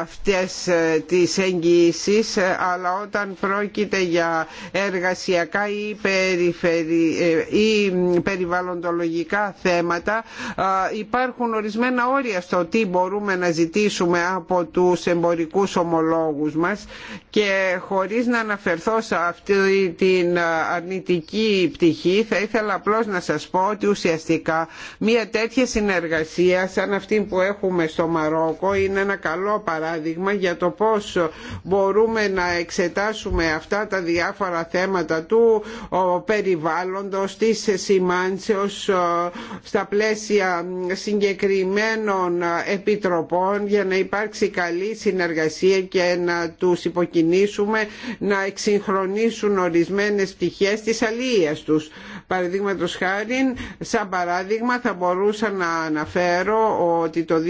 αυτές ε, τις εγγυήσει, αλλά όταν πρόκειται για εργασιακά ή, περιβαλλοντολογικά θέματα υπάρχουν ορισμένα όρια στο τι μπορούμε να ζητήσουμε από τους εμπορικούς ομολόγους μας και χωρίς να αναφερθώ σε αυτή την αρνητική πτυχή θα ήθελα απλώς να σας πω ότι ουσιαστικά μια τέτοια συνεργασία σαν αυτή που έχουμε στο Μαρόκο είναι ένα καλό παράδειγμα για το πώς μπορούμε να εξετάσουμε αυτά τα διάφορα θέματα του περιβάλλοντος, της σημάνσεως στα πλαίσια συγκεκριμένων επιτροπών για να υπάρξει καλή συνεργασία και να τους υποκινήσουμε να εξυγχρονίσουν ορισμένες πτυχές και της αλληλείας τους. Παραδείγματο χάρη, σαν παράδειγμα θα μπορούσα να αναφέρω ότι το 2009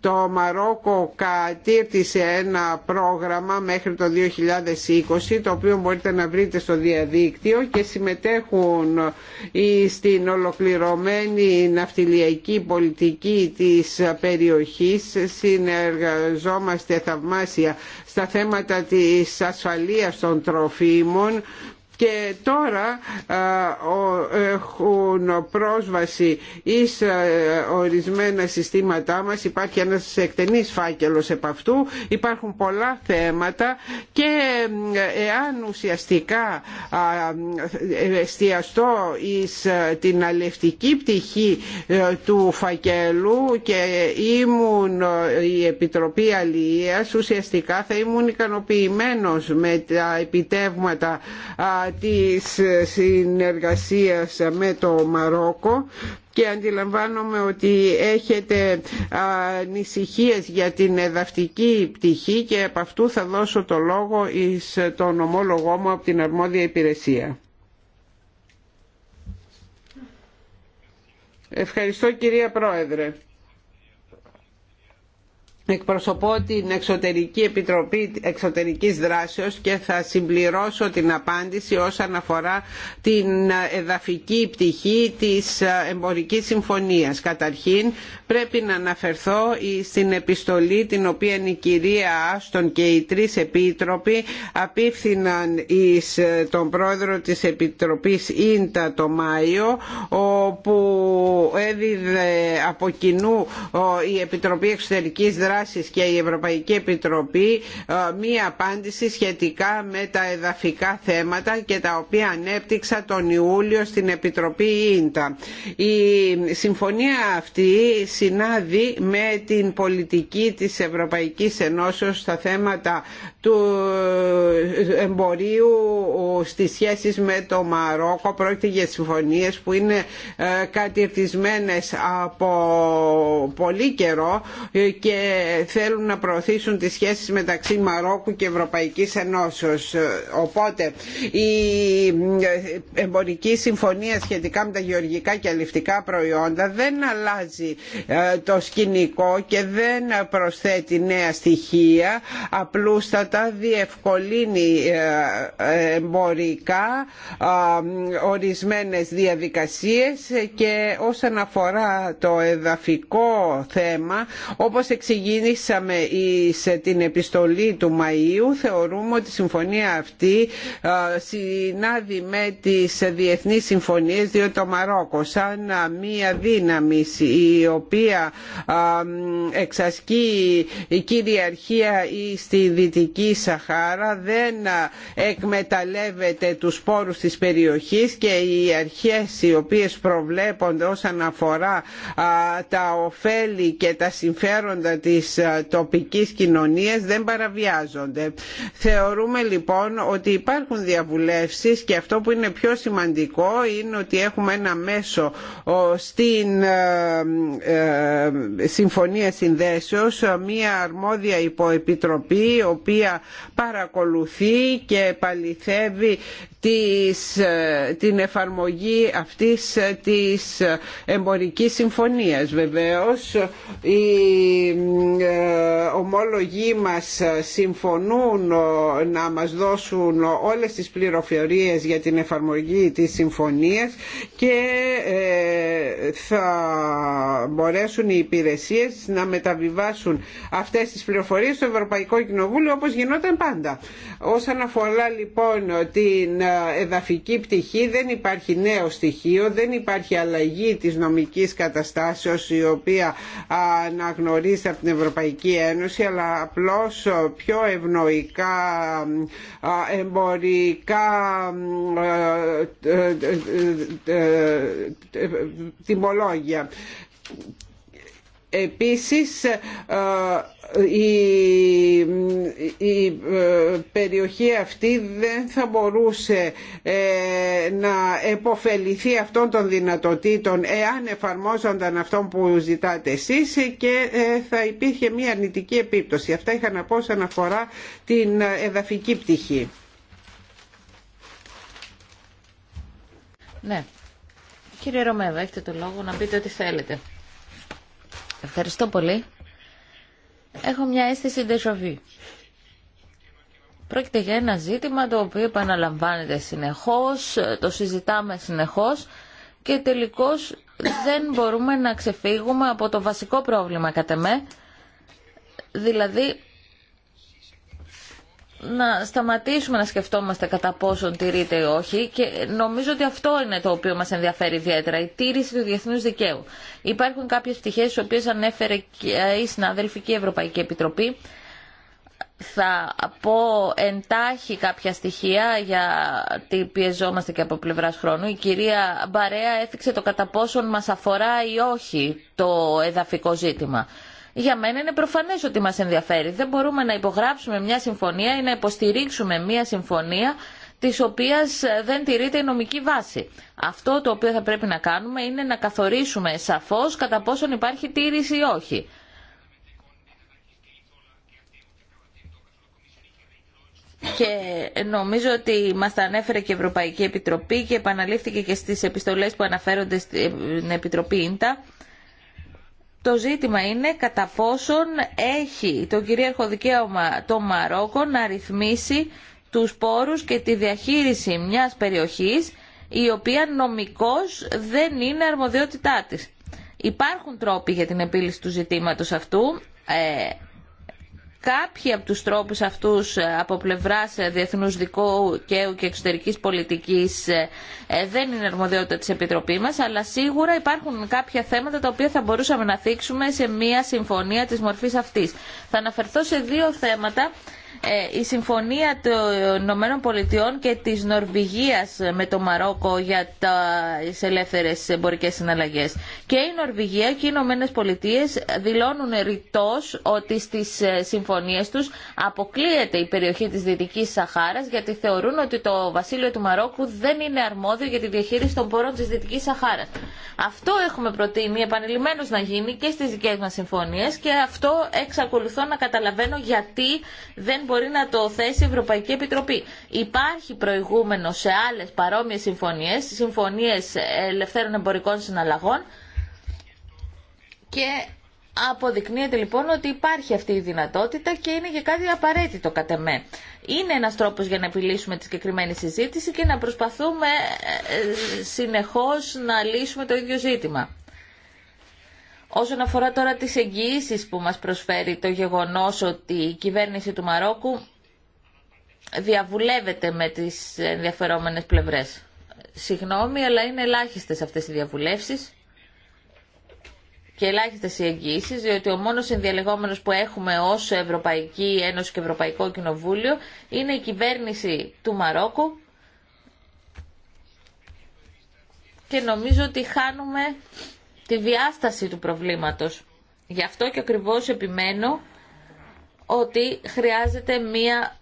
το Μαρόκο κατήρτισε ένα πρόγραμμα μέχρι το 2020 το οποίο μπορείτε να βρείτε στο διαδίκτυο και συμμετέχουν στην ολοκληρωμένη ναυτιλιακή πολιτική της περιοχής συνεργαζόμαστε θαυμάσια στα θέματα της ασφαλείας των τροφίμων και τώρα έχουν πρόσβαση εις ορισμένα συστήματά μας υπάρχει ένας εκτενής φάκελος επ' αυτού υπάρχουν πολλά θέματα και εάν ουσιαστικά εστιαστώ εις την αλευτική πτυχή ε, του φακέλου και ήμουν ε, η Επιτροπή Αλληλείας ουσιαστικά θα ήμουν ικανοποιημένος με τα επιτεύγματα της ε, συνεργασίας με το Μαρόκο και αντιλαμβάνομαι ότι έχετε ανησυχίε για την εδαφική πτυχή και από αυτού θα δώσω το λόγο στον τον ομόλογό μου από την αρμόδια υπηρεσία. Ευχαριστώ κυρία Πρόεδρε εκπροσωπώ την Εξωτερική Επιτροπή Εξωτερικής Δράσεως και θα συμπληρώσω την απάντηση όσον αφορά την εδαφική πτυχή της εμπορικής συμφωνίας. Καταρχήν πρέπει να αναφερθώ στην επιστολή την οποία η κυρία Άστον και οι τρεις επίτροποι απίφθηναν εις τον πρόεδρο της Επιτροπής Ίντα το Μάιο όπου έδιδε από κοινού η Επιτροπή Εξωτερικής Δράσεως και η Ευρωπαϊκή Επιτροπή ε, μία απάντηση σχετικά με τα εδαφικά θέματα και τα οποία ανέπτυξα τον Ιούλιο στην Επιτροπή Ίντα. Η συμφωνία αυτή συνάδει με την πολιτική της Ευρωπαϊκής Ενώσεως στα θέματα του εμπορίου στις σχέσεις με το Μαρόκο. Πρόκειται για συμφωνίες που είναι ε, κατηρτισμένες από πολύ καιρό και θέλουν να προωθήσουν τις σχέσεις μεταξύ Μαρόκου και Ευρωπαϊκής Ενώσεως. Οπότε η εμπορική συμφωνία σχετικά με τα γεωργικά και αληφτικά προϊόντα δεν αλλάζει ε, το σκηνικό και δεν προσθέτει νέα στοιχεία, απλούστατα διευκολύνει ε, εμπορικά ε, ορισμένες διαδικασίες και όσον αφορά το εδαφικό θέμα, όπως εξηγεί ξεκινήσαμε σε την επιστολή του Μαΐου θεωρούμε ότι η συμφωνία αυτή ε, συνάδει με τις διεθνείς συμφωνίες διότι το Μαρόκο σαν ε, μία δύναμη η οποία ε, εξασκεί η κυριαρχία ή στη Δυτική Σαχάρα δεν εκμεταλλεύεται τους πόρους της περιοχής και οι αρχές οι οποίες προβλέπονται όσον αφορά τα ωφέλη και τα συμφέροντα της της ε, τοπικής κοινωνίας δεν παραβιάζονται. Θεωρούμε λοιπόν ότι υπάρχουν διαβουλεύσεις και αυτό που είναι πιο σημαντικό είναι ότι έχουμε ένα μέσο στην ε, ε, Συμφωνία Συνδέσεως, μία αρμόδια υποεπιτροπή η οποία παρακολουθεί και επαληθεύει ε, την εφαρμογή αυτής ε, της ε, εμπορικής συμφωνίας. Βεβαίως οι ομόλογοι μας συμφωνούν να μας δώσουν όλες τις πληροφορίες για την εφαρμογή της συμφωνίας και θα μπορέσουν οι υπηρεσίες να μεταβιβάσουν αυτές τις πληροφορίες στο Ευρωπαϊκό Κοινοβούλιο όπως γινόταν πάντα. Όσον αφορά λοιπόν την εδαφική πτυχή δεν υπάρχει νέο στοιχείο, δεν υπάρχει αλλαγή της νομικής καταστάσεως η οποία αναγνωρίζεται από την Ευρωπαϊκή Ένωση αλλά απλώς πιο ευνοϊκά εμπορικά ε, ε, ε, τιμολόγια. Επίσης η ε, περιοχή αυτή δεν θα μπορούσε ε, να επωφεληθεί αυτών των δυνατοτήτων εάν εφαρμόζονταν αυτό που ζητάτε εσείς και ε, θα υπήρχε μια αρνητική επίπτωση. Αυτά είχα να πω όσον αφορά την εδαφική πτυχή. Ναι. Κύριε Ρωμέβα, έχετε το λόγο να πείτε ό,τι θέλετε. Ευχαριστώ πολύ έχω μια αίσθηση ντεζοβή. Πρόκειται για ένα ζήτημα το οποίο επαναλαμβάνεται συνεχώς, το συζητάμε συνεχώς και τελικώς δεν μπορούμε να ξεφύγουμε από το βασικό πρόβλημα κατά με, δηλαδή να σταματήσουμε να σκεφτόμαστε κατά πόσον τηρείται ή όχι και νομίζω ότι αυτό είναι το οποίο μας ενδιαφέρει ιδιαίτερα, η τήρηση του διεθνούς δικαίου. Υπάρχουν κάποιες πτυχές στις οποίες ανέφερε και η συναδέλφη και η Ευρωπαϊκή Επιτροπή. Θα πω εντάχει κάποια στοιχεία γιατί πιεζόμαστε και από πλευρά χρόνου. Η κυρία Μπαρέα έθιξε το κατά πόσον μας αφορά ή όχι το εδαφικό ζήτημα. Για μένα είναι προφανές ότι μας ενδιαφέρει. Δεν μπορούμε να υπογράψουμε μια συμφωνία ή να υποστηρίξουμε μια συμφωνία της οποίας ε, δεν τηρείται η νομική βάση. Αυτό το οποίο θα πρέπει να κάνουμε είναι να καθορίσουμε σαφώς κατά πόσον υπάρχει τήρηση ή όχι. και νομίζω ότι μα τα ανέφερε και η Ευρωπαϊκή Επιτροπή και επαναλήφθηκε και στι επιστολέ που αναφέρονται στην Επιτροπή Ίντα το ζήτημα είναι κατά πόσον έχει το κυρίαρχο δικαίωμα το Μαρόκο να ρυθμίσει τους πόρους και τη διαχείριση μιας περιοχής η οποία νομικώς δεν είναι αρμοδιότητά της. Υπάρχουν τρόποι για την επίλυση του ζητήματος αυτού. Ε, κάποιοι από τους τρόπους αυτούς ε, από πλευράς ε, διεθνούς δικαίου και εξωτερικής πολιτικής ε, δεν είναι αρμοδιότητα της Επιτροπής μας, αλλά σίγουρα υπάρχουν κάποια θέματα τα οποία θα μπορούσαμε να θίξουμε σε μια συμφωνία της μορφής αυτής. Θα αναφερθώ σε δύο θέματα ε, η συμφωνία των Ηνωμένων Πολιτειών και της Νορβηγίας με το Μαρόκο για τις ελεύθερες εμπορικές συναλλαγές. Και η Νορβηγία και οι Ηνωμένε Πολιτείες δηλώνουν ρητός ότι στις ε, συμφωνίες τους αποκλείεται η περιοχή της Δυτικής Σαχάρας γιατί θεωρούν ότι το βασίλειο του Μαρόκου δεν είναι αρμόδιο για τη διαχείριση των πόρων της Δυτικής Σαχάρας. Αυτό έχουμε προτείνει επανειλημμένως να γίνει και στις δικές μας συμφωνίες και αυτό εξακολουθώ να καταλαβαίνω γιατί δεν μπορεί μπορεί να το θέσει η Ευρωπαϊκή Επιτροπή. Υπάρχει προηγούμενο σε άλλες παρόμοιες συμφωνίες, συμφωνίες ελευθέρων εμπορικών συναλλαγών και Αποδεικνύεται λοιπόν ότι υπάρχει αυτή η δυνατότητα και είναι για κάτι απαραίτητο κατά εμέ. Είναι ένας τρόπος για να επιλύσουμε τη συγκεκριμένη συζήτηση και να προσπαθούμε ε, ε, συνεχώς να λύσουμε το ίδιο ζήτημα. Όσον αφορά τώρα τις εγγυήσεις που μας προσφέρει το γεγονός ότι η κυβέρνηση του Μαρόκου διαβουλεύεται με τις ενδιαφερόμενες πλευρές. Συγγνώμη, αλλά είναι ελάχιστες αυτές οι διαβουλεύσεις και ελάχιστε οι εγγυήσει, διότι ο μόνο ενδιαλεγόμενο που έχουμε ως Ευρωπαϊκή Ένωση και Ευρωπαϊκό Κοινοβούλιο είναι η κυβέρνηση του Μαρόκου. Και νομίζω ότι χάνουμε τη διάσταση του προβλήματος. Γι' αυτό και ακριβώς επιμένω ότι χρειάζεται μία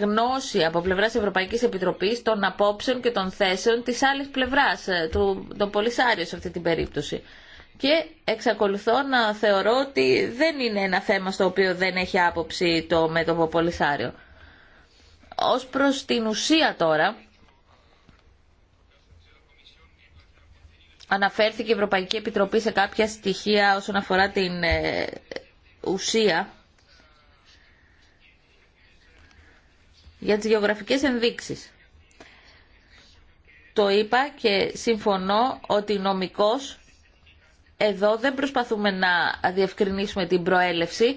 γνώση από πλευράς Ευρωπαϊκής Επιτροπής των απόψεων και των θέσεων της άλλης πλευράς, ε, του, των Πολυσάριων σε αυτή την περίπτωση. Και εξακολουθώ να θεωρώ ότι δεν είναι ένα θέμα στο οποίο δεν έχει άποψη το μέτωπο Πολυσάριο. Ως προς την ουσία τώρα, αναφέρθηκε η Ευρωπαϊκή Επιτροπή σε κάποια στοιχεία όσον αφορά την ε, ουσία για τις γεωγραφικές ενδείξεις. Το είπα και συμφωνώ ότι νομικός εδώ δεν προσπαθούμε να διευκρινίσουμε την προέλευση,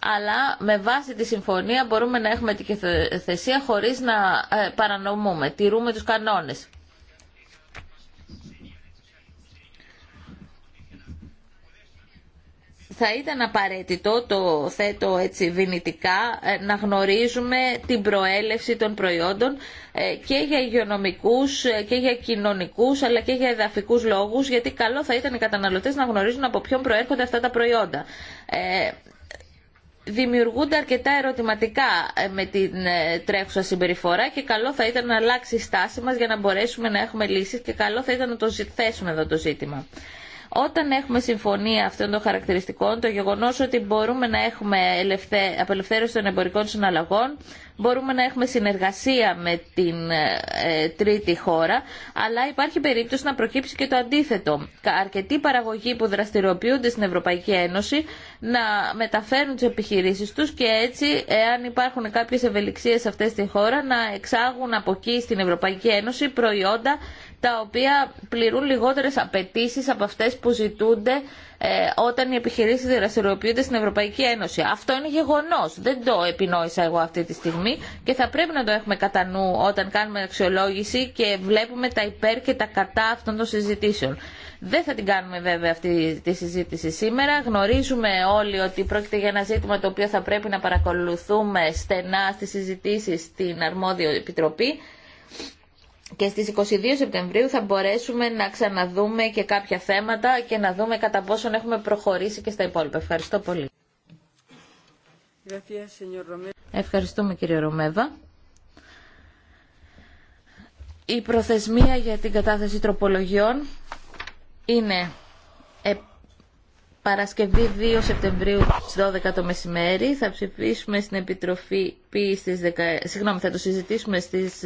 αλλά με βάση τη συμφωνία μπορούμε να έχουμε την θεσία χωρίς να ε, παρανομούμε. Τηρούμε τους κανόνες. θα ήταν απαραίτητο, το θέτω έτσι δυνητικά, ε, να γνωρίζουμε την προέλευση των προϊόντων ε, και για υγειονομικούς ε, και για κοινωνικούς αλλά και για εδαφικούς λόγους γιατί καλό θα ήταν οι καταναλωτές να γνωρίζουν από ποιον προέρχονται αυτά τα προϊόντα. Δημιουργούνται αρκετά ερωτηματικά με την τρέχουσα συμπεριφορά και καλό θα ήταν να αλλάξει η στάση μας για να μπορέσουμε να έχουμε λύσεις και καλό θα ήταν να το θέσουμε εδώ το ζήτημα. Όταν έχουμε συμφωνία αυτών των χαρακτηριστικών, το γεγονό ότι μπορούμε να έχουμε απελευθέρωση των εμπορικών συναλλαγών, μπορούμε να έχουμε συνεργασία με την ε, τρίτη χώρα, αλλά υπάρχει περίπτωση να προκύψει και το αντίθετο. Αρκετοί παραγωγοί που δραστηριοποιούνται στην Ευρωπαϊκή Ένωση να μεταφέρουν τις επιχειρήσεις τους και έτσι, εάν υπάρχουν κάποιες ευελιξίες σε αυτές τη χώρα, να εξάγουν από εκεί στην Ευρωπαϊκή Ένωση προϊόντα τα οποία πληρούν λιγότερες απαιτήσει από αυτές που ζητούνται ε, όταν οι επιχειρήσεις δραστηριοποιούνται στην Ευρωπαϊκή Ένωση. Αυτό είναι γεγονός. Δεν το επινόησα εγώ αυτή τη στιγμή και θα πρέπει να το έχουμε κατά νου όταν κάνουμε αξιολόγηση και βλέπουμε τα υπέρ και τα κατά αυτών των συζητήσεων. Δεν θα την κάνουμε βέβαια αυτή τη συζήτηση σήμερα. Γνωρίζουμε όλοι ότι πρόκειται για ένα ζήτημα το οποίο θα πρέπει να παρακολουθούμε στενά στις συζητήσεις στην αρμόδια επιτροπή και στις 22 Σεπτεμβρίου θα μπορέσουμε να ξαναδούμε και κάποια θέματα και να δούμε κατά πόσον έχουμε προχωρήσει και στα υπόλοιπα. Ευχαριστώ πολύ. Ευχαριστούμε κύριε Ρωμέβα. Η προθεσμία για την κατάθεση τροπολογιών είναι Παρασκευή 2 Σεπτεμβρίου στις 12 το μεσημέρι. Θα ψηφίσουμε στην Επιτροφή στις 10... Συγγνώμη, θα το συζητήσουμε στις 19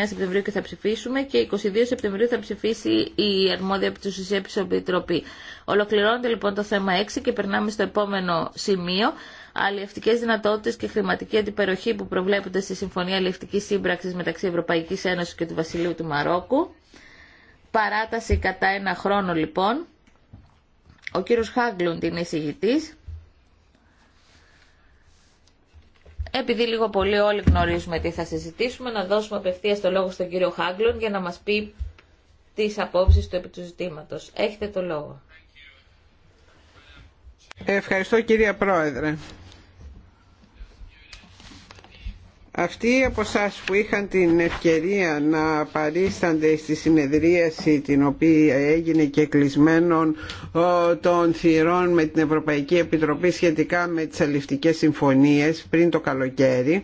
ε, Σεπτεμβρίου και θα ψηφίσουμε και 22 Σεπτεμβρίου θα ψηφίσει η αρμόδια Επιτροπή. Ολοκληρώνεται λοιπόν το θέμα 6 και περνάμε στο επόμενο σημείο. Αλληλευτικέ δυνατότητε και χρηματική αντιπεροχή που προβλέπονται στη Συμφωνία Αλληλευτική Σύμπραξη μεταξύ Ευρωπαϊκή Ένωση και του Βασιλείου του Μαρόκου. Παράταση κατά ένα χρόνο λοιπόν. Ο κύριος Χάγκλουντ είναι εισηγητής. Επειδή λίγο πολύ όλοι γνωρίζουμε τι θα συζητήσουμε, να δώσουμε απευθεία το λόγο στον κύριο Χάγκλον για να μας πει τις απόψεις του επί του ζητήματος. Έχετε το λόγο. Ευχαριστώ κυρία Πρόεδρε. Αυτοί από εσά που είχαν την ευκαιρία να παρίστανται στη συνεδρίαση την οποία έγινε και κλεισμένων των θυρών με την Ευρωπαϊκή Επιτροπή σχετικά με τις αληφτικές συμφωνίες πριν το καλοκαίρι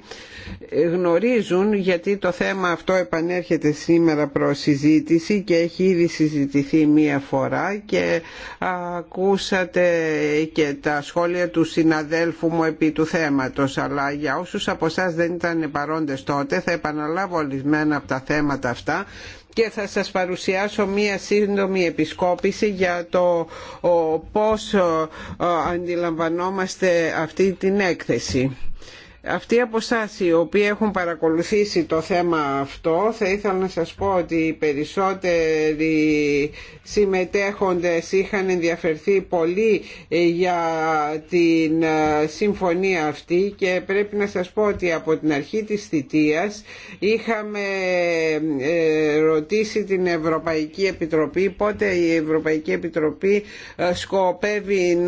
γνωρίζουν γιατί το θέμα αυτό επανέρχεται σήμερα προς συζήτηση και έχει ήδη συζητηθεί μία φορά και ακούσατε και τα σχόλια του συναδέλφου μου επί του θέματος αλλά για όσους από εσά δεν ήταν είναι παρόντες τότε. Θα επαναλάβω ορισμένα από τα θέματα αυτά και θα σας παρουσιάσω μία σύντομη επισκόπηση για το πώς αντιλαμβανόμαστε αυτή την έκθεση. Αυτοί από εσά οι οποίοι έχουν παρακολουθήσει το θέμα αυτό θα ήθελα να σας πω ότι οι περισσότεροι συμμετέχοντες είχαν ενδιαφερθεί πολύ ε, για την ε, συμφωνία αυτή και πρέπει να σας πω ότι από την αρχή της θητείας είχαμε ε, ρωτήσει την Ευρωπαϊκή Επιτροπή πότε η Ευρωπαϊκή Επιτροπή σκοπεύει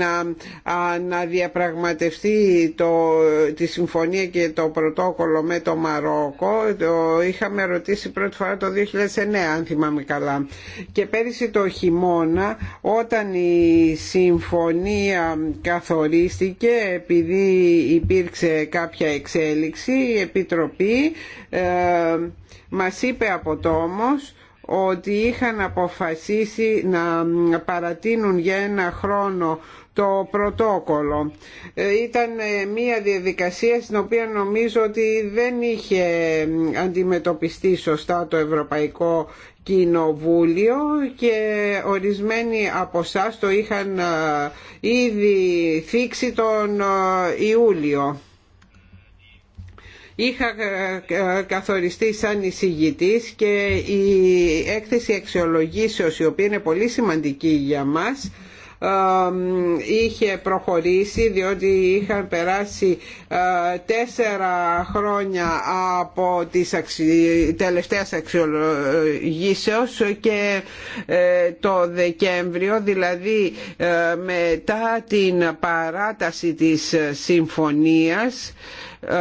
να διαπραγματευτεί το, τη συμφωνία και το πρωτόκολλο με το Μαρόκο το είχαμε ρωτήσει πρώτη φορά το 2009 αν θυμάμαι καλά και πέρυσι το χειμώνα όταν η συμφωνία καθορίστηκε επειδή υπήρξε κάποια εξέλιξη η Επιτροπή ε, μας είπε από τόμος ότι είχαν αποφασίσει να παρατείνουν για ένα χρόνο το πρωτόκολλο. Ε, ήταν ε, μια διαδικασία στην οποία νομίζω ότι δεν είχε αντιμετωπιστεί σωστά το Ευρωπαϊκό Κοινοβούλιο και ορισμένοι από εσά το είχαν ε, ήδη θίξει τον Ιούλιο. Είχα καθοριστεί σαν εισηγητής και η έκθεση αξιολογήσεως η οποία είναι πολύ σημαντική για μας είχε προχωρήσει διότι είχαν περάσει τέσσερα χρόνια από τις αξι... τελευταίες και ε, το Δεκέμβριο δηλαδή ε, μετά την παράταση της συμφωνίας ε,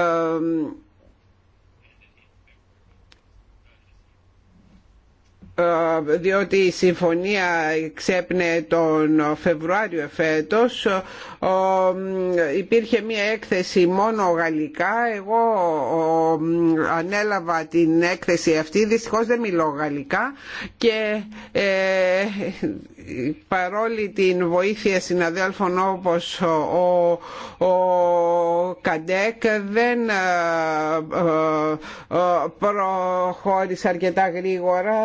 Ε, διότι η συμφωνία ξέπνε τον Φεβρουάριο φέτος ε, υπήρχε μία έκθεση μόνο γαλλικά εγώ ανέλαβα την έκθεση αυτή δυστυχώς δεν μιλώ γαλλικά και ε, παρόλη την βοήθεια συναδέλφων όπως ο, ο, Καντέκ δεν ε, ε, προχώρησε αρκετά γρήγορα.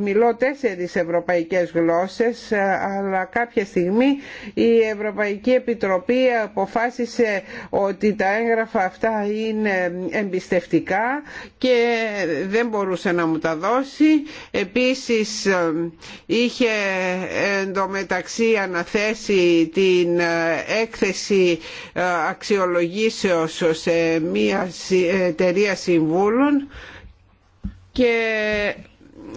Μιλώ τέσσερις ευρωπαϊκές γλώσσες ε, αλλά κάποια στιγμή η Ευρωπαϊκή Επιτροπή αποφάσισε ότι τα έγγραφα αυτά είναι εμπιστευτικά και δεν μπορούσε να μου τα δώσει. Επίσης είχε εντωμεταξύ αναθέσει την ε, έκθεση ε, αξιολογήσεως σε μια ε, εταιρεία συμβούλων και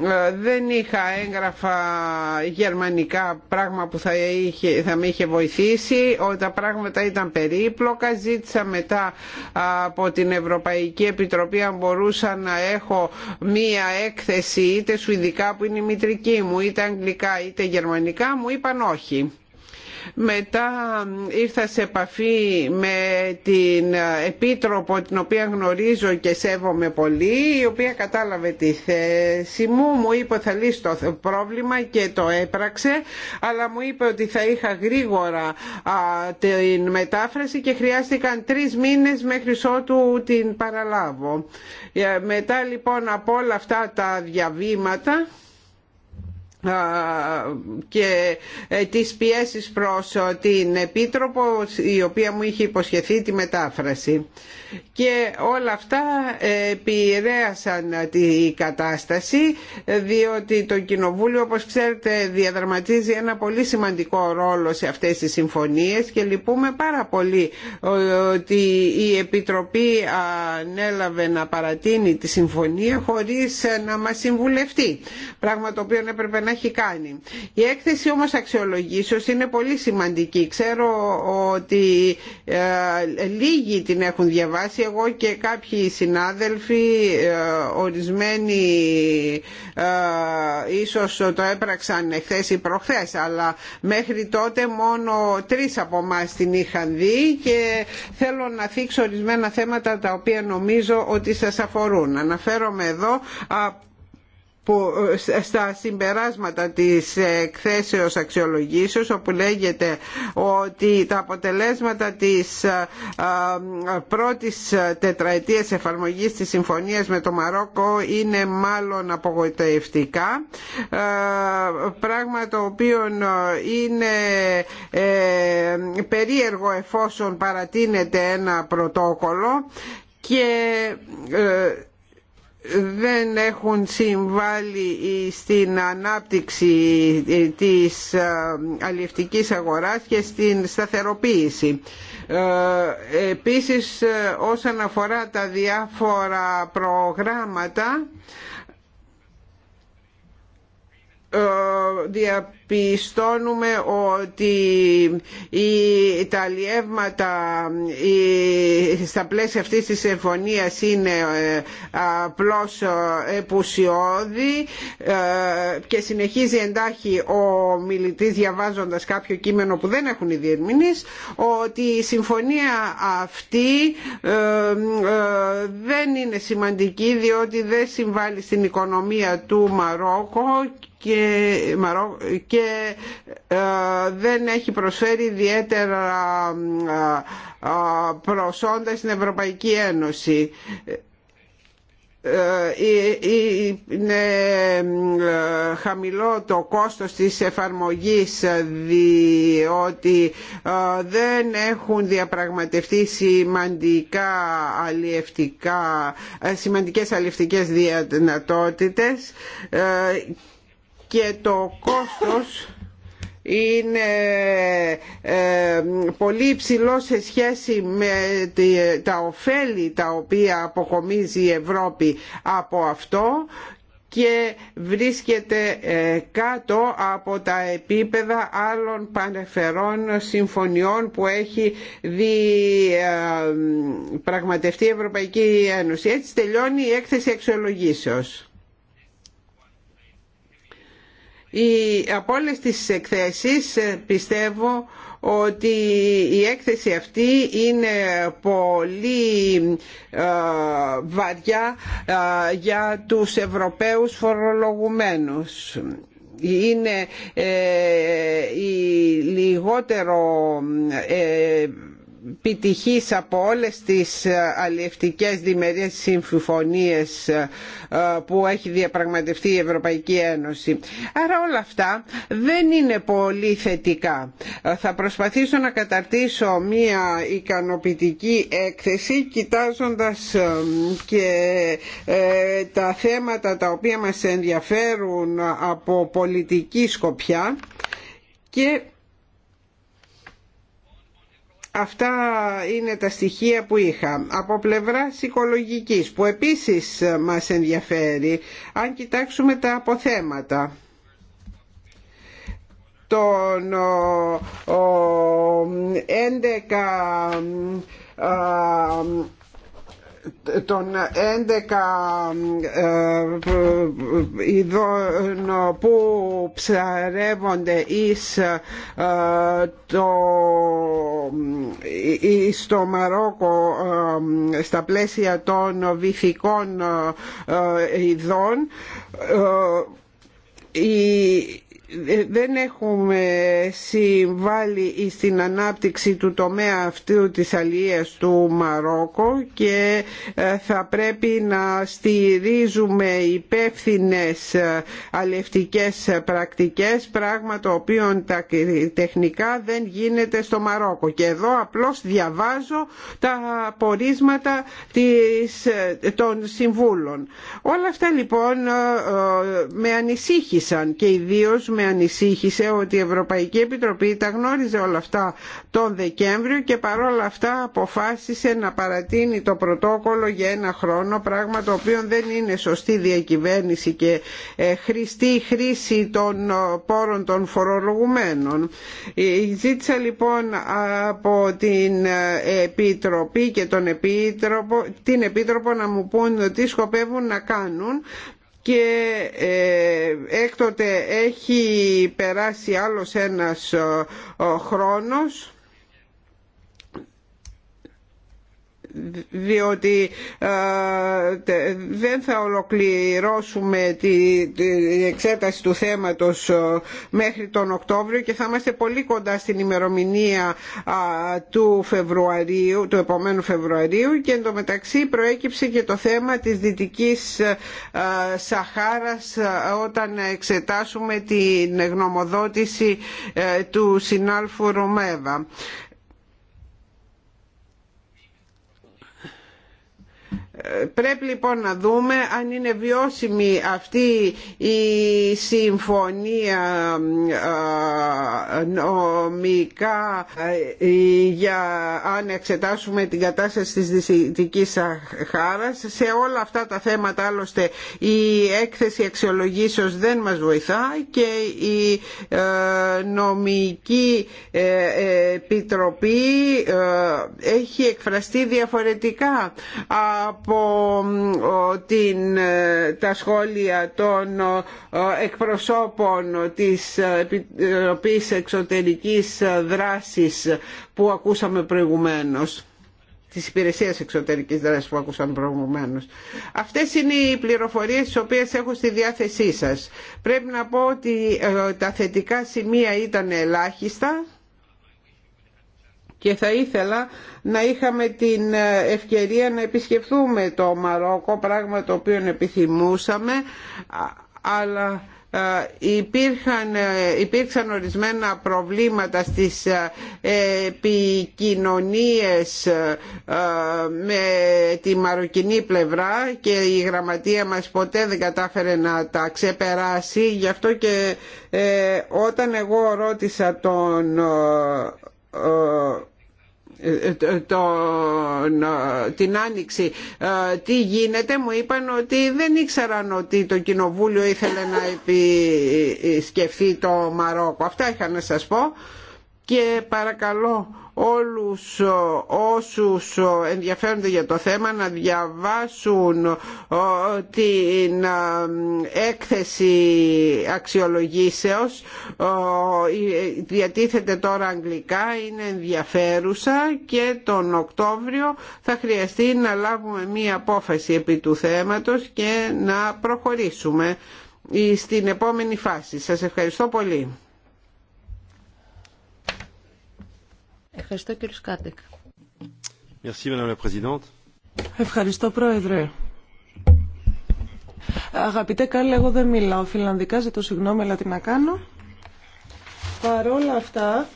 ε, δεν είχα έγγραφα γερμανικά πράγμα που θα, είχε, θα με είχε βοηθήσει τα πράγματα ήταν περίπλοκα ζήτησα μετά από την Ευρωπαϊκή Επιτροπή αν μπορούσα να έχω μία έκθεση είτε σουηδικά που είναι η μητρική μου είτε αγγλικά είτε γερμανικά μου είπαν όχι μετά ήρθα σε επαφή με την Επίτροπο την οποία γνωρίζω και σέβομαι πολύ η οποία κατάλαβε τη θέση μου, μου είπε θα λύσει το πρόβλημα και το έπραξε αλλά μου είπε ότι θα είχα γρήγορα την μετάφραση και χρειάστηκαν τρεις μήνες μέχρι ότου την παραλάβω. Ε, μετά λοιπόν από όλα αυτά τα διαβήματα και ε, τις πιέσεις προς ε, την Επίτροπο η οποία μου είχε υποσχεθεί τη μετάφραση και όλα αυτά ε, επηρέασαν τη κατάσταση διότι το Κοινοβούλιο όπως ξέρετε διαδραματίζει ένα πολύ σημαντικό ρόλο σε αυτές τις συμφωνίες και λυπούμε πάρα πολύ ότι η Επιτροπή ανέλαβε να παρατείνει τη συμφωνία χωρίς να μας συμβουλευτεί πράγμα το οποίο έπρεπε να έχει κάνει. Η έκθεση όμως αξιολογήσεως είναι πολύ σημαντική. Ξέρω ότι ε, λίγοι την έχουν διαβάσει, εγώ και κάποιοι συνάδελφοι, ε, ορισμένοι ε, ίσως το έπραξαν χθες ή προχθές, αλλά μέχρι τότε μόνο τρεις από εμά την είχαν δει και θέλω να θίξω ορισμένα θέματα τα οποία νομίζω ότι σας αφορούν. Αναφέρομαι εδώ ε, στα συμπεράσματα της εκθέσεως αξιολογήσεως όπου λέγεται ότι τα αποτελέσματα της ε, ε, πρώτης τετραετίας εφαρμογής της συμφωνίας με το Μαρόκο είναι μάλλον απογοητευτικά πράγμα το οποίο είναι περίεργο εφόσον παρατείνεται ένα πρωτόκολλο και δεν έχουν συμβάλει στην ανάπτυξη της ε, αλληλευτικής αγοράς και στην σταθεροποίηση. Ε, επίσης ε, όσον αφορά τα διάφορα προγράμματα δια πιστώνουμε ότι οι, τα αλλιεύματα στα πλαίσια αυτής της συμφωνίας είναι ε, απλώς ε, επουσιώδη ε, και συνεχίζει εντάχει ο μιλητής διαβάζοντας κάποιο κείμενο που δεν έχουν οι ότι η συμφωνία αυτή δεν είναι σημαντική διότι δεν συμβάλλει στην οικονομία του Μαρόκο και, και και ε, δεν έχει προσφέρει ιδιαίτερα ε, ε, προσόντα στην Ευρωπαϊκή Ένωση είναι χαμηλό το κόστος της εφαρμογής διότι δεν έχουν διαπραγματευτεί σημαντικά αλλιευτικά, σημαντικές αλλιευτικές δυνατότητες και το κόστος είναι ε, πολύ υψηλό σε σχέση με τα ωφέλη τα οποία αποκομίζει η Ευρώπη από αυτό και βρίσκεται ε, κάτω από τα επίπεδα άλλων πανεφερών συμφωνιών που έχει ε, πραγματευτεί η Ευρωπαϊκή Ένωση. Έτσι τελειώνει η έκθεση αξιολογήσεως. Από όλες τις εκθέσεις ε, πιστεύω ότι η έκθεση αυτή είναι πολύ ε, βαριά ε, για τους Ευρωπαίους φορολογουμένους είναι η λιγότερο επιτυχής από όλες τις ε, αλλιευτικές διμερείς συμφωνίες ε, που έχει διαπραγματευτεί η Ευρωπαϊκή Ένωση. Άρα όλα αυτά δεν είναι πολύ θετικά. Ε, θα προσπαθήσω να καταρτήσω μία ικανοποιητική έκθεση κοιτάζοντας και τα θέματα τα οποία μας ενδιαφέρουν από πολιτική σκοπιά και Αυτά είναι τα στοιχεία που είχα. Από πλευρά οικολογική που επίσης μα ενδιαφέρει, αν κοιτάξουμε τα αποθέματα των 11 των 11 ε, ειδών που ψαρεύονται εις ε, το, εις Μαρόκο ε, στα πλαίσια των βυθικών ειδών η δεν έχουμε συμβάλει στην ανάπτυξη του τομέα αυτού της αλληλείας του Μαρόκο και ε, θα πρέπει να στηρίζουμε υπεύθυνες ε, αλευτικές πρακτικές πράγμα το οποίο τα τεχνικά δεν γίνεται στο Μαρόκο και εδώ απλώς διαβάζω τα πορίσματα ε, των συμβούλων. Όλα αυτά λοιπόν με ανησύχησαν και ιδίως με με ανησύχησε ότι η Ευρωπαϊκή Επιτροπή τα γνώριζε όλα αυτά τον Δεκέμβριο και παρόλα αυτά αποφάσισε να παρατείνει το πρωτόκολλο για ένα χρόνο πράγμα το οποίο δεν είναι σωστή διακυβέρνηση και ε, χρηστή χρήση των ε, πόρων των φορολογουμένων. Ε, ζήτησα λοιπόν από την Επιτροπή και τον Επίτροπο, την Επίτροπο να μου πούν τι σκοπεύουν να κάνουν και ε, έκτοτε έχει περάσει άλλος ένας χρόνος διότι ε, δεν θα ολοκληρώσουμε την εξέταση του θέματος ε, μέχρι τον Οκτώβριο και θα είμαστε πολύ κοντά στην ημερομηνία του, Φεβρουαρίου, του επόμενου Φεβρουαρίου και εντωμεταξύ μεταξύ προέκυψε και το θέμα της Δυτικής ε, Σαχάρας όταν εξετάσουμε την γνωμοδότηση του συνάλφου Ρωμέβα. Πρέπει λοιπόν να δούμε αν είναι βιώσιμη αυτή η συμφωνία ε, νομικά ε, για αν εξετάσουμε την κατάσταση της Δυτικής χάρας. Σε όλα αυτά τα θέματα άλλωστε η έκθεση αξιολογήσεως δεν μας βοηθά και η ε, νομική επιτροπή έχει εκφραστεί διαφορετικά από από την, ε, τα σχόλια των εκπροσώπων της ε, Επιτροπής Εξωτερικής Δράσης που ακούσαμε προηγουμένως της υπηρεσίας εξωτερικής δράσης που ακούσαμε προηγουμένως. Αυτές είναι οι πληροφορίες τις οποίες έχω στη διάθεσή σας. Πρέπει να πω ότι ε, τα θετικά σημεία ήταν ελάχιστα και θα ήθελα να είχαμε την ε, ευκαιρία να επισκεφθούμε το Μαρόκο, πράγμα το οποίο επιθυμούσαμε, αλλά ε, υπήρχαν, ε, υπήρξαν ορισμένα προβλήματα στις επικοινωνίες με τη μαροκινή πλευρά και η γραμματεία μας ποτέ δεν κατάφερε να τα ξεπεράσει γι' αυτό και όταν εγώ ρώτησα τον ε, την Άνοιξη ε, τι γίνεται μου είπαν ότι δεν ήξεραν ότι το Κοινοβούλιο ήθελε να επισκεφθεί το Μαρόκο. Αυτά είχα να σας πω και παρακαλώ όλους όσους ενδιαφέρονται για το θέμα να διαβάσουν την έκθεση αξιολογήσεως διατίθεται τώρα αγγλικά είναι ενδιαφέρουσα και τον Οκτώβριο θα χρειαστεί να λάβουμε μία απόφαση επί του θέματος και να προχωρήσουμε ε, στην επόμενη φάση. Σας ευχαριστώ πολύ. Ευχαριστώ κύριε Σκάτεκ. Ευχαριστώ πρόεδρε. Αγαπητέ Κάλλη, εγώ δεν μιλάω φιλανδικά, ζητώ συγγνώμη, αλλά τι να κάνω. Παρόλα αυτά,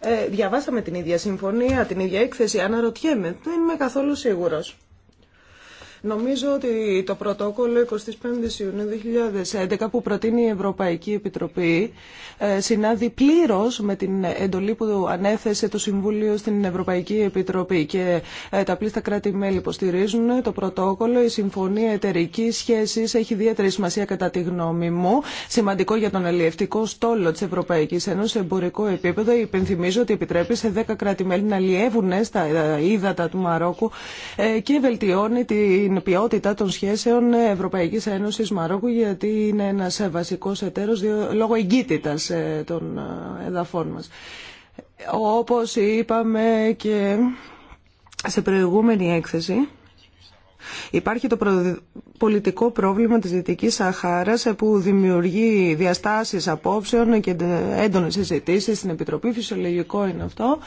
ε, διαβάσαμε την ίδια συμφωνία, την ίδια έκθεση, αναρωτιέμαι, δεν είμαι καθόλου σίγουρος. Νομίζω ότι το πρωτόκολλο 25 Ιουνίου 2011 που προτείνει η Ευρωπαϊκή Επιτροπή ε, συνάδει πλήρω με την εντολή που ανέθεσε το Συμβούλιο στην Ευρωπαϊκή Επιτροπή και ε, τα πλήστα κράτη-μέλη υποστηρίζουν το πρωτόκολλο. Η Συμφωνία Εταιρική Σχέση έχει ιδιαίτερη σημασία κατά τη γνώμη μου. Σημαντικό για τον αλλιευτικό στόλο τη Ευρωπαϊκή Ένωση σε εμπορικό επίπεδο. Υπενθυμίζω ότι επιτρέπει σε 10 κράτη-μέλη να αλλιεύουν στα ε, ύδατα του Μαρόκου και βελτιώνει την την ποιότητα των σχέσεων Ευρωπαϊκής Ένωσης Μαρόκου γιατί είναι ένας βασικός εταίρος λόγω εγκύτητας ε, των ε, εδαφών μας. Όπως είπαμε και σε προηγούμενη έκθεση, Υπάρχει το πολιτικό πρόβλημα της Δυτικής Σαχάρας ε, που δημιουργεί διαστάσεις απόψεων και έντονες συζητήσεις στην Επιτροπή. Φυσιολογικό είναι αυτό.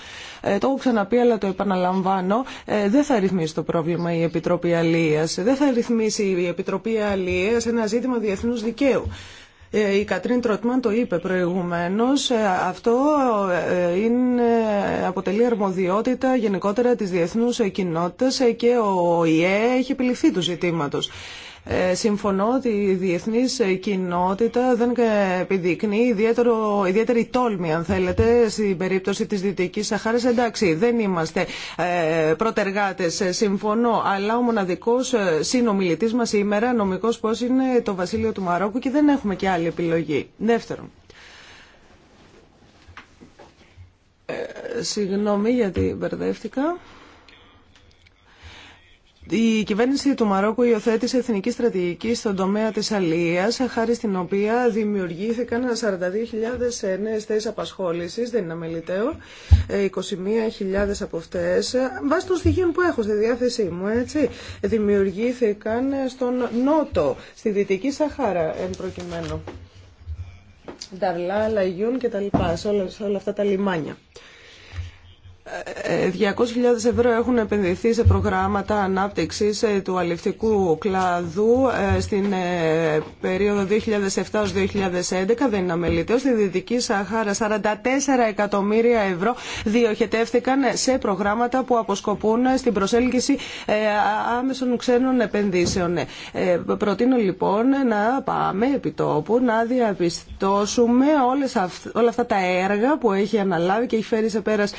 Ε, το έχω ξαναπεί αλλά το επαναλαμβάνω. Ε, δεν θα ρυθμίσει το πρόβλημα η Επιτροπή Αλίας. Δεν θα ρυθμίσει η Επιτροπή Αλίας ένα ζήτημα διεθνούς δικαίου. Ε, η Κατρίν Τροτμάν το είπε προηγουμένως. Ε, αυτό ε, είναι, αποτελεί αρμοδιότητα γενικότερα της διεθνούς κοινότητας και ο ΙΕ έχει επιληφθεί του ζητήματος. Ε, συμφωνώ ότι η διεθνής κοινότητα δεν επιδεικνύει ιδιαίτερο, ιδιαίτερη τόλμη, αν θέλετε, στην περίπτωση της Δυτική Σαχάρας. Εντάξει, δεν είμαστε ε, προτεργάτες, ε, συμφωνώ, αλλά ο μοναδικός ε, συνομιλητή μας σήμερα, νομικός πώ είναι το βασίλειο του Μαρόκου και δεν έχουμε και άλλη επιλογή. Δεύτερον, συγγνώμη γιατί μπερδεύτηκα. Η κυβέρνηση του Μαρόκου υιοθέτησε εθνική στρατηγική στον τομέα της αλίας, χάρη στην οποία δημιουργήθηκαν 42.000 νέες θέσεις απασχόλησης, δεν είναι αμεληταίο, 21.000 ε, από αυτές. Βάσει των στοιχείων που έχω στη διάθεσή μου, έτσι, δημιουργήθηκαν στον Νότο, στη Δυτική Σαχάρα, εν προκειμένου. Νταρλά, Λαγιούν και τα λοιπά, σε όλα αυτά τα λιμάνια. 200.000 ευρώ έχουν επενδυθεί σε προγράμματα ανάπτυξης του αληφτικού κλάδου στην περίοδο 2007-2011, δεν είναι αμελητέο, Στη Δυτική Σαχάρα 44 εκατομμύρια ευρώ διοχετεύθηκαν σε προγράμματα που αποσκοπούν στην προσέλκυση άμεσων ξένων επενδύσεων. Προτείνω λοιπόν να πάμε επί τόπου, να διαπιστώσουμε όλα αυτά τα έργα που έχει αναλάβει και έχει φέρει σε πέρας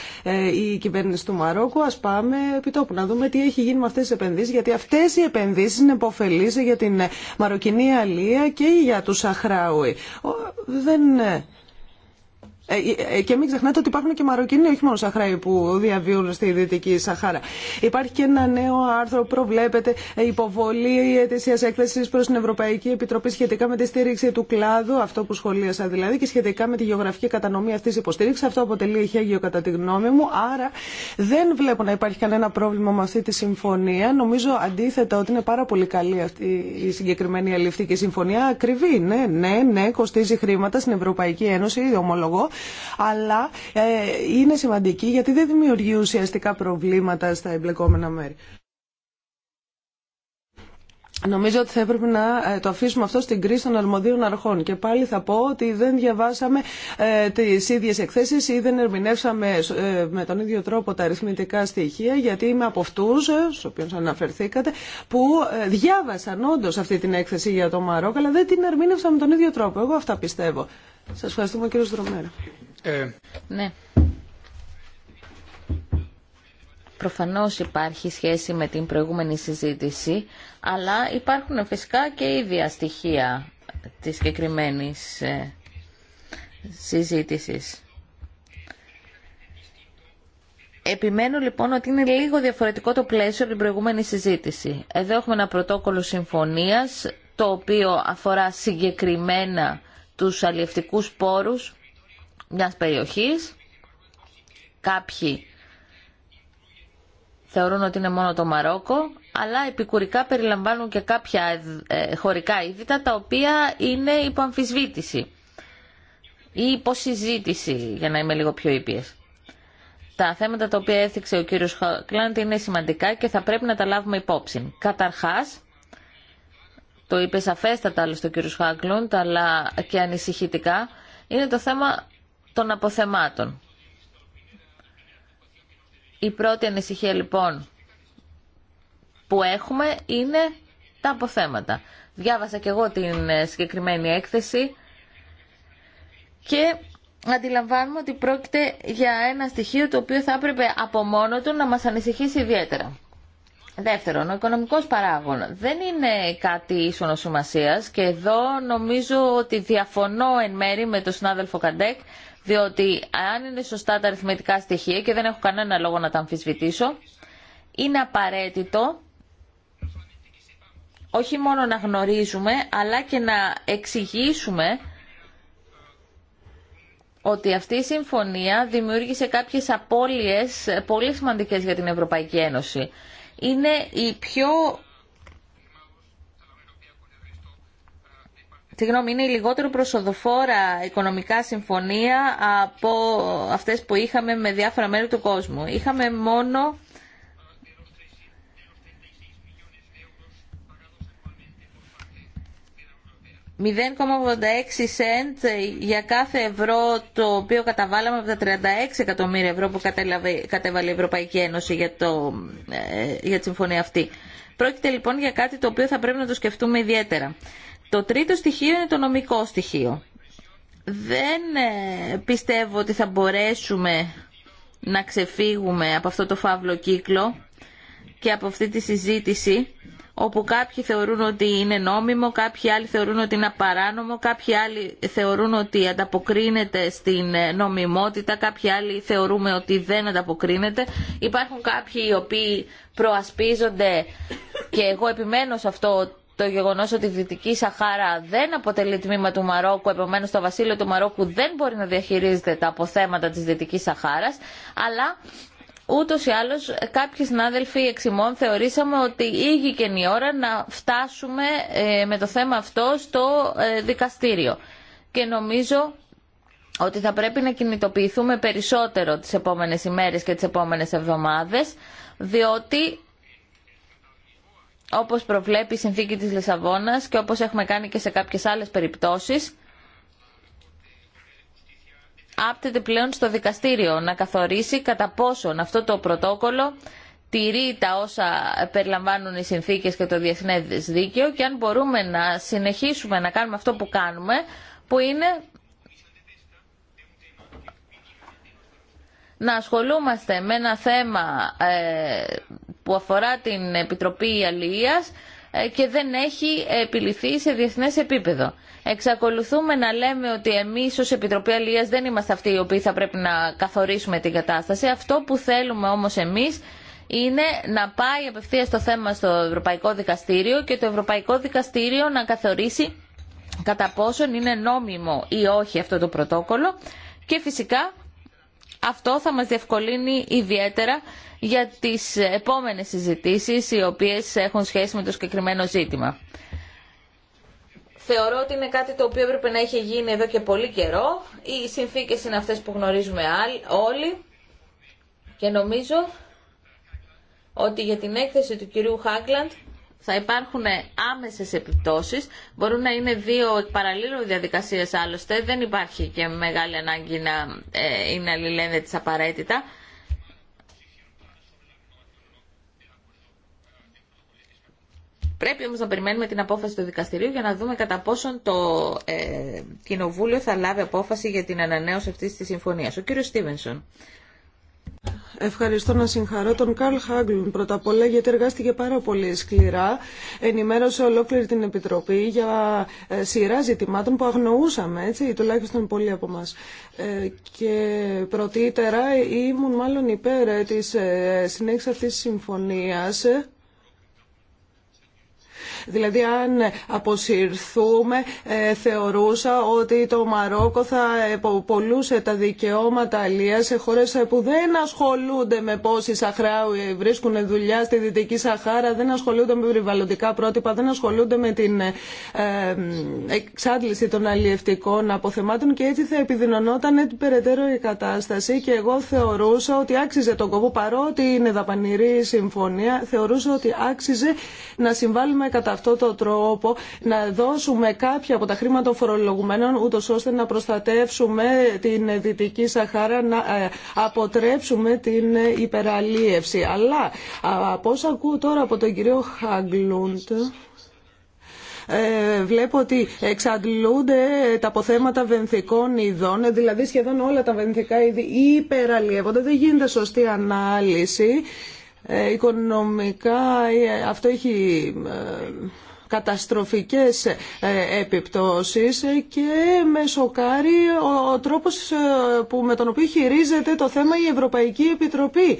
η κυβέρνηση του Μαρόκου, ας πάμε επιτόπου να δούμε τι έχει γίνει με αυτές τις επενδύσεις, γιατί αυτές οι επενδύσεις είναι υποφελεί για την Μαροκινή Αλία και για τους Σαχράουι. Δεν ε, ε, ε, και μην ξεχνάτε ότι υπάρχουν και Μαροκινοί, όχι μόνο Σαχράοι που διαβίουν στη Δυτική Σαχάρα. Υπάρχει και ένα νέο άρθρο που προβλέπεται υποβολή ετησία έκθεση προ την Ευρωπαϊκή Επιτροπή σχετικά με τη στήριξη του κλάδου, αυτό που σχολίασα δηλαδή, και σχετικά με τη γεωγραφική κατανομή αυτή τη υποστήριξη. Αυτό αποτελεί ηχέγιο κατά τη γνώμη μου. Άρα δεν βλέπω να υπάρχει κανένα πρόβλημα με αυτή τη συμφωνία. Νομίζω αντίθετα ότι είναι πάρα πολύ καλή αυτή η συγκεκριμένη συμφωνία. Ακριβή, ναι, ναι, ναι, κοστίζει χρήματα στην Ευρωπαϊκή Ένωση, ομολογώ αλλά ε, είναι σημαντική γιατί δεν δημιουργεί ουσιαστικά προβλήματα στα εμπλεκόμενα μέρη. Νομίζω ότι θα έπρεπε να ε, το αφήσουμε αυτό στην κρίση των αρμοδίων αρχών. Και πάλι θα πω ότι δεν διαβάσαμε ε, τι ίδιε εκθέσει ή δεν ερμηνεύσαμε ε, με τον ίδιο τρόπο τα αριθμητικά στοιχεία, γιατί είμαι από αυτού, ε, στου οποίου αναφερθήκατε, που διάβασαν όντω αυτή την έκθεση για το Μαρόκο, αλλά δεν την ερμηνεύσαμε με τον ίδιο τρόπο. Εγώ αυτά πιστεύω. Σα ευχαριστούμε, κύριο Δρομέρα. Ε. Ναι. Προφανώς υπάρχει σχέση με την προηγούμενη συζήτηση, αλλά υπάρχουν φυσικά και ίδια στοιχεία της συγκεκριμένη ε, συζήτησης. Επιμένω λοιπόν ότι είναι λίγο διαφορετικό το πλαίσιο από την προηγούμενη συζήτηση. Εδώ έχουμε ένα πρωτόκολλο συμφωνίας, το οποίο αφορά συγκεκριμένα τους αλλιευτικούς πόρους μιας περιοχής. Κάποιοι θεωρούν ότι είναι μόνο το Μαρόκο, αλλά επικουρικά περιλαμβάνουν και κάποια ε, χωρικά είδητα τα οποία είναι υπό ή υποσυζήτηση, για να είμαι λίγο πιο ήπιες. Τα θέματα τα οποία έθιξε ο κύριος Κλάντ είναι σημαντικά και θα πρέπει να τα λάβουμε υπόψη. Καταρχάς, το είπε σαφέστατα άλλωστε ο κύριος Χάγκλουντ, αλλά και ανησυχητικά, είναι το θέμα των αποθεμάτων. Η πρώτη ανησυχία λοιπόν που έχουμε είναι τα αποθέματα. Διάβασα και εγώ την ε, συγκεκριμένη έκθεση και αντιλαμβάνουμε ότι πρόκειται για ένα στοιχείο το οποίο θα έπρεπε από μόνο του να μας ανησυχήσει ιδιαίτερα. Δεύτερον, ο οικονομικός παράγων δεν είναι κάτι ίσονος σημασία και εδώ νομίζω ότι διαφωνώ εν μέρη με τον συνάδελφο Καντέκ διότι αν είναι σωστά τα αριθμητικά στοιχεία και δεν έχω κανένα λόγο να τα αμφισβητήσω, είναι απαραίτητο όχι μόνο να γνωρίζουμε, αλλά και να εξηγήσουμε ότι αυτή η συμφωνία δημιούργησε κάποιες απώλειες ε, πολύ σημαντικές για την Ευρωπαϊκή Ένωση. Είναι η πιο συγγνώμη, είναι η λιγότερο προσοδοφόρα οικονομικά συμφωνία από αυτές που είχαμε με διάφορα μέρη του κόσμου. Είχαμε μόνο 0,86 σεντ για κάθε ευρώ το οποίο καταβάλαμε από τα 36 εκατομμύρια ευρώ που κατέβαλε η Ευρωπαϊκή Ένωση για, το, ε, για τη συμφωνία αυτή. Πρόκειται λοιπόν για κάτι το οποίο θα πρέπει να το σκεφτούμε ιδιαίτερα. Το τρίτο στοιχείο είναι το νομικό στοιχείο. Δεν ε, πιστεύω ότι θα μπορέσουμε να ξεφύγουμε από αυτό το φαύλο κύκλο και από αυτή τη συζήτηση όπου κάποιοι θεωρούν ότι είναι νόμιμο, κάποιοι άλλοι θεωρούν ότι είναι απαράνομο, κάποιοι άλλοι θεωρούν ότι ανταποκρίνεται στην ε, νομιμότητα, κάποιοι άλλοι θεωρούμε ότι δεν ανταποκρίνεται. Υπάρχουν κάποιοι οι οποίοι προασπίζονται και εγώ επιμένω σε αυτό το γεγονός ότι η Δυτική Σαχάρα δεν αποτελεί τμήμα του Μαρόκου, επομένως το βασίλειο του Μαρόκου δεν μπορεί να διαχειρίζεται τα αποθέματα της Δυτικής Σαχάρας, αλλά ούτως ή άλλως κάποιοι συνάδελφοι εξημών θεωρήσαμε ότι ήγηκε η ώρα να φτάσουμε ε, με το θέμα αυτό στο ε, δικαστήριο. Και νομίζω ότι θα πρέπει να κινητοποιηθούμε περισσότερο τις επόμενες ημέρες και τις επόμενες εβδομάδες, διότι όπως προβλέπει η συνθήκη της Λισαβόνας και όπως έχουμε κάνει και σε κάποιες άλλες περιπτώσεις, άπτεται πλέον στο δικαστήριο να καθορίσει κατά πόσον αυτό το πρωτόκολλο τηρεί τα όσα περιλαμβάνουν οι συνθήκες και το διεθνές δίκαιο και αν μπορούμε να συνεχίσουμε να κάνουμε αυτό που κάνουμε, που είναι να ασχολούμαστε με ένα θέμα ε, που αφορά την Επιτροπή Αλληλείας ε, και δεν έχει επιληθεί σε διεθνές επίπεδο. Εξακολουθούμε να λέμε ότι εμείς ως Επιτροπή Αλληλείας δεν είμαστε αυτοί οι οποίοι θα πρέπει να καθορίσουμε την κατάσταση. Αυτό που θέλουμε όμως εμείς είναι να πάει απευθείας το θέμα στο Ευρωπαϊκό Δικαστήριο και το Ευρωπαϊκό Δικαστήριο να καθορίσει κατά πόσον είναι νόμιμο ή όχι αυτό το πρωτόκολλο και φυσικά αυτό θα μας διευκολύνει ιδιαίτερα για τις επόμενες συζητήσεις οι οποίες έχουν σχέση με το συγκεκριμένο ζήτημα. Θεωρώ ότι είναι κάτι το οποίο έπρεπε να έχει γίνει εδώ και πολύ καιρό. Οι συνθήκες είναι αυτές που γνωρίζουμε όλοι και νομίζω ότι για την έκθεση του κυρίου Χάγκλαντ θα υπάρχουν άμεσες επιπτώσεις. Μπορούν να είναι δύο παραλλήλου διαδικασίες άλλωστε. Δεν υπάρχει και μεγάλη ανάγκη να ε, είναι αλληλένδετης απαραίτητα. Πρέπει όμως να περιμένουμε την απόφαση του δικαστηρίου για να δούμε κατά πόσον το ε, Κοινοβούλιο θα λάβει απόφαση για την ανανέωση αυτής της συμφωνίας. Ο κύριος Στίβενσον. Ευχαριστώ να συγχαρώ τον Καρλ Χάγκλουν πρώτα απ' όλα γιατί εργάστηκε πάρα πολύ σκληρά. Ενημέρωσε ολόκληρη την Επιτροπή για ε, σειρά ζητημάτων που αγνοούσαμε, έτσι, τουλάχιστον πολλοί από εμά. Ε, και πρωτήτερα ήμουν μάλλον υπέρ ε, τη συνέχιση αυτή τη συμφωνία Δηλαδή αν αποσυρθούμε ε, θεωρούσα ότι το Μαρόκο θα πολλούσε τα δικαιώματα αλλία σε χώρες που δεν ασχολούνται με πόσοι Σαχράου βρίσκουν δουλειά στη Δυτική Σαχάρα, δεν ασχολούνται με περιβαλλοντικά πρότυπα, δεν ασχολούνται με την ε, εξάντληση των αλλιευτικών αποθεμάτων και έτσι θα επιδεινωνόταν περαιτέρω η κατάσταση και εγώ θεωρούσα ότι άξιζε τον κόπο παρότι είναι δαπανηρή συμφωνία θεωρούσα ότι άξιζε να συμβάλλουμε κατά αυτόν τον τρόπο να δώσουμε κάποια από τα χρήματα των φορολογουμένων, ούτω ώστε να προστατεύσουμε την Δυτική Σαχάρα, να ε, αποτρέψουμε την υπεραλίευση. Αλλά από όσα ακούω τώρα από τον κύριο Χαγκλούντ, ε, βλέπω ότι εξαντλούνται τα αποθέματα βενθικών ειδών, δηλαδή σχεδόν όλα τα βενθικά είδη υπεραλλιεύονται, δεν γίνεται σωστή ανάλυση. Ε, οικονομικά ε, αυτό έχει ε, καταστροφικές επιπτώσεις και με σοκάρει ο τρόπος που, με τον οποίο χειρίζεται το θέμα η Ευρωπαϊκή Επιτροπή.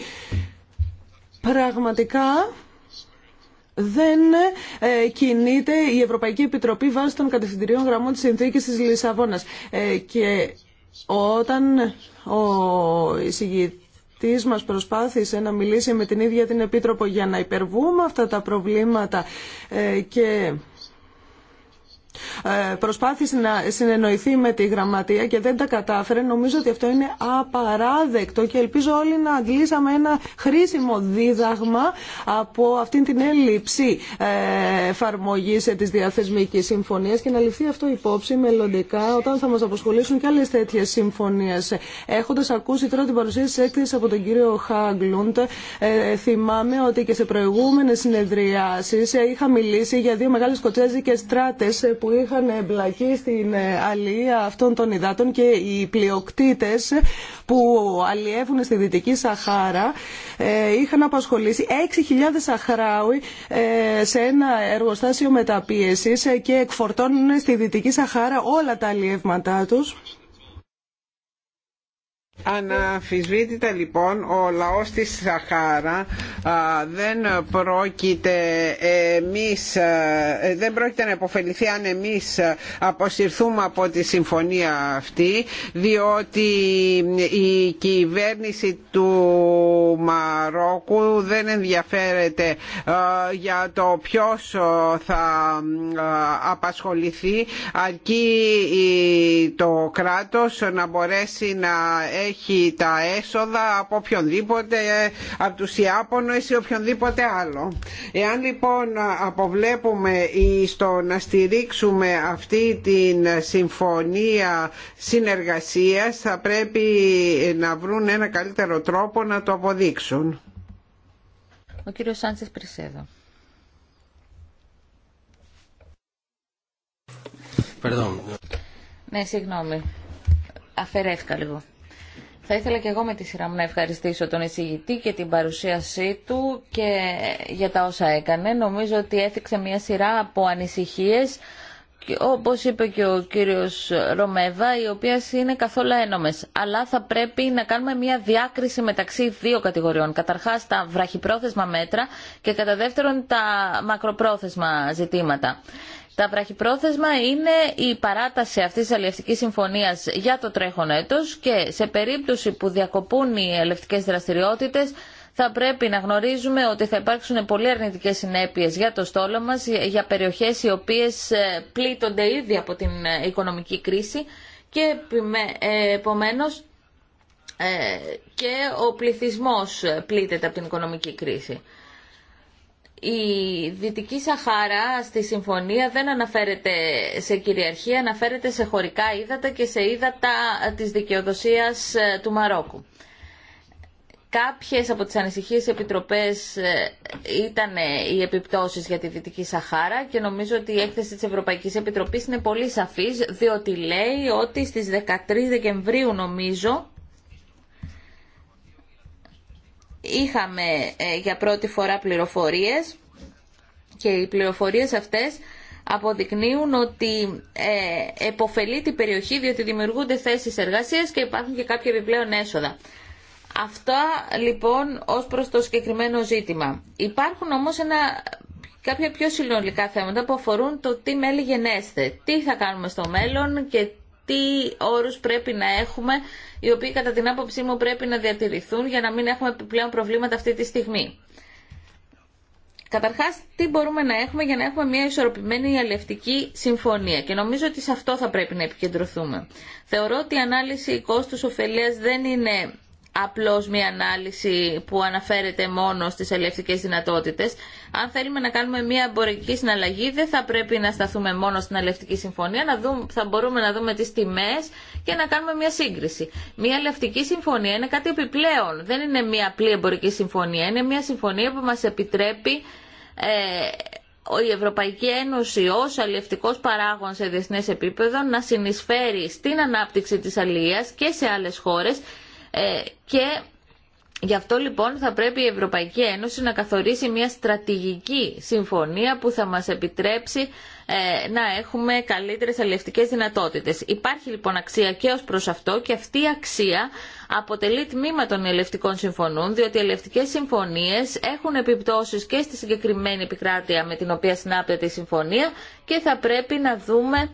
Πραγματικά δεν κινείται η Ευρωπαϊκή Επιτροπή βάσει των κατευθυντηρίων γραμμών της συνθήκης της Λισαβόνας. και όταν ο εισηγητής αυτή μα προσπάθησε να μιλήσει με την ίδια την Επίτροπο για να υπερβούμε αυτά τα προβλήματα ε, και ε, προσπάθησε να συνεννοηθεί με τη γραμματεία και δεν τα κατάφερε. Νομίζω ότι αυτό είναι απαράδεκτο και ελπίζω όλοι να αντλήσαμε ένα χρήσιμο δίδαγμα από αυτήν την έλλειψη ε, εφαρμογή τη διαθεσμική συμφωνία και να ληφθεί αυτό υπόψη μελλοντικά όταν θα μα αποσχολήσουν και άλλε τέτοιε συμφωνίε. Έχοντα ακούσει τώρα την παρουσίαση τη έκθεση από τον κύριο Χάγκλουντ, ε, θυμάμαι ότι και σε προηγούμενε συνεδριάσει είχα μιλήσει για δύο μεγάλε σκοτσέζικε στράτε που είχαν εμπλακεί στην ε, αλληλεία αυτών των υδάτων και οι πλειοκτήτε που αλλιεύουν στη Δυτική Σαχάρα ε, είχαν απασχολήσει 6.000 Σαχράουι ε, σε ένα εργοστάσιο μεταπίεσης και εκφορτώνουν στη Δυτική Σαχάρα όλα τα αλλιεύματά τους. Αναφυσβήτητα λοιπόν ο λαός της Σαχάρα δεν πρόκειται εμείς, δεν πρόκειται να υποφεληθεί αν εμείς αποσυρθούμε από τη συμφωνία αυτή διότι η κυβέρνηση του Μαρόκου δεν ενδιαφέρεται για το ποιος θα απασχοληθεί αρκεί το κράτος να μπορέσει να έχει τα έσοδα από οποιονδήποτε, από τους Ιάπωνες ή οποιονδήποτε άλλο. Εάν λοιπόν αποβλέπουμε ή στο να στηρίξουμε αυτή την συμφωνία συνεργασίας θα πρέπει να βρουν ένα καλύτερο τρόπο να το αποδείξουν. Ο κύριος Σάντσες Πρισέδο. Ναι, συγγνώμη. Αφαιρέθηκα λίγο. Θα ήθελα και εγώ με τη σειρά μου να ευχαριστήσω τον εισηγητή και την παρουσίασή του και για τα όσα έκανε. Νομίζω ότι έθιξε μια σειρά από ανησυχίες, όπως είπε και ο κύριος Ρομέδα, οι οποίε είναι καθόλου ένομες. Αλλά θα πρέπει να κάνουμε μια διάκριση μεταξύ δύο κατηγοριών. Καταρχάς τα βραχυπρόθεσμα μέτρα και κατά δεύτερον τα μακροπρόθεσμα ζητήματα. Τα βραχυπρόθεσμα είναι η παράταση αυτής της αλληλευτικής συμφωνίας για το τρέχον έτος και σε περίπτωση που διακοπούν οι αλληλευτικές δραστηριότητες θα πρέπει να γνωρίζουμε ότι θα υπάρξουν πολύ αρνητικέ συνέπειες για το στόλο μας, για περιοχές οι οποίες ε, πλήττονται ήδη από την ε, οικονομική κρίση και ε, επομένω, και ο πληθυσμός πλήττεται από την οικονομική κρίση η Δυτική Σαχάρα στη συμφωνία δεν αναφέρεται σε κυριαρχία, αναφέρεται σε χωρικά ύδατα και σε ύδατα της δικαιοδοσίας ε, του Μαρόκου. Κάποιες από τις ανησυχίες επιτροπές ε, ήταν ε, οι επιπτώσεις για τη Δυτική Σαχάρα και νομίζω ότι η έκθεση της Ευρωπαϊκής Επιτροπής είναι πολύ σαφής διότι λέει ότι στις 13 Δεκεμβρίου νομίζω είχαμε ε, για πρώτη φορά πληροφορίες και οι πληροφορίες αυτές αποδεικνύουν ότι ε, την περιοχή διότι δημιουργούνται θέσεις εργασίας και υπάρχουν και κάποια επιπλέον έσοδα. Αυτά λοιπόν ως προς το συγκεκριμένο ζήτημα. Υπάρχουν όμως ένα, κάποια πιο συνολικά θέματα που αφορούν το τι μέλη γενέστε, τι θα κάνουμε στο μέλλον και τι όρους πρέπει να έχουμε, οι οποίοι κατά την άποψή μου πρέπει να διατηρηθούν για να μην έχουμε επιπλέον προβλήματα αυτή τη στιγμή. Καταρχάς, τι μπορούμε να έχουμε για να έχουμε μια ισορροπημένη αλληλευτική συμφωνία και νομίζω ότι σε αυτό θα πρέπει να επικεντρωθούμε. Θεωρώ ότι η ανάλυση κόστους ωφελίας δεν είναι απλώς μια ανάλυση που αναφέρεται μόνο στις αλληλευτικές δυνατότητες. Αν θέλουμε να κάνουμε μια εμπορική συναλλαγή δεν θα πρέπει να σταθούμε μόνο στην αλληλευτική συμφωνία, να δούμε, θα μπορούμε να δούμε τις τιμές και να κάνουμε μια σύγκριση. Μια αλληλευτική συμφωνία είναι κάτι επιπλέον, δεν είναι μια απλή εμπορική συμφωνία, είναι μια συμφωνία που μας επιτρέπει... Ε, η Ευρωπαϊκή Ένωση ω αλληλευτικός παράγων σε διεθνέ επίπεδο να συνεισφέρει στην ανάπτυξη τη αλληλεία και σε άλλε χώρε. Ε, και Γι' αυτό λοιπόν θα πρέπει η Ευρωπαϊκή Ένωση να καθορίσει μια στρατηγική συμφωνία που θα μας επιτρέψει ε, να έχουμε καλύτερες αλληλευτικές δυνατότητες. Υπάρχει λοιπόν αξία και ως προς αυτό και αυτή η αξία αποτελεί τμήμα των ελευτικών συμφωνών, διότι οι ελευτικές συμφωνίες έχουν επιπτώσεις και στη συγκεκριμένη επικράτεια με την οποία συνάπτεται η συμφωνία και θα πρέπει να δούμε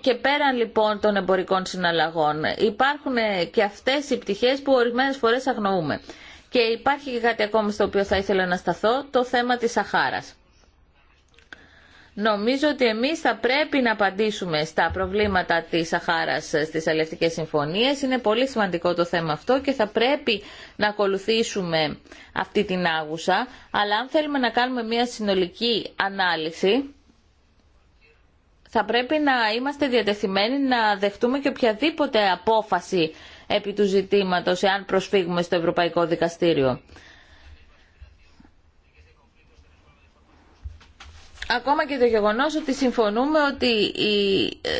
και πέραν λοιπόν των εμπορικών συναλλαγών. Υπάρχουν και αυτές οι πτυχές που ορισμένες φορές αγνοούμε. Και υπάρχει και κάτι ακόμα στο οποίο θα ήθελα να σταθώ, το θέμα της Σαχάρας. Νομίζω ότι εμείς θα πρέπει να απαντήσουμε στα προβλήματα της Σαχάρας στις αλληλευτικές συμφωνίες. Είναι πολύ σημαντικό το θέμα αυτό και θα πρέπει να ακολουθήσουμε αυτή την άγουσα. Αλλά αν θέλουμε να κάνουμε μια συνολική ανάλυση, θα πρέπει να είμαστε διατεθειμένοι να δεχτούμε και οποιαδήποτε απόφαση επί του ζητήματος εάν προσφύγουμε στο Ευρωπαϊκό Δικαστήριο. Ακόμα και το γεγονός ότι συμφωνούμε ότι η ε,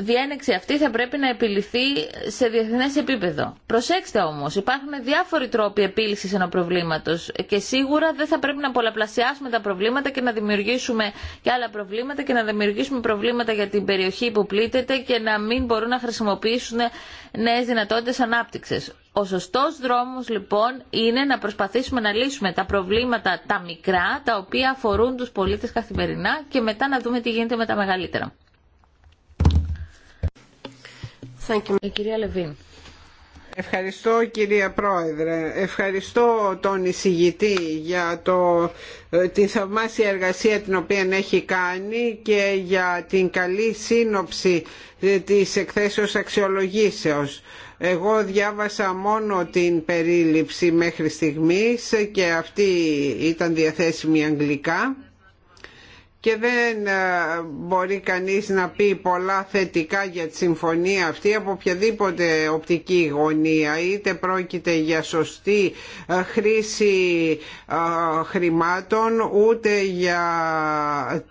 διένεξη αυτή θα πρέπει να επιληθεί σε διεθνέ επίπεδο. Προσέξτε όμω, υπάρχουν διάφοροι τρόποι επίλυση ενό προβλήματο. και σίγουρα δεν θα πρέπει να πολλαπλασιάσουμε τα προβλήματα και να δημιουργήσουμε και άλλα προβλήματα και να δημιουργήσουμε προβλήματα για την περιοχή που πλήττεται και να μην μπορούν να χρησιμοποιήσουν νέε δυνατότητε ανάπτυξη. Ο σωστό δρόμο λοιπόν είναι να προσπαθήσουμε να λύσουμε τα προβλήματα τα μικρά, τα οποία αφορούν του πολίτε καθημερινά και μετά να δούμε τι γίνεται με τα μεγαλύτερα. Ε, Ευχαριστώ κυρία Πρόεδρε. Ευχαριστώ τον εισηγητή για το, ε, την θαυμάσια εργασία την οποία έχει κάνει και για την καλή σύνοψη ε, της εκθέσεως αξιολογήσεως. Εγώ διάβασα μόνο την περίληψη μέχρι στιγμής και αυτή ήταν διαθέσιμη αγγλικά και δεν ε, μπορεί κανείς να πει πολλά θετικά για τη συμφωνία αυτή από οποιαδήποτε οπτική γωνία είτε πρόκειται για σωστή ε, χρήση ε, χρημάτων ούτε για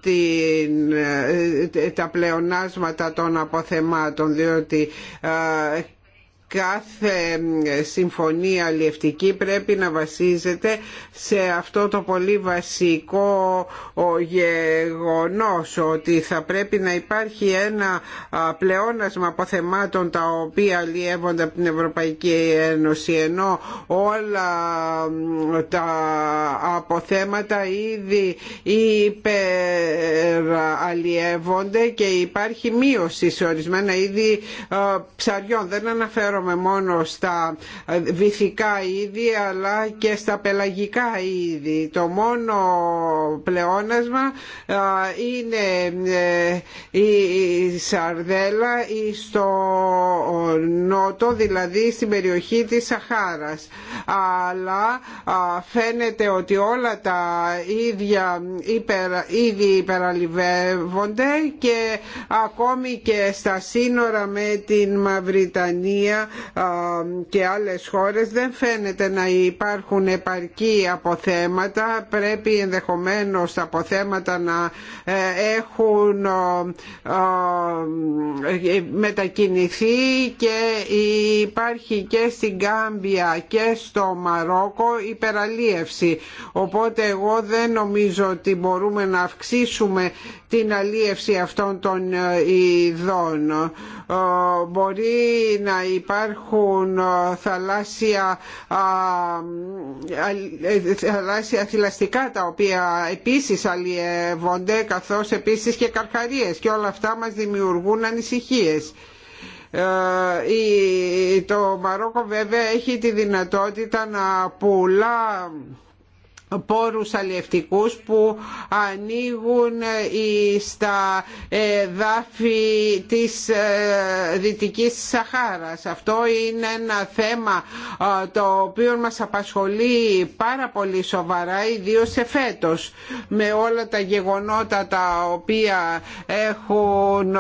την, τα πλεονάσματα των αποθεμάτων διότι κάθε συμφωνία αλλιευτική πρέπει να βασίζεται σε αυτό το πολύ βασικό γεγονός ότι θα πρέπει να υπάρχει ένα πλεόνασμα αποθεμάτων τα οποία αλλιεύονται από την Ευρωπαϊκή Ένωση ενώ όλα τα αποθέματα ήδη υπεραλλιεύονται και υπάρχει μείωση σε ορισμένα είδη ψαριών. Δεν αναφέρω αναφέρομαι μόνο στα βυθικά είδη αλλά και στα πελαγικά είδη. Το μόνο πλεόνασμα ε, είναι ε, η Σαρδέλα στο νότο, δηλαδή στην περιοχή της Σαχάρας. Αλλά φαίνεται ότι όλα τα ίδια ήδη και ακόμη και στα σύνορα με την Μαυριτανία και άλλες χώρες δεν φαίνεται να υπάρχουν επαρκή αποθέματα. Πρέπει ενδεχομένως τα αποθέματα να ε, έχουν μετακινηθεί και υπάρχει και στην Κάμπια και στο Μαρόκο υπεραλίευση. Οπότε εγώ δεν νομίζω ότι μπορούμε να αυξήσουμε την αλίευση αυτών των ε, ειδών. Ε, μπορεί να υπάρχουν ε, θαλάσσια, θαλάσσια θηλαστικά τα οποία επίσης αλίευονται καθώς επίσης και καρχαρίες και όλα αυτά μας δημιουργούν ανησυχίες. Το Μαρόκο βέβαια έχει τη δυνατότητα να πουλά πόρους αλλιευτικούς που ανοίγουν ε, στα εδάφη της ε, Δυτικής Σαχάρας. Αυτό είναι ένα θέμα ε, το οποίο μας απασχολεί πάρα πολύ σοβαρά, ιδίως σε φέτος, με όλα τα γεγονότα τα οποία έχουν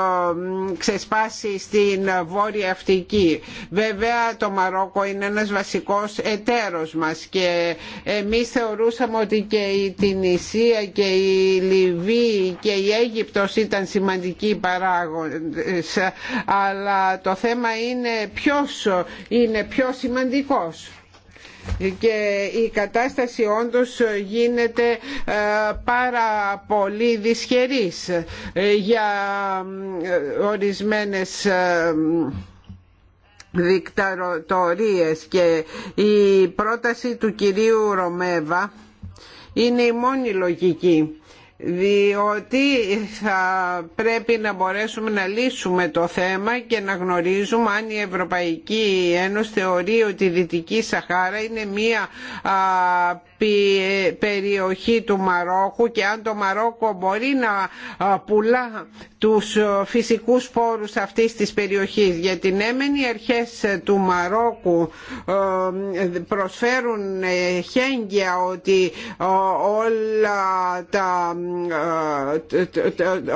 ξεσπάσει στην Βόρεια Αυτική. Βέβαια το Μαρόκο είναι ένας βασικός εταίρος μας και εμείς θεωρούσαμε ότι και η Τινησία και η Λιβύη και η Αίγυπτος ήταν σημαντικοί παράγοντες αλλά το θέμα είναι ποιος είναι πιο σημαντικός και η κατάσταση όντως γίνεται ε, πάρα πολύ δυσχερής ε, για ε, ορισμένες δικτατορίες και η πρόταση του κυρίου Ρωμέβα είναι η μόνη λογική διότι θα πρέπει να μπορέσουμε να λύσουμε το θέμα και να γνωρίζουμε αν η Ευρωπαϊκή Ένωση θεωρεί ότι η Δυτική Σαχάρα είναι μία περιοχή του Μαρόκου και αν το Μαρόκο μπορεί να πουλά τους φυσικούς πόρους αυτής της περιοχής γιατί ναι μεν οι αρχές του Μαρόκου προσφέρουν ε, χέγγια ότι όλα, τα,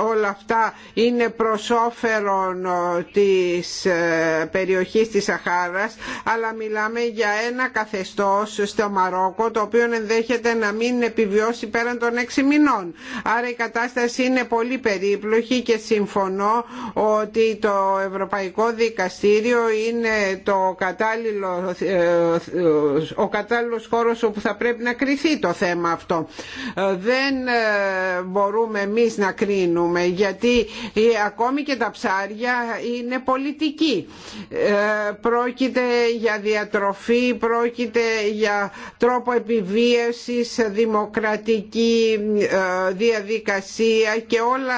όλα αυτά είναι προς όφερον της ε, περιοχής της Σαχάρας αλλά μιλάμε για ένα καθεστώς στο Μαρόκο το οποίο ενδέχεται να μην επιβιώσει πέραν των έξι μηνών. Άρα η κατάσταση είναι πολύ περίπλοκη και συμφωνώ ότι το Ευρωπαϊκό Δικαστήριο είναι το κατάλληλο, ε, ο κατάλληλος χώρος όπου θα πρέπει να κριθεί το θέμα αυτό. Ε, δεν ε, μπορούμε εμείς να κρίνουμε γιατί ακόμη και τα ψάρια είναι πολιτική. Πρόκειται για διατροφή, πρόκειται για τρόπο επιβίωσης δημοκρατική ε, διαδικασία και όλα,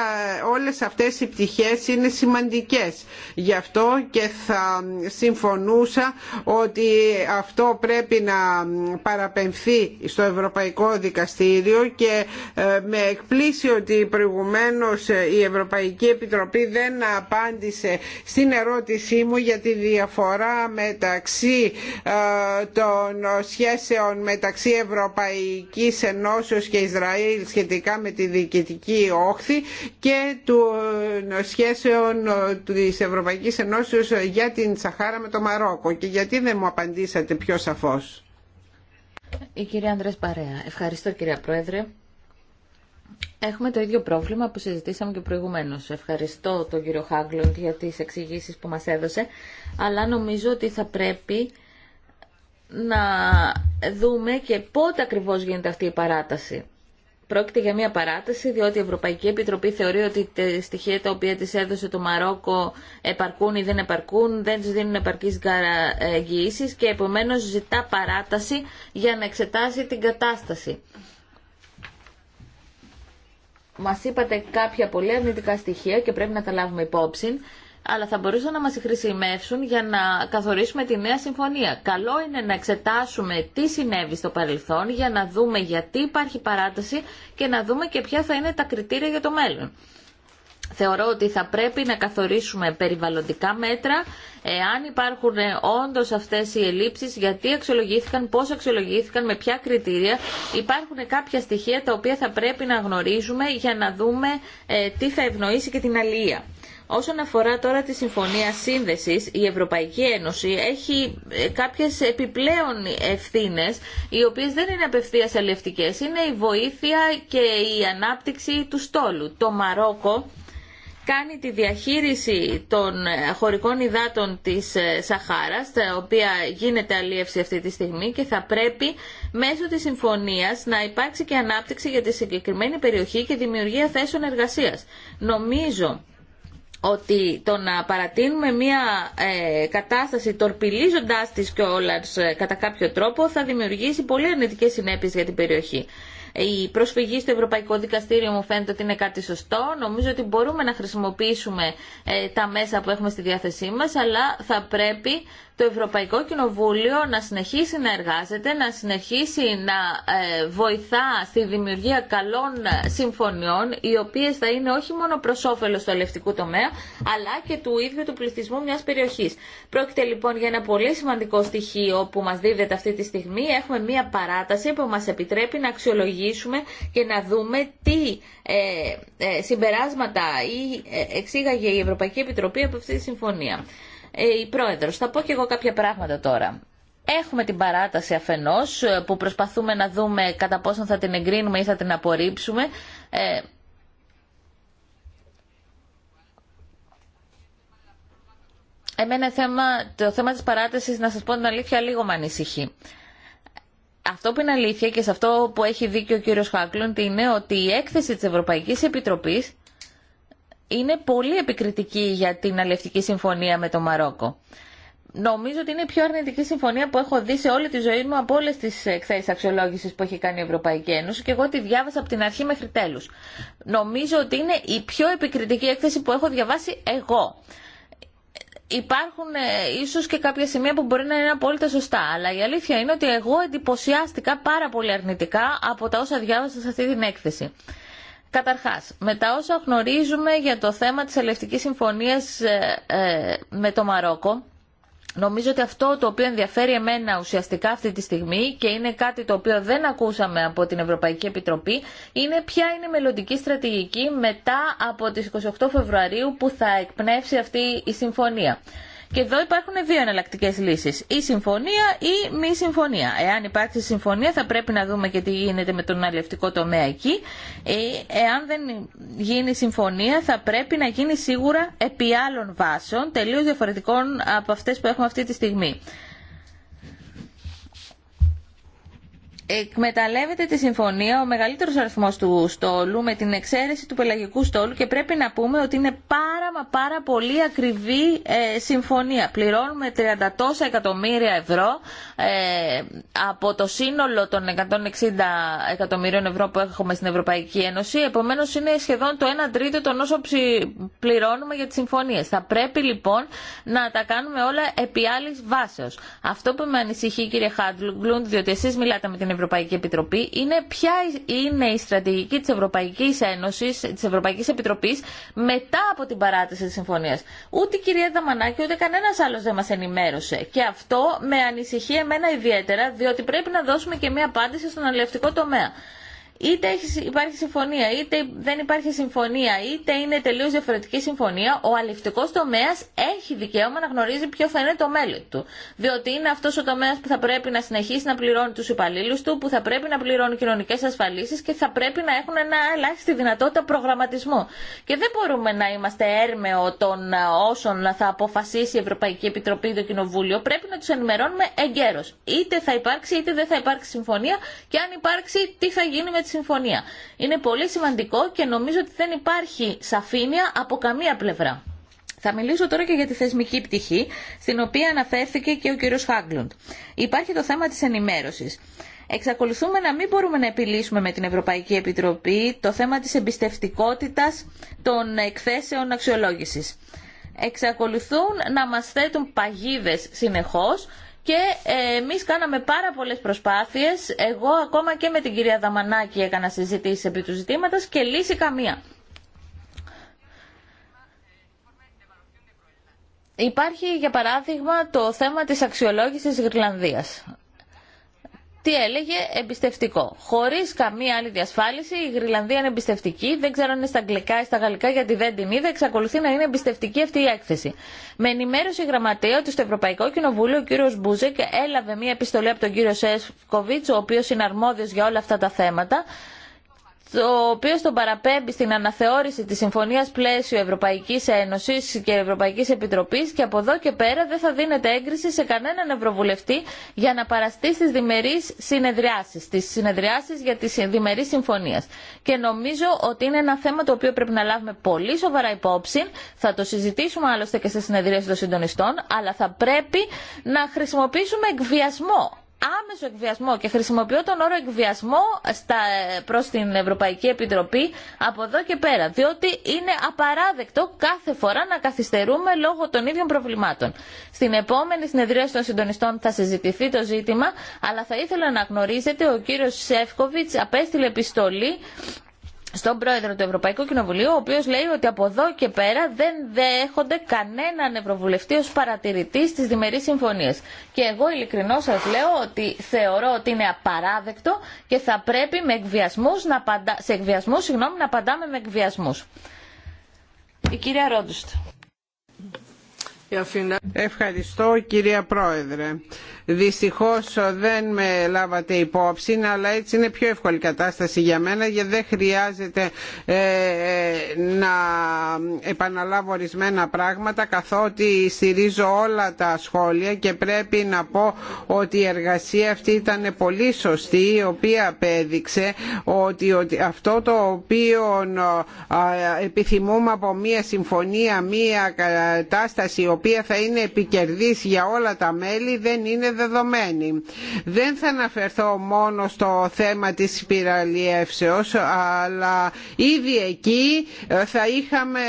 όλες αυτές οι πτυχές είναι σημαντικές. Γι' αυτό και θα συμφωνούσα ότι αυτό πρέπει να παραπεμφθεί στο Ευρωπαϊκό Δικαστήριο και ε, με εκπλήσει ότι προηγουμένως ε, η Ευρωπαϊκή Επιτροπή δεν απάντησε στην ερώτησή μου για τη διαφορά μεταξύ των σχέσεων μεταξύ Ευρωπαϊκής Ευρωπαϊκής Ενώσεως και Ισραήλ σχετικά με τη διοικητική όχθη και των σχέσεων της Ευρωπαϊκής Ενώσεως για την Σαχάρα με το Μαρόκο. Και γιατί δεν μου απαντήσατε πιο σαφώς. Η κυρία Ανδρές Παρέα. Ευχαριστώ κυρία Πρόεδρε. Έχουμε το ίδιο πρόβλημα που συζητήσαμε και προηγουμένω. Ευχαριστώ τον κύριο Χάγκλοντ για τι εξηγήσει που μα έδωσε, αλλά νομίζω ότι θα πρέπει να δούμε και πότε ακριβώς γίνεται αυτή η παράταση. Πρόκειται για μια παράταση, διότι η Ευρωπαϊκή Επιτροπή θεωρεί ότι τα στοιχεία τα οποία της έδωσε το Μαρόκο επαρκούν ή δεν επαρκούν, δεν της δίνουν επαρκείς ε, εγγυήσεις και επομένως ζητά παράταση για να εξετάσει την κατάσταση. Μας είπατε κάποια πολύ αρνητικά στοιχεία και πρέπει να τα λάβουμε υπόψη αλλά θα μπορούσαν να μας χρησιμεύσουν για να καθορίσουμε τη νέα συμφωνία. Καλό είναι να εξετάσουμε τι συνέβη στο παρελθόν για να δούμε γιατί υπάρχει παράταση και να δούμε και ποια θα είναι τα κριτήρια για το μέλλον. Θεωρώ ότι θα πρέπει να καθορίσουμε περιβαλλοντικά μέτρα, εάν υπάρχουν όντως αυτές οι ελλείψεις, γιατί αξιολογήθηκαν, πώς αξιολογήθηκαν, με ποια κριτήρια. Υπάρχουν κάποια στοιχεία τα οποία θα πρέπει να γνωρίζουμε για να δούμε ε, τι θα ευνοήσει και την αλληλεία. Όσον αφορά τώρα τη Συμφωνία Σύνδεσης, η Ευρωπαϊκή Ένωση έχει ε, κάποιες επιπλέον ευθύνες, οι οποίες δεν είναι απευθείας αλλιευτικές είναι η βοήθεια και η ανάπτυξη του στόλου. Το Μαρόκο κάνει τη διαχείριση των ε, χωρικών υδάτων της ε, Σαχάρας, τα οποία γίνεται αλίευση αυτή τη στιγμή και θα πρέπει μέσω της συμφωνίας να υπάρξει και ανάπτυξη για τη συγκεκριμένη περιοχή και δημιουργία θέσεων εργασίας. Νομίζω ότι το να παρατείνουμε μια ε, κατάσταση τορπιλίζοντάς της κιόλα ε, κατά κάποιο τρόπο θα δημιουργήσει πολύ αρνητικές συνέπειες για την περιοχή. Η προσφυγή στο Ευρωπαϊκό Δικαστήριο μου φαίνεται ότι είναι κάτι σωστό. Νομίζω ότι μπορούμε να χρησιμοποιήσουμε ε, τα μέσα που έχουμε στη διάθεσή μας, αλλά θα πρέπει το Ευρωπαϊκό Κοινοβούλιο να συνεχίσει να εργάζεται, να συνεχίσει να ε, βοηθά στη δημιουργία καλών συμφωνιών, οι οποίες θα είναι όχι μόνο προς όφελος του ελευτικού τομέα, αλλά και του ίδιου του πληθυσμού μιας περιοχής. Πρόκειται λοιπόν για ένα πολύ σημαντικό στοιχείο που μας δίδεται αυτή τη στιγμή. Έχουμε μια παράταση που μας επιτρέπει να αξιολογήσουμε και να δούμε τι ε, ε, συμπεράσματα ή εξήγαγε η Ευρωπαϊκή Επιτροπή από αυτή τη συμφωνία. Ε, η πρόεδρο, Θα πω και εγώ κάποια πράγματα τώρα. Έχουμε την παράταση αφενός ε, που προσπαθούμε να δούμε κατά πόσον θα την εγκρίνουμε ή θα την απορρίψουμε. Ε, εμένα θέμα, το θέμα της παράτασης, να σας πω την αλήθεια, λίγο με ανησυχεί. Αυτό που είναι αλήθεια και σε αυτό που έχει δίκιο ο κύριος Χάκλοντ είναι ότι η έκθεση της Ευρωπαϊκής Επιτροπής είναι πολύ επικριτική για την αλληλευτική συμφωνία με το Μαρόκο. Νομίζω ότι είναι η πιο αρνητική συμφωνία που έχω δει σε όλη τη ζωή μου από όλε τι εκθέσει αξιολόγηση που έχει κάνει η Ευρωπαϊκή Ένωση και εγώ τη διάβασα από την αρχή μέχρι τέλου. Νομίζω ότι είναι η πιο επικριτική έκθεση που έχω διαβάσει εγώ. Υπάρχουν ε, ίσω και κάποια σημεία που μπορεί να είναι απόλυτα σωστά, αλλά η αλήθεια είναι ότι εγώ εντυπωσιάστηκα πάρα πολύ αρνητικά από τα όσα διάβασα σε αυτή την έκθεση. Καταρχάς, με τα όσα γνωρίζουμε για το θέμα της ελευτικής συμφωνίας ε, ε, με το Μαρόκο, Νομίζω ότι αυτό το οποίο ενδιαφέρει εμένα ουσιαστικά αυτή τη στιγμή και είναι κάτι το οποίο δεν ακούσαμε από την Ευρωπαϊκή Επιτροπή είναι ποια είναι η μελλοντική στρατηγική μετά από τις 28 Φεβρουαρίου που θα εκπνεύσει αυτή η συμφωνία. Και εδώ υπάρχουν δύο εναλλακτικέ λύσει. Ή συμφωνία ή μη συμφωνία. Εάν υπάρξει συμφωνία θα πρέπει να δούμε και τι γίνεται με τον αλληλευτικό τομέα εκεί. Ε, εάν δεν γίνει συμφωνία θα πρέπει να γίνει σίγουρα επί άλλων βάσεων, τελείω διαφορετικών από αυτέ που έχουμε αυτή τη στιγμή. εκμεταλλεύεται τη συμφωνία ο μεγαλύτερο αριθμό του στόλου με την εξαίρεση του πελαγικού στόλου και πρέπει να πούμε ότι είναι πάρα μα πάρα πολύ ακριβή ε, συμφωνία. Πληρώνουμε 30 τόσα εκατομμύρια ευρώ ε, από το σύνολο των 160 εκατομμυρίων ευρώ που έχουμε στην Ευρωπαϊκή Ένωση. Επομένω είναι σχεδόν το 1 τρίτο των όσων πληρώνουμε για τι συμφωνίε. Θα πρέπει λοιπόν να τα κάνουμε όλα επί άλλη βάσεω. Αυτό που με ανησυχεί κύριε Χάντλουγκλουντ, διότι εσεί μιλάτε με την Ευρωπαϊκή Επιτροπή είναι ποια είναι η στρατηγική της Ευρωπαϊκής Ένωσης, της Ευρωπαϊκής Επιτροπής μετά από την παράτηση της συμφωνίας. Ούτε η κυρία Δαμανάκη ούτε κανένας άλλος δεν μας ενημέρωσε. Και αυτό με ανησυχεί εμένα ιδιαίτερα διότι πρέπει να δώσουμε και μια απάντηση στον αλληλευτικό τομέα είτε υπάρχει συμφωνία, είτε δεν υπάρχει συμφωνία, είτε είναι τελείω διαφορετική συμφωνία, ο αληφτικό τομέα έχει δικαίωμα να γνωρίζει ποιο θα είναι το μέλλον του. Διότι είναι αυτό ο τομέα που θα πρέπει να συνεχίσει να πληρώνει του υπαλλήλου του, που θα πρέπει να πληρώνει κοινωνικέ ασφαλίσει και θα πρέπει να έχουν ένα ελάχιστη δυνατότητα προγραμματισμού. Και δεν μπορούμε να είμαστε έρμεο των όσων θα αποφασίσει η Ευρωπαϊκή Επιτροπή ή το Κοινοβούλιο. Πρέπει να του ενημερώνουμε εγκαίρω. Είτε θα υπάρξει είτε δεν θα υπάρξει συμφωνία και αν υπάρξει τι θα γίνει με είναι πολύ σημαντικό και νομίζω ότι δεν υπάρχει σαφήνεια από καμία πλευρά. Θα μιλήσω τώρα και για τη θεσμική πτυχή, στην οποία αναφέρθηκε και ο κύριος Χάγκλουντ. Υπάρχει το θέμα της ενημέρωσης. Εξακολουθούμε να μην μπορούμε να επιλύσουμε με την Ευρωπαϊκή Επιτροπή το θέμα της εμπιστευτικότητας των εκθέσεων αξιολόγησης. Εξακολουθούν να μας θέτουν παγίδες συνεχώς και ε, εμείς κάναμε πάρα πολλές προσπάθειες, εγώ ακόμα και με την κυρία Δαμανάκη έκανα συζητήσεις επί του ζητήματος και λύση καμία. Υπάρχει για παράδειγμα το θέμα της αξιολόγησης Γρυλανδίας τι έλεγε εμπιστευτικό. Χωρί καμία άλλη διασφάλιση, η Γρυλανδία είναι εμπιστευτική. Δεν ξέρω αν είναι στα αγγλικά ή στα γαλλικά, γιατί δεν την είδα. Εξακολουθεί να είναι εμπιστευτική αυτή η έκθεση. Με ενημέρωση γραμματέα ότι στο Ευρωπαϊκό Κοινοβούλιο ο κύριο Μπούζεκ έλαβε μία επιστολή από τον κύριο Σέσκοβιτ, ο οποίο είναι αρμόδιο για όλα αυτά τα θέματα, ο οποίο τον παραπέμπει στην αναθεώρηση της Συμφωνίας Πλαίσιο Ευρωπαϊκής Ένωσης και Ευρωπαϊκής Επιτροπής και από εδώ και πέρα δεν θα δίνεται έγκριση σε κανέναν Ευρωβουλευτή για να παραστεί στις διμερείς συνεδριάσεις, στις συνεδριάσεις για τις διμερείς συμφωνίες. Και νομίζω ότι είναι ένα θέμα το οποίο πρέπει να λάβουμε πολύ σοβαρά υπόψη, θα το συζητήσουμε άλλωστε και σε συνεδρίες των συντονιστών, αλλά θα πρέπει να χρησιμοποιήσουμε εκβιασμό άμεσο εκβιασμό και χρησιμοποιώ τον όρο εκβιασμό στα, προς την Ευρωπαϊκή Επιτροπή από εδώ και πέρα, διότι είναι απαράδεκτο κάθε φορά να καθυστερούμε λόγω των ίδιων προβλημάτων. Στην επόμενη συνεδρία των συντονιστών θα συζητηθεί το ζήτημα, αλλά θα ήθελα να γνωρίζετε ο κύριος Σεύκοβιτς απέστειλε επιστολή στον πρόεδρο του Ευρωπαϊκού Κοινοβουλίου, ο οποίος λέει ότι από εδώ και πέρα δεν δέχονται κανέναν ευρωβουλευτή ω παρατηρητή στις διμερείς συμφωνίε. Και εγώ ειλικρινώς σα λέω ότι θεωρώ ότι είναι απαράδεκτο και θα πρέπει με εκβιασμούς να σε εκβιασμούς να απαντάμε με εκβιασμού. Η κυρία Ρόντουστ. Ευχαριστώ κυρία Πρόεδρε. Δυστυχώς ε, δεν με λάβατε υπόψη, αλλά έτσι είναι πιο εύκολη κατάσταση για μένα γιατί δεν χρειάζεται ε, ε, να επαναλάβω ορισμένα πράγματα καθότι στηρίζω όλα τα σχόλια και πρέπει να πω ότι η εργασία αυτή ήταν πολύ σωστή η οποία απέδειξε ότι αυτό το οποίο επιθυμούμε από μία συμφωνία, μία κατάσταση η οποία θα είναι επικερδής για όλα τα μέλη δεν είναι δεδομένη. Δεν θα αναφερθώ μόνο στο θέμα της Σπυραλίευσεως, αλλά ήδη εκεί ε, θα είχαμε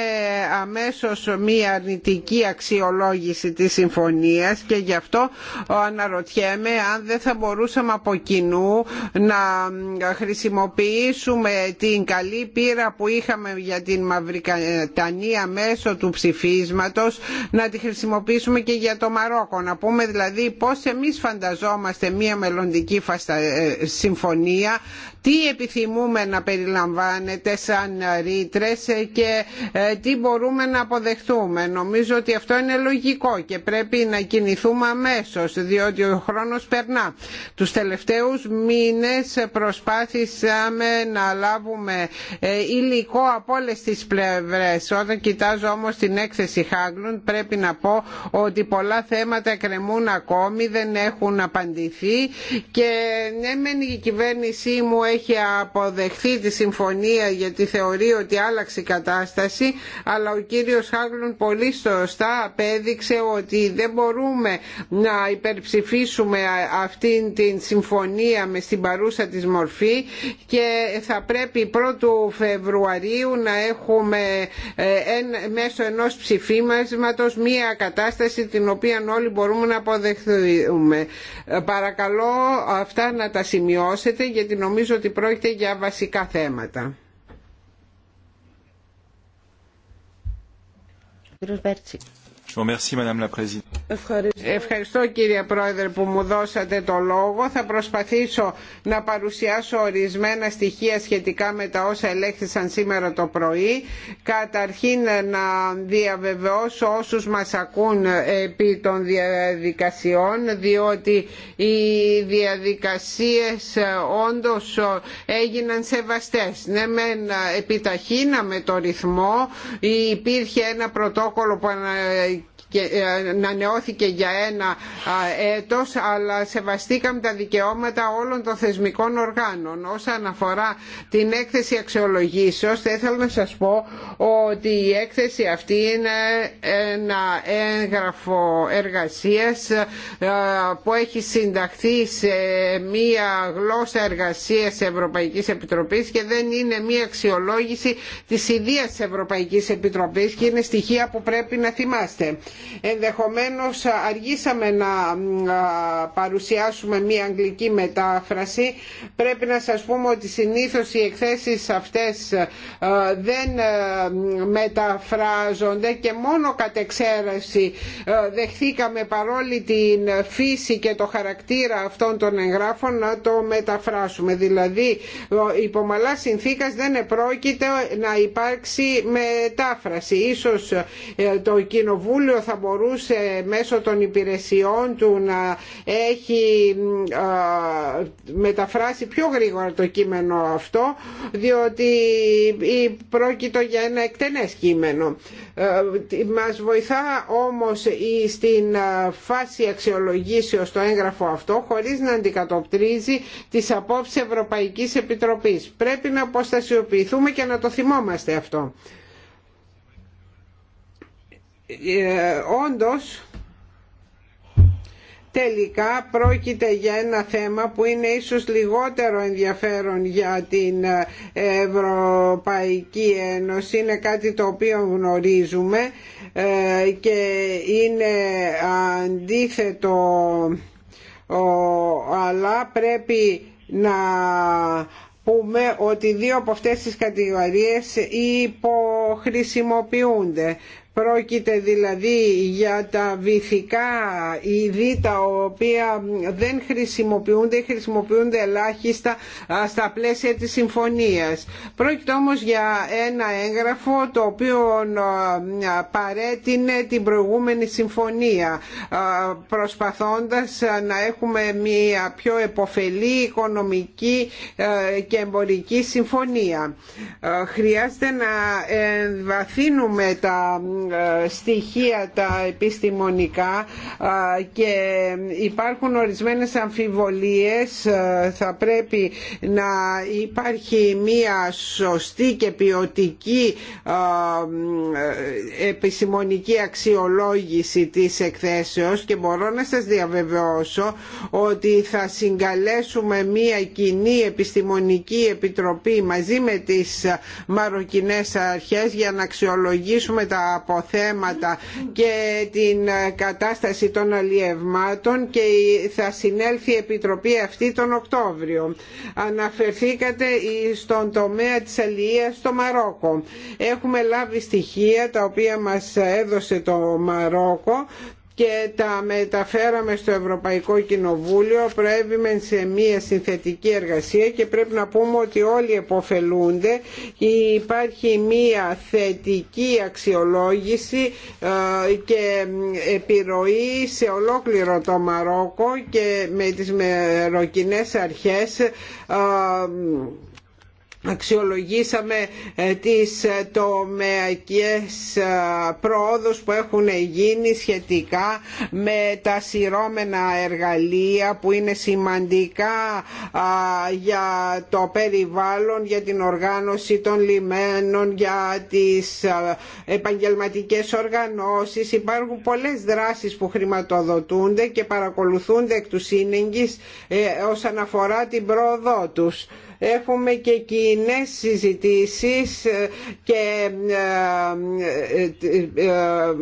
αμέσως μία αρνητική αξιολόγηση της συμφωνίας και γι' αυτό ε, αναρωτιέμαι αν δεν θα μπορούσαμε από κοινού να χρησιμοποιήσουμε την καλή πείρα που είχαμε για την Μαυρικανία μέσω του ψηφίσματος να τη χρησιμοποιήσουμε και για το Μαρόκο. Να πούμε δηλαδή πώς εμείς φανταζόμαστε μία μελλοντική ε, συμφωνία τι επιθυμούμε να περιλαμβάνεται σαν ρήτρε και ε, τι μπορούμε να αποδεχτούμε. Νομίζω ότι αυτό είναι λογικό και πρέπει να κινηθούμε αμέσως διότι ο χρόνος περνά. Τους τελευταίους μήνες προσπάθησαμε να λάβουμε ε, υλικό από όλες τις πλευρές. Όταν κοιτάζω όμως την έκθεση Χάγκλουν πρέπει να πω ότι πολλά θέματα κρεμούν ακόμη, δεν έχουν απαντηθεί και ε, ναι μεν η κυβέρνησή μου έχει αποδεχθεί τη συμφωνία γιατί θεωρεί ότι άλλαξε η κατάσταση αλλά ο κύριος Χάγλουν πολύ σωστά απέδειξε ότι δεν μπορούμε να υπερψηφίσουμε αυτή την συμφωνία με στην παρούσα της μορφή και θα πρέπει Φεβρουαρίου να έχουμε ε, μέσω ενός ψηφίσματος μία κατάσταση την οποία όλοι μπορούμε να αποδεχθούμε. Ε, παρακαλώ αυτά να τα σημειώσετε γιατί νομίζω ότι ότι πρόκειται για βασικά θέματα. Κύριος Ευχαριστώ κύριε Πρόεδρε που μου δώσατε το λόγο. Θα προσπαθήσω να παρουσιάσω ορισμένα στοιχεία σχετικά με τα όσα ελέγχθησαν σήμερα το πρωί. Καταρχήν να διαβεβαιώσω όσους μας ακούν επί των διαδικασιών διότι οι διαδικασίες όντως έγιναν σεβαστές. Ναι μεν επιταχύναμε το ρυθμό, υπήρχε ένα πρωτόκολλο που και ανανεώθηκε ε, για ένα έτος αλλά σεβαστήκαμε τα δικαιώματα όλων των θεσμικών οργάνων. Όσον αφορά την έκθεση αξιολογήσεως θα ήθελα να σας πω ότι η έκθεση αυτή είναι ένα έγγραφο εργασίας ε, που έχει συνταχθεί σε μία γλώσσα εργασίας Ευρωπαϊκής Επιτροπής και δεν είναι μία αξιολόγηση της ιδίας της Ευρωπαϊκής Επιτροπής και είναι στοιχεία που πρέπει να θυμάστε. Ενδεχομένως αργήσαμε να παρουσιάσουμε μία αγγλική μετάφραση. Πρέπει να σας πούμε ότι συνήθως οι εκθέσεις αυτές δεν μεταφράζονται και μόνο κατ' εξαίρεση δεχθήκαμε παρόλη την φύση και το χαρακτήρα αυτών των εγγράφων να το μεταφράσουμε. Δηλαδή υπομαλά συνθήκας δεν επρόκειται να υπάρξει μετάφραση. Ίσως ε, το Κοινοβούλιο θα μπορούσε μέσω των υπηρεσιών του να έχει μεταφράσει πιο γρήγορα το κείμενο αυτό διότι πρόκειται για ένα εκτενές κείμενο. Ε, μας βοηθά όμως στην φάση αξιολογήσεως το έγγραφο αυτό χωρίς να αντικατοπτρίζει τις απόψεις Ευρωπαϊκής Επιτροπής. Πρέπει να αποστασιοποιηθούμε και να το θυμόμαστε αυτό. Ε, όντως τελικά πρόκειται για ένα θέμα που είναι ίσως λιγότερο ενδιαφέρον για την ε, Ευρωπαϊκή Ένωση. Είναι κάτι το οποίο γνωρίζουμε ε, και είναι αντίθετο αλλά πρέπει να πούμε ότι δύο από αυτές τις κατηγορίες υποχρησιμοποιούνται. Πρόκειται δηλαδή για τα βυθικά είδη τα οποία δεν χρησιμοποιούνται ή χρησιμοποιούνται ελάχιστα στα πλαίσια της συμφωνίας. Πρόκειται όμως για ένα έγγραφο το οποίο παρέτεινε την προηγούμενη συμφωνία προσπαθώντας να έχουμε μια πιο εποφελή οικονομική και εμπορική συμφωνία. Χρειάζεται να βαθύνουμε τα ε, στοιχεία τα επιστημονικά ε, και υπάρχουν ορισμένες αμφιβολίες ε, θα πρέπει να υπάρχει μία σωστή και ποιοτική επιστημονική αξιολόγηση της εκθέσεως και μπορώ να σας διαβεβαιώσω ότι θα συγκαλέσουμε μία κοινή επιστημονική επιτροπή μαζί με τις μαροκινές αρχές για να αξιολογήσουμε τα αποτελέσματα θέματα και την ε, κατάσταση των αλλιευμάτων και θα συνέλθει η Επιτροπή αυτή τον Οκτώβριο. Αναφερθήκατε στον τομέα της αλληλείας στο Μαρόκο. Έχουμε λάβει στοιχεία τα οποία μας έδωσε το Μαρόκο και τα μεταφέραμε στο Ευρωπαϊκό Κοινοβούλιο προέβημεν σε μια συνθετική εργασία και πρέπει να πούμε ότι όλοι εποφελούνται υπάρχει μια θετική αξιολόγηση ε, και ε, επιρροή σε ολόκληρο το Μαρόκο και με τις μεροκινές αρχές ε, αξιολογήσαμε ε, τις ε, τομεακές ε, πρόοδους που έχουν γίνει σχετικά με τα σειρώμενα εργαλεία που είναι σημαντικά για το περιβάλλον, για την οργάνωση των λιμένων, για τις επαγγελματικές οργανώσεις. Υπάρχουν πολλές δράσεις που χρηματοδοτούνται και παρακολουθούνται εκ του σύνεγγις όσον αφορά την πρόοδό τους έχουμε και κοινέ συζητήσεις και ε, ε, ε,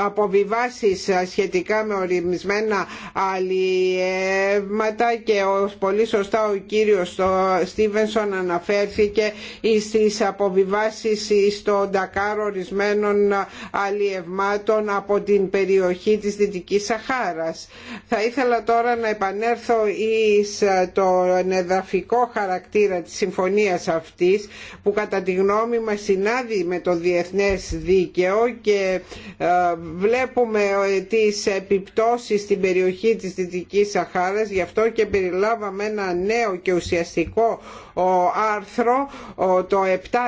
αποβιβάσεις σχετικά με ορισμένα αλλιεύματα και ο, πολύ σωστά ο κύριος Στίβενσον αναφέρθηκε στις αποβιβάσεις στο Ντακάρ ορισμένων αλλιευμάτων από την περιοχή της Δυτικής Σαχάρας. Θα ήθελα τώρα να επανέλθω εις το εδαφικό χαρακτήρα της συμφωνίας αυτής που κατά τη γνώμη μας συνάδει με το διεθνές δίκαιο και ε, βλέπουμε ε, τις επιπτώσεις στην περιοχή της Δυτικής Σαχάρας γι' αυτό και περιλάβαμε ένα νέο και ουσιαστικό άρθρο το 7.4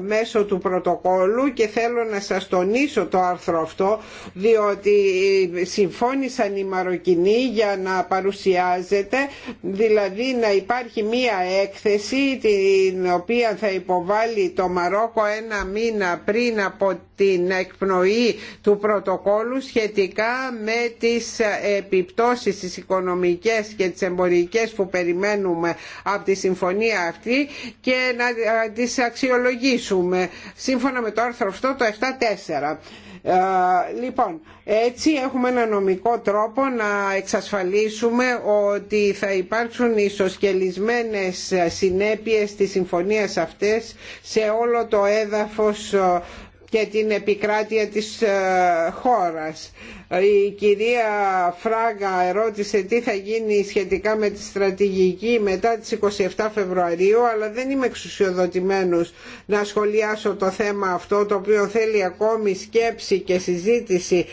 μέσω του πρωτοκόλλου και θέλω να σας τονίσω το άρθρο αυτό διότι συμφώνησαν οι Μαροκινοί για να παρουσιάζεται δηλαδή να υπάρχει μία έκθεση την οποία θα υποβάλει το Μαρόκο ένα μήνα πριν από την εκπνοή του πρωτοκόλλου σχετικά με τις επιπτώσεις τις οικονομικές και τις εμπορικές που περιμένουμε από συμφωνία αυτή και να τις αξιολογήσουμε σύμφωνα με το άρθρο αυτό το 7.4. Ε, λοιπόν, έτσι έχουμε ένα νομικό τρόπο να εξασφαλίσουμε ότι θα υπάρξουν ισοσκελισμένες συνέπειες της συμφωνίας αυτές σε όλο το έδαφος ε, και την επικράτεια της ε, χώρας. Η κυρία Φράγκα ερώτησε τι θα γίνει σχετικά με τη στρατηγική μετά τις 27 Φεβρουαρίου αλλά δεν είμαι εξουσιοδοτημένος να σχολιάσω το θέμα αυτό το οποίο θέλει ακόμη σκέψη και συζήτηση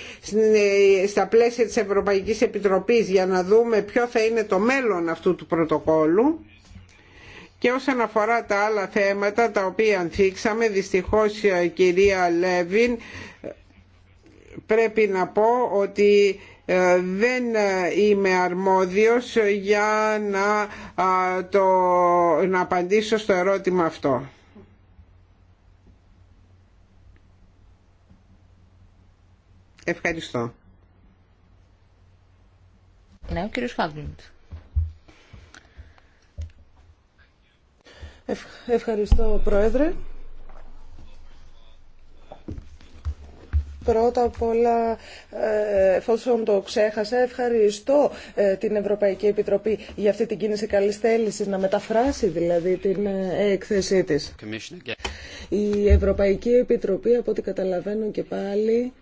ε, στα πλαίσια της Ευρωπαϊκής Επιτροπής για να δούμε ποιο θα είναι το μέλλον αυτού του πρωτοκόλου και όσον αφορά τα άλλα θέματα τα οποία ανθίξαμε, δυστυχώς ε, κυρία Λέβιν πρέπει να πω ότι ε, δεν ε, είμαι αρμόδιος για να, το, να απαντήσω στο ερώτημα αυτό. Ευχαριστώ. Ναι, ο Ευχαριστώ, Πρόεδρε. Πρώτα απ' όλα, ε, εφόσον το ξέχασα, ευχαριστώ ε, την Ευρωπαϊκή Επιτροπή για αυτή την κίνηση καλής θέλησης, να μεταφράσει δηλαδή την ε, έκθεσή της. Η Ευρωπαϊκή Επιτροπή, από ό,τι καταλαβαίνω και πάλι,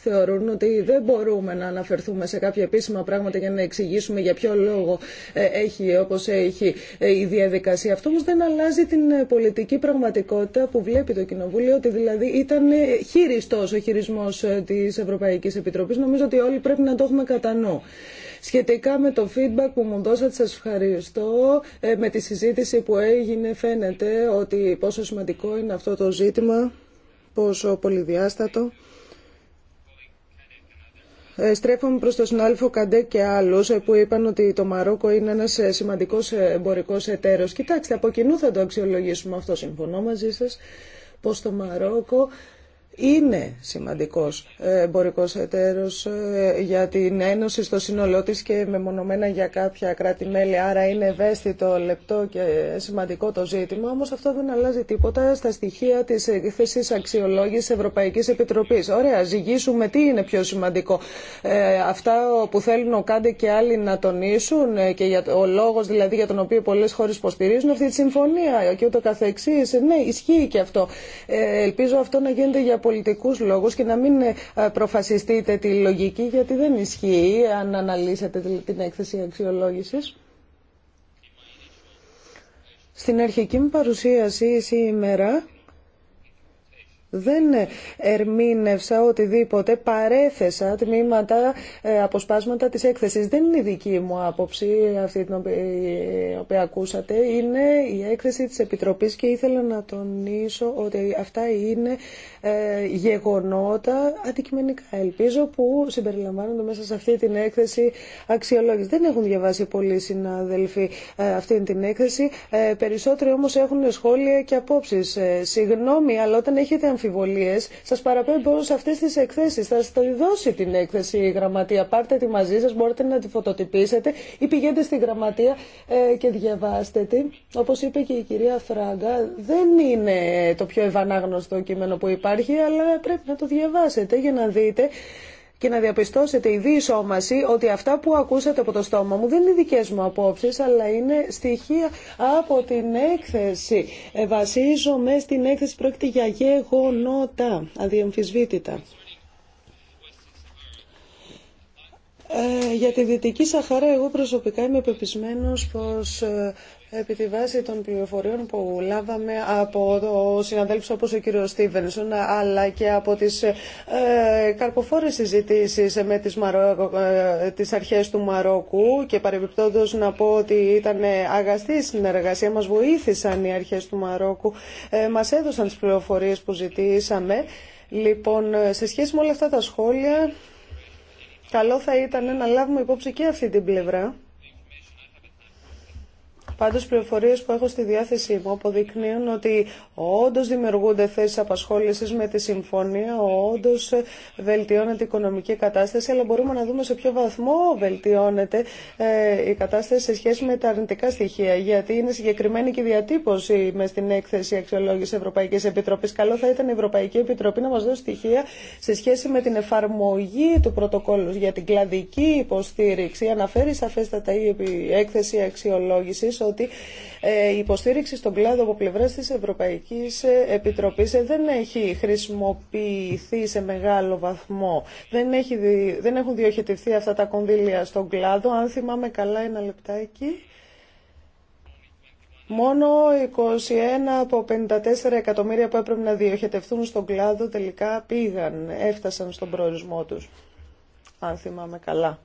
θεωρούν ότι δεν μπορούμε να αναφερθούμε σε κάποια επίσημα πράγματα για να εξηγήσουμε για ποιο λόγο ε, έχει όπως έχει ε, η διαδικασία. Αυτό όμως δεν αλλάζει την ε, πολιτική πραγματικότητα που βλέπει το Κοινοβούλιο ότι δηλαδή ήταν χειριστός ο χειρισμός της Ευρωπαϊκής Επιτροπής. Νομίζω ότι όλοι πρέπει να το έχουμε κατά νου. Σχετικά με το feedback που μου δώσατε, σας ευχαριστώ. με τη συζήτηση που έγινε φαίνεται ότι πόσο σημαντικό είναι αυτό το ζήτημα, πόσο πολυδιάστατο. Ε, στρέφομαι προς τον συνάδελφο Καντέ και άλλους ε, που είπαν ότι το Μαρόκο είναι ένας ε, σημαντικός εμπορικός εταίρος. Κοιτάξτε, από κοινού θα το αξιολογήσουμε αυτό, συμφωνώ μαζί σας, πως το Μαρόκο είναι σημαντικός εμπορικός εταίρος ε, για την Ένωση στο σύνολό της και μεμονωμένα για κάποια κράτη-μέλη. Άρα είναι ευαίσθητο, λεπτό και σημαντικό το ζήτημα, όμως αυτό δεν αλλάζει τίποτα στα στοιχεία της θέσης αξιολόγησης Ευρωπαϊκής Επιτροπής. Ωραία, ζυγίσουμε τι είναι πιο σημαντικό. Ε, αυτά που θέλουν ο Κάντε και άλλοι να τονίσουν ε, και για, ο λόγος δηλαδή για τον οποίο πολλές χώρες υποστηρίζουν αυτή τη συμφωνία και ούτω καθεξής. Ναι, ισχύει και αυτό. Ε, ελπίζω αυτό να γίνεται για πολιτικούς λόγους και να μην ε, προφασιστείτε τη λογική γιατί δεν ισχύει αν αναλύσετε την έκθεση αξιολόγηση. Στην αρχική μου παρουσίαση σήμερα δεν ερμήνευσα οτιδήποτε, παρέθεσα τμήματα, ε, αποσπάσματα της έκθεσης. Δεν είναι η δική μου άποψη αυτή την οποία ακούσατε. Είναι η έκθεση της Επιτροπής και ήθελα να τονίσω ότι αυτά είναι ε, γεγονότα αντικειμενικά. Ελπίζω που συμπεριλαμβάνονται μέσα σε αυτή την έκθεση αξιολόγηση. Δεν έχουν διαβάσει πολλοί συναδελφοί ε, αυτή την έκθεση. Περισσότεροι όμως έχουν σχόλια και απόψεις. Συγγνώμη, αλλά όταν έχετε αμφιβολίες, σας παραπέμπω σε αυτές τις εκθέσεις. Θα σας το δώσει την έκθεση η γραμματεία. Πάρτε τη μαζί σας, μπορείτε να τη φωτοτυπήσετε ή πηγαίνετε στη γραμματεία ε, και διαβάστε τη. Όπως είπε και η κυρία Φράγκα, δεν είναι το πιο ευανάγνωστο κείμενο που υπάρχει, αλλά πρέπει να το διαβάσετε για να δείτε και να διαπιστώσετε η διεισόμαση ότι αυτά που ακούσατε από το στόμα μου δεν είναι δικέ μου απόψεις αλλά είναι στοιχεία από την έκθεση. Ε, βασίζομαι στην έκθεση πρόκειται για γεγονότα, αδιαμφισβήτητα. Ε, για τη Δυτική Σαχάρα εγώ προσωπικά είμαι πεπισμένος πως ε, επί τη βάση των πληροφοριών που λάβαμε από το συναδέλφους όπως ο κύριος Στίβενσον αλλά και από τις ε, καρποφόρες συζητήσεις με τις, Μαρό, ε, αρχές του Μαρόκου και παρεμπιπτόντως να πω ότι ήταν αγαστή η συνεργασία, μας βοήθησαν οι αρχές του Μαρόκου, ε, μας έδωσαν τις πληροφορίες που ζητήσαμε. Λοιπόν, σε σχέση με όλα αυτά τα σχόλια, καλό θα ήταν να λάβουμε υπόψη και αυτή την πλευρά. Πάντως, πληροφορίες που έχω στη διάθεσή μου αποδεικνύουν ότι όντως δημιουργούνται θέσεις απασχόλησης με τη συμφωνία, όντως βελτιώνεται η οικονομική κατάσταση, αλλά μπορούμε να δούμε σε ποιο βαθμό βελτιώνεται ε, η κατάσταση σε σχέση με τα αρνητικά στοιχεία, γιατί είναι συγκεκριμένη και η διατύπωση με στην έκθεση αξιολόγηση Ευρωπαϊκής Επιτροπής. Καλό θα ήταν η Ευρωπαϊκή Επιτροπή να μας δώσει στοιχεία σε σχέση με την εφαρμογή του πρωτοκόλλου για την κλαδική υποστήριξη. Αναφέρει σαφέστατα η έκθεση αξιολόγηση ότι ε, η υποστήριξη στον κλάδο από πλευρά τη Ευρωπαϊκή ε, Επιτροπή ε, δεν έχει χρησιμοποιηθεί σε μεγάλο βαθμό. Δεν, έχει, δεν έχουν διοχετευθεί αυτά τα κονδύλια στον κλάδο. Αν θυμάμαι καλά, ένα λεπτάκι. Μόνο 21 από 54 εκατομμύρια που έπρεπε να διοχετευθούν στον κλάδο τελικά πήγαν, έφτασαν στον προορισμό τους, αν θυμάμαι καλά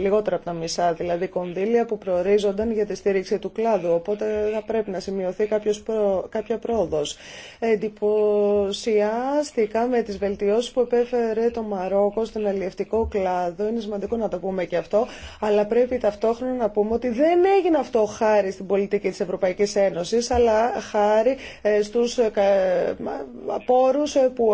λιγότερα από τα μισά δηλαδή κονδύλια που προορίζονταν για τη στήριξη του κλάδου. Οπότε θα πρέπει να σημειωθεί κάποιος κάποια πρόοδος. Εντυπωσιάστηκα με τις βελτιώσεις που επέφερε το Μαρόκο στον αλλιευτικό κλάδο. Είναι σημαντικό να το πούμε και αυτό. Αλλά πρέπει ταυτόχρονα να πούμε ότι δεν έγινε αυτό χάρη στην πολιτική τη Ευρωπαϊκή Ένωση, αλλά χάρη ε, στους ε, πόρους ε, που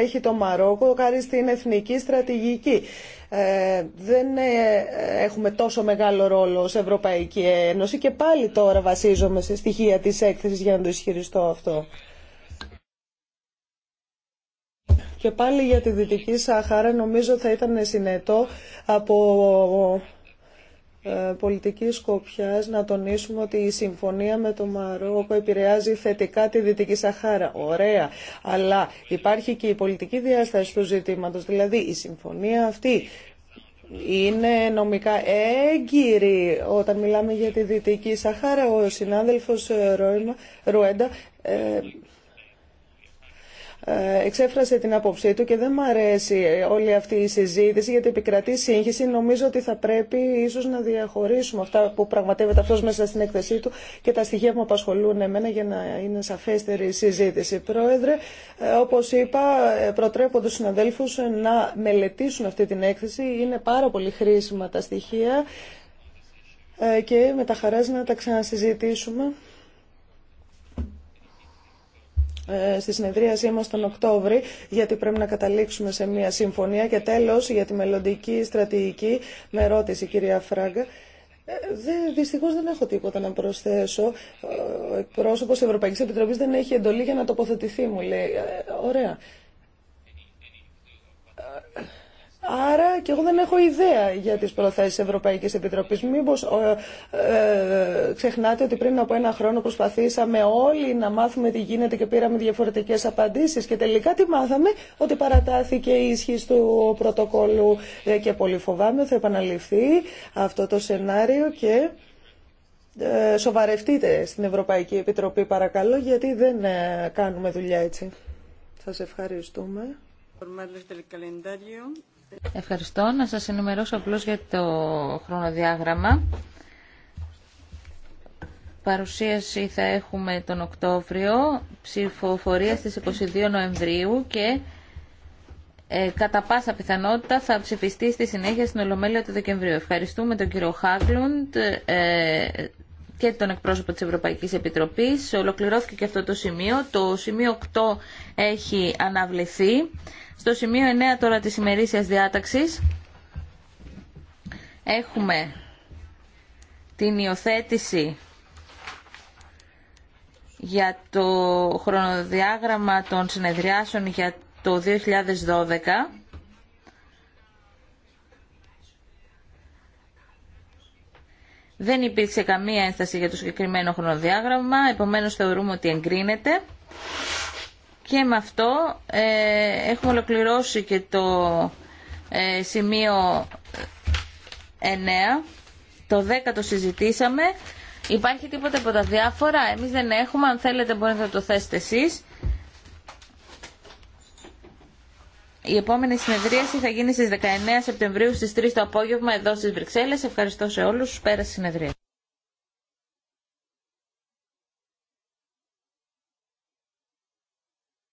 έχει το Μαρόκο, χάρη στην εθνική στρατηγική. Ε, δεν ε, έχουμε τόσο μεγάλο ρόλο ως Ευρωπαϊκή Ένωση και πάλι τώρα βασίζομαι σε στοιχεία της έκθεσης για να το ισχυριστώ αυτό. Και πάλι για τη Δυτική Σαχάρα νομίζω θα ήταν συνετό από ε, πολιτικής σκοπιάς να τονίσουμε ότι η συμφωνία με το Μαρόκο επηρεάζει θετικά τη Δυτική Σαχάρα. Ωραία. Αλλά υπάρχει και η πολιτική διάσταση του ζητήματος. Δηλαδή η συμφωνία αυτή είναι νομικά έγκυρη όταν μιλάμε για τη Δυτική Σαχάρα. Ο συνάδελφος ε, Ρουέντα ε, ε, εξέφρασε την άποψή του και δεν μου αρέσει όλη αυτή η συζήτηση γιατί επικρατεί σύγχυση. Νομίζω ότι θα πρέπει ίσως να διαχωρίσουμε αυτά που πραγματεύεται αυτός μέσα στην έκθεσή του και τα στοιχεία που απασχολούν εμένα για να είναι σαφέστερη η συζήτηση. Πρόεδρε, ε, όπως είπα, ε, προτρέπω τους συναδέλφους να μελετήσουν αυτή την έκθεση. Είναι πάρα πολύ χρήσιμα τα στοιχεία και με τα χαράς να τα ξανασυζητήσουμε. Ε, στη συνεδρίασή μας τον Οκτώβρη γιατί πρέπει να καταλήξουμε σε μια συμφωνία και τέλος για τη μελλοντική στρατηγική με ερώτηση κυρία Φράγκα. Ε, δε, δυστυχώς δεν έχω τίποτα να προσθέσω. Ο εκπρόσωπος της Ευρωπαϊκής Επιτροπής δεν έχει εντολή για να τοποθετηθεί μου λέει. Ε, ωραία. Άρα και εγώ δεν έχω ιδέα για τις προθέσεις Ευρωπαϊκής Επιτροπής. Μήπως ε, ε, ξεχνάτε ότι πριν από ένα χρόνο προσπαθήσαμε όλοι να μάθουμε τι γίνεται και πήραμε διαφορετικές απαντήσεις και τελικά τι μάθαμε, ότι παρατάθηκε η ίσχυση του πρωτοκόλλου ε, και πολύ φοβάμαι θα επαναληφθεί αυτό το σενάριο και ε, σοβαρευτείτε στην Ευρωπαϊκή Επιτροπή παρακαλώ γιατί δεν κάνουμε δουλειά έτσι. Σας ευχαριστούμε. Ευχαριστώ. Να σας ενημερώσω απλώς για το χρονοδιάγραμμα. Παρουσίαση θα έχουμε τον Οκτώβριο, ψηφοφορία στις 22 Νοεμβρίου και ε, κατά πάσα πιθανότητα θα ψηφιστεί στη συνέχεια στην Ολομέλεια του Δεκεμβρίου. Ευχαριστούμε τον κύριο Χάγλουντ ε, και τον εκπρόσωπο της Ευρωπαϊκής Επιτροπής. Ολοκληρώθηκε και αυτό το σημείο. Το σημείο 8 έχει αναβληθεί. Στο σημείο 9 τώρα της ημερήσιας διάταξης έχουμε την υιοθέτηση για το χρονοδιάγραμμα των συνεδριάσεων για το 2012 Δεν υπήρξε καμία ένσταση για το συγκεκριμένο χρονοδιάγραμμα, επομένως θεωρούμε ότι εγκρίνεται. Και με αυτό ε, έχουμε ολοκληρώσει και το ε, σημείο 9. Το 10 το συζητήσαμε. Υπάρχει τίποτα από τα διάφορα. Εμείς δεν έχουμε. Αν θέλετε μπορείτε να το θέσετε εσείς. Η επόμενη συνεδρίαση θα γίνει στις 19 Σεπτεμβρίου στις 3 το απόγευμα εδώ στις Βρυξέλλες. Ευχαριστώ σε όλους. Πέρα συνεδρία.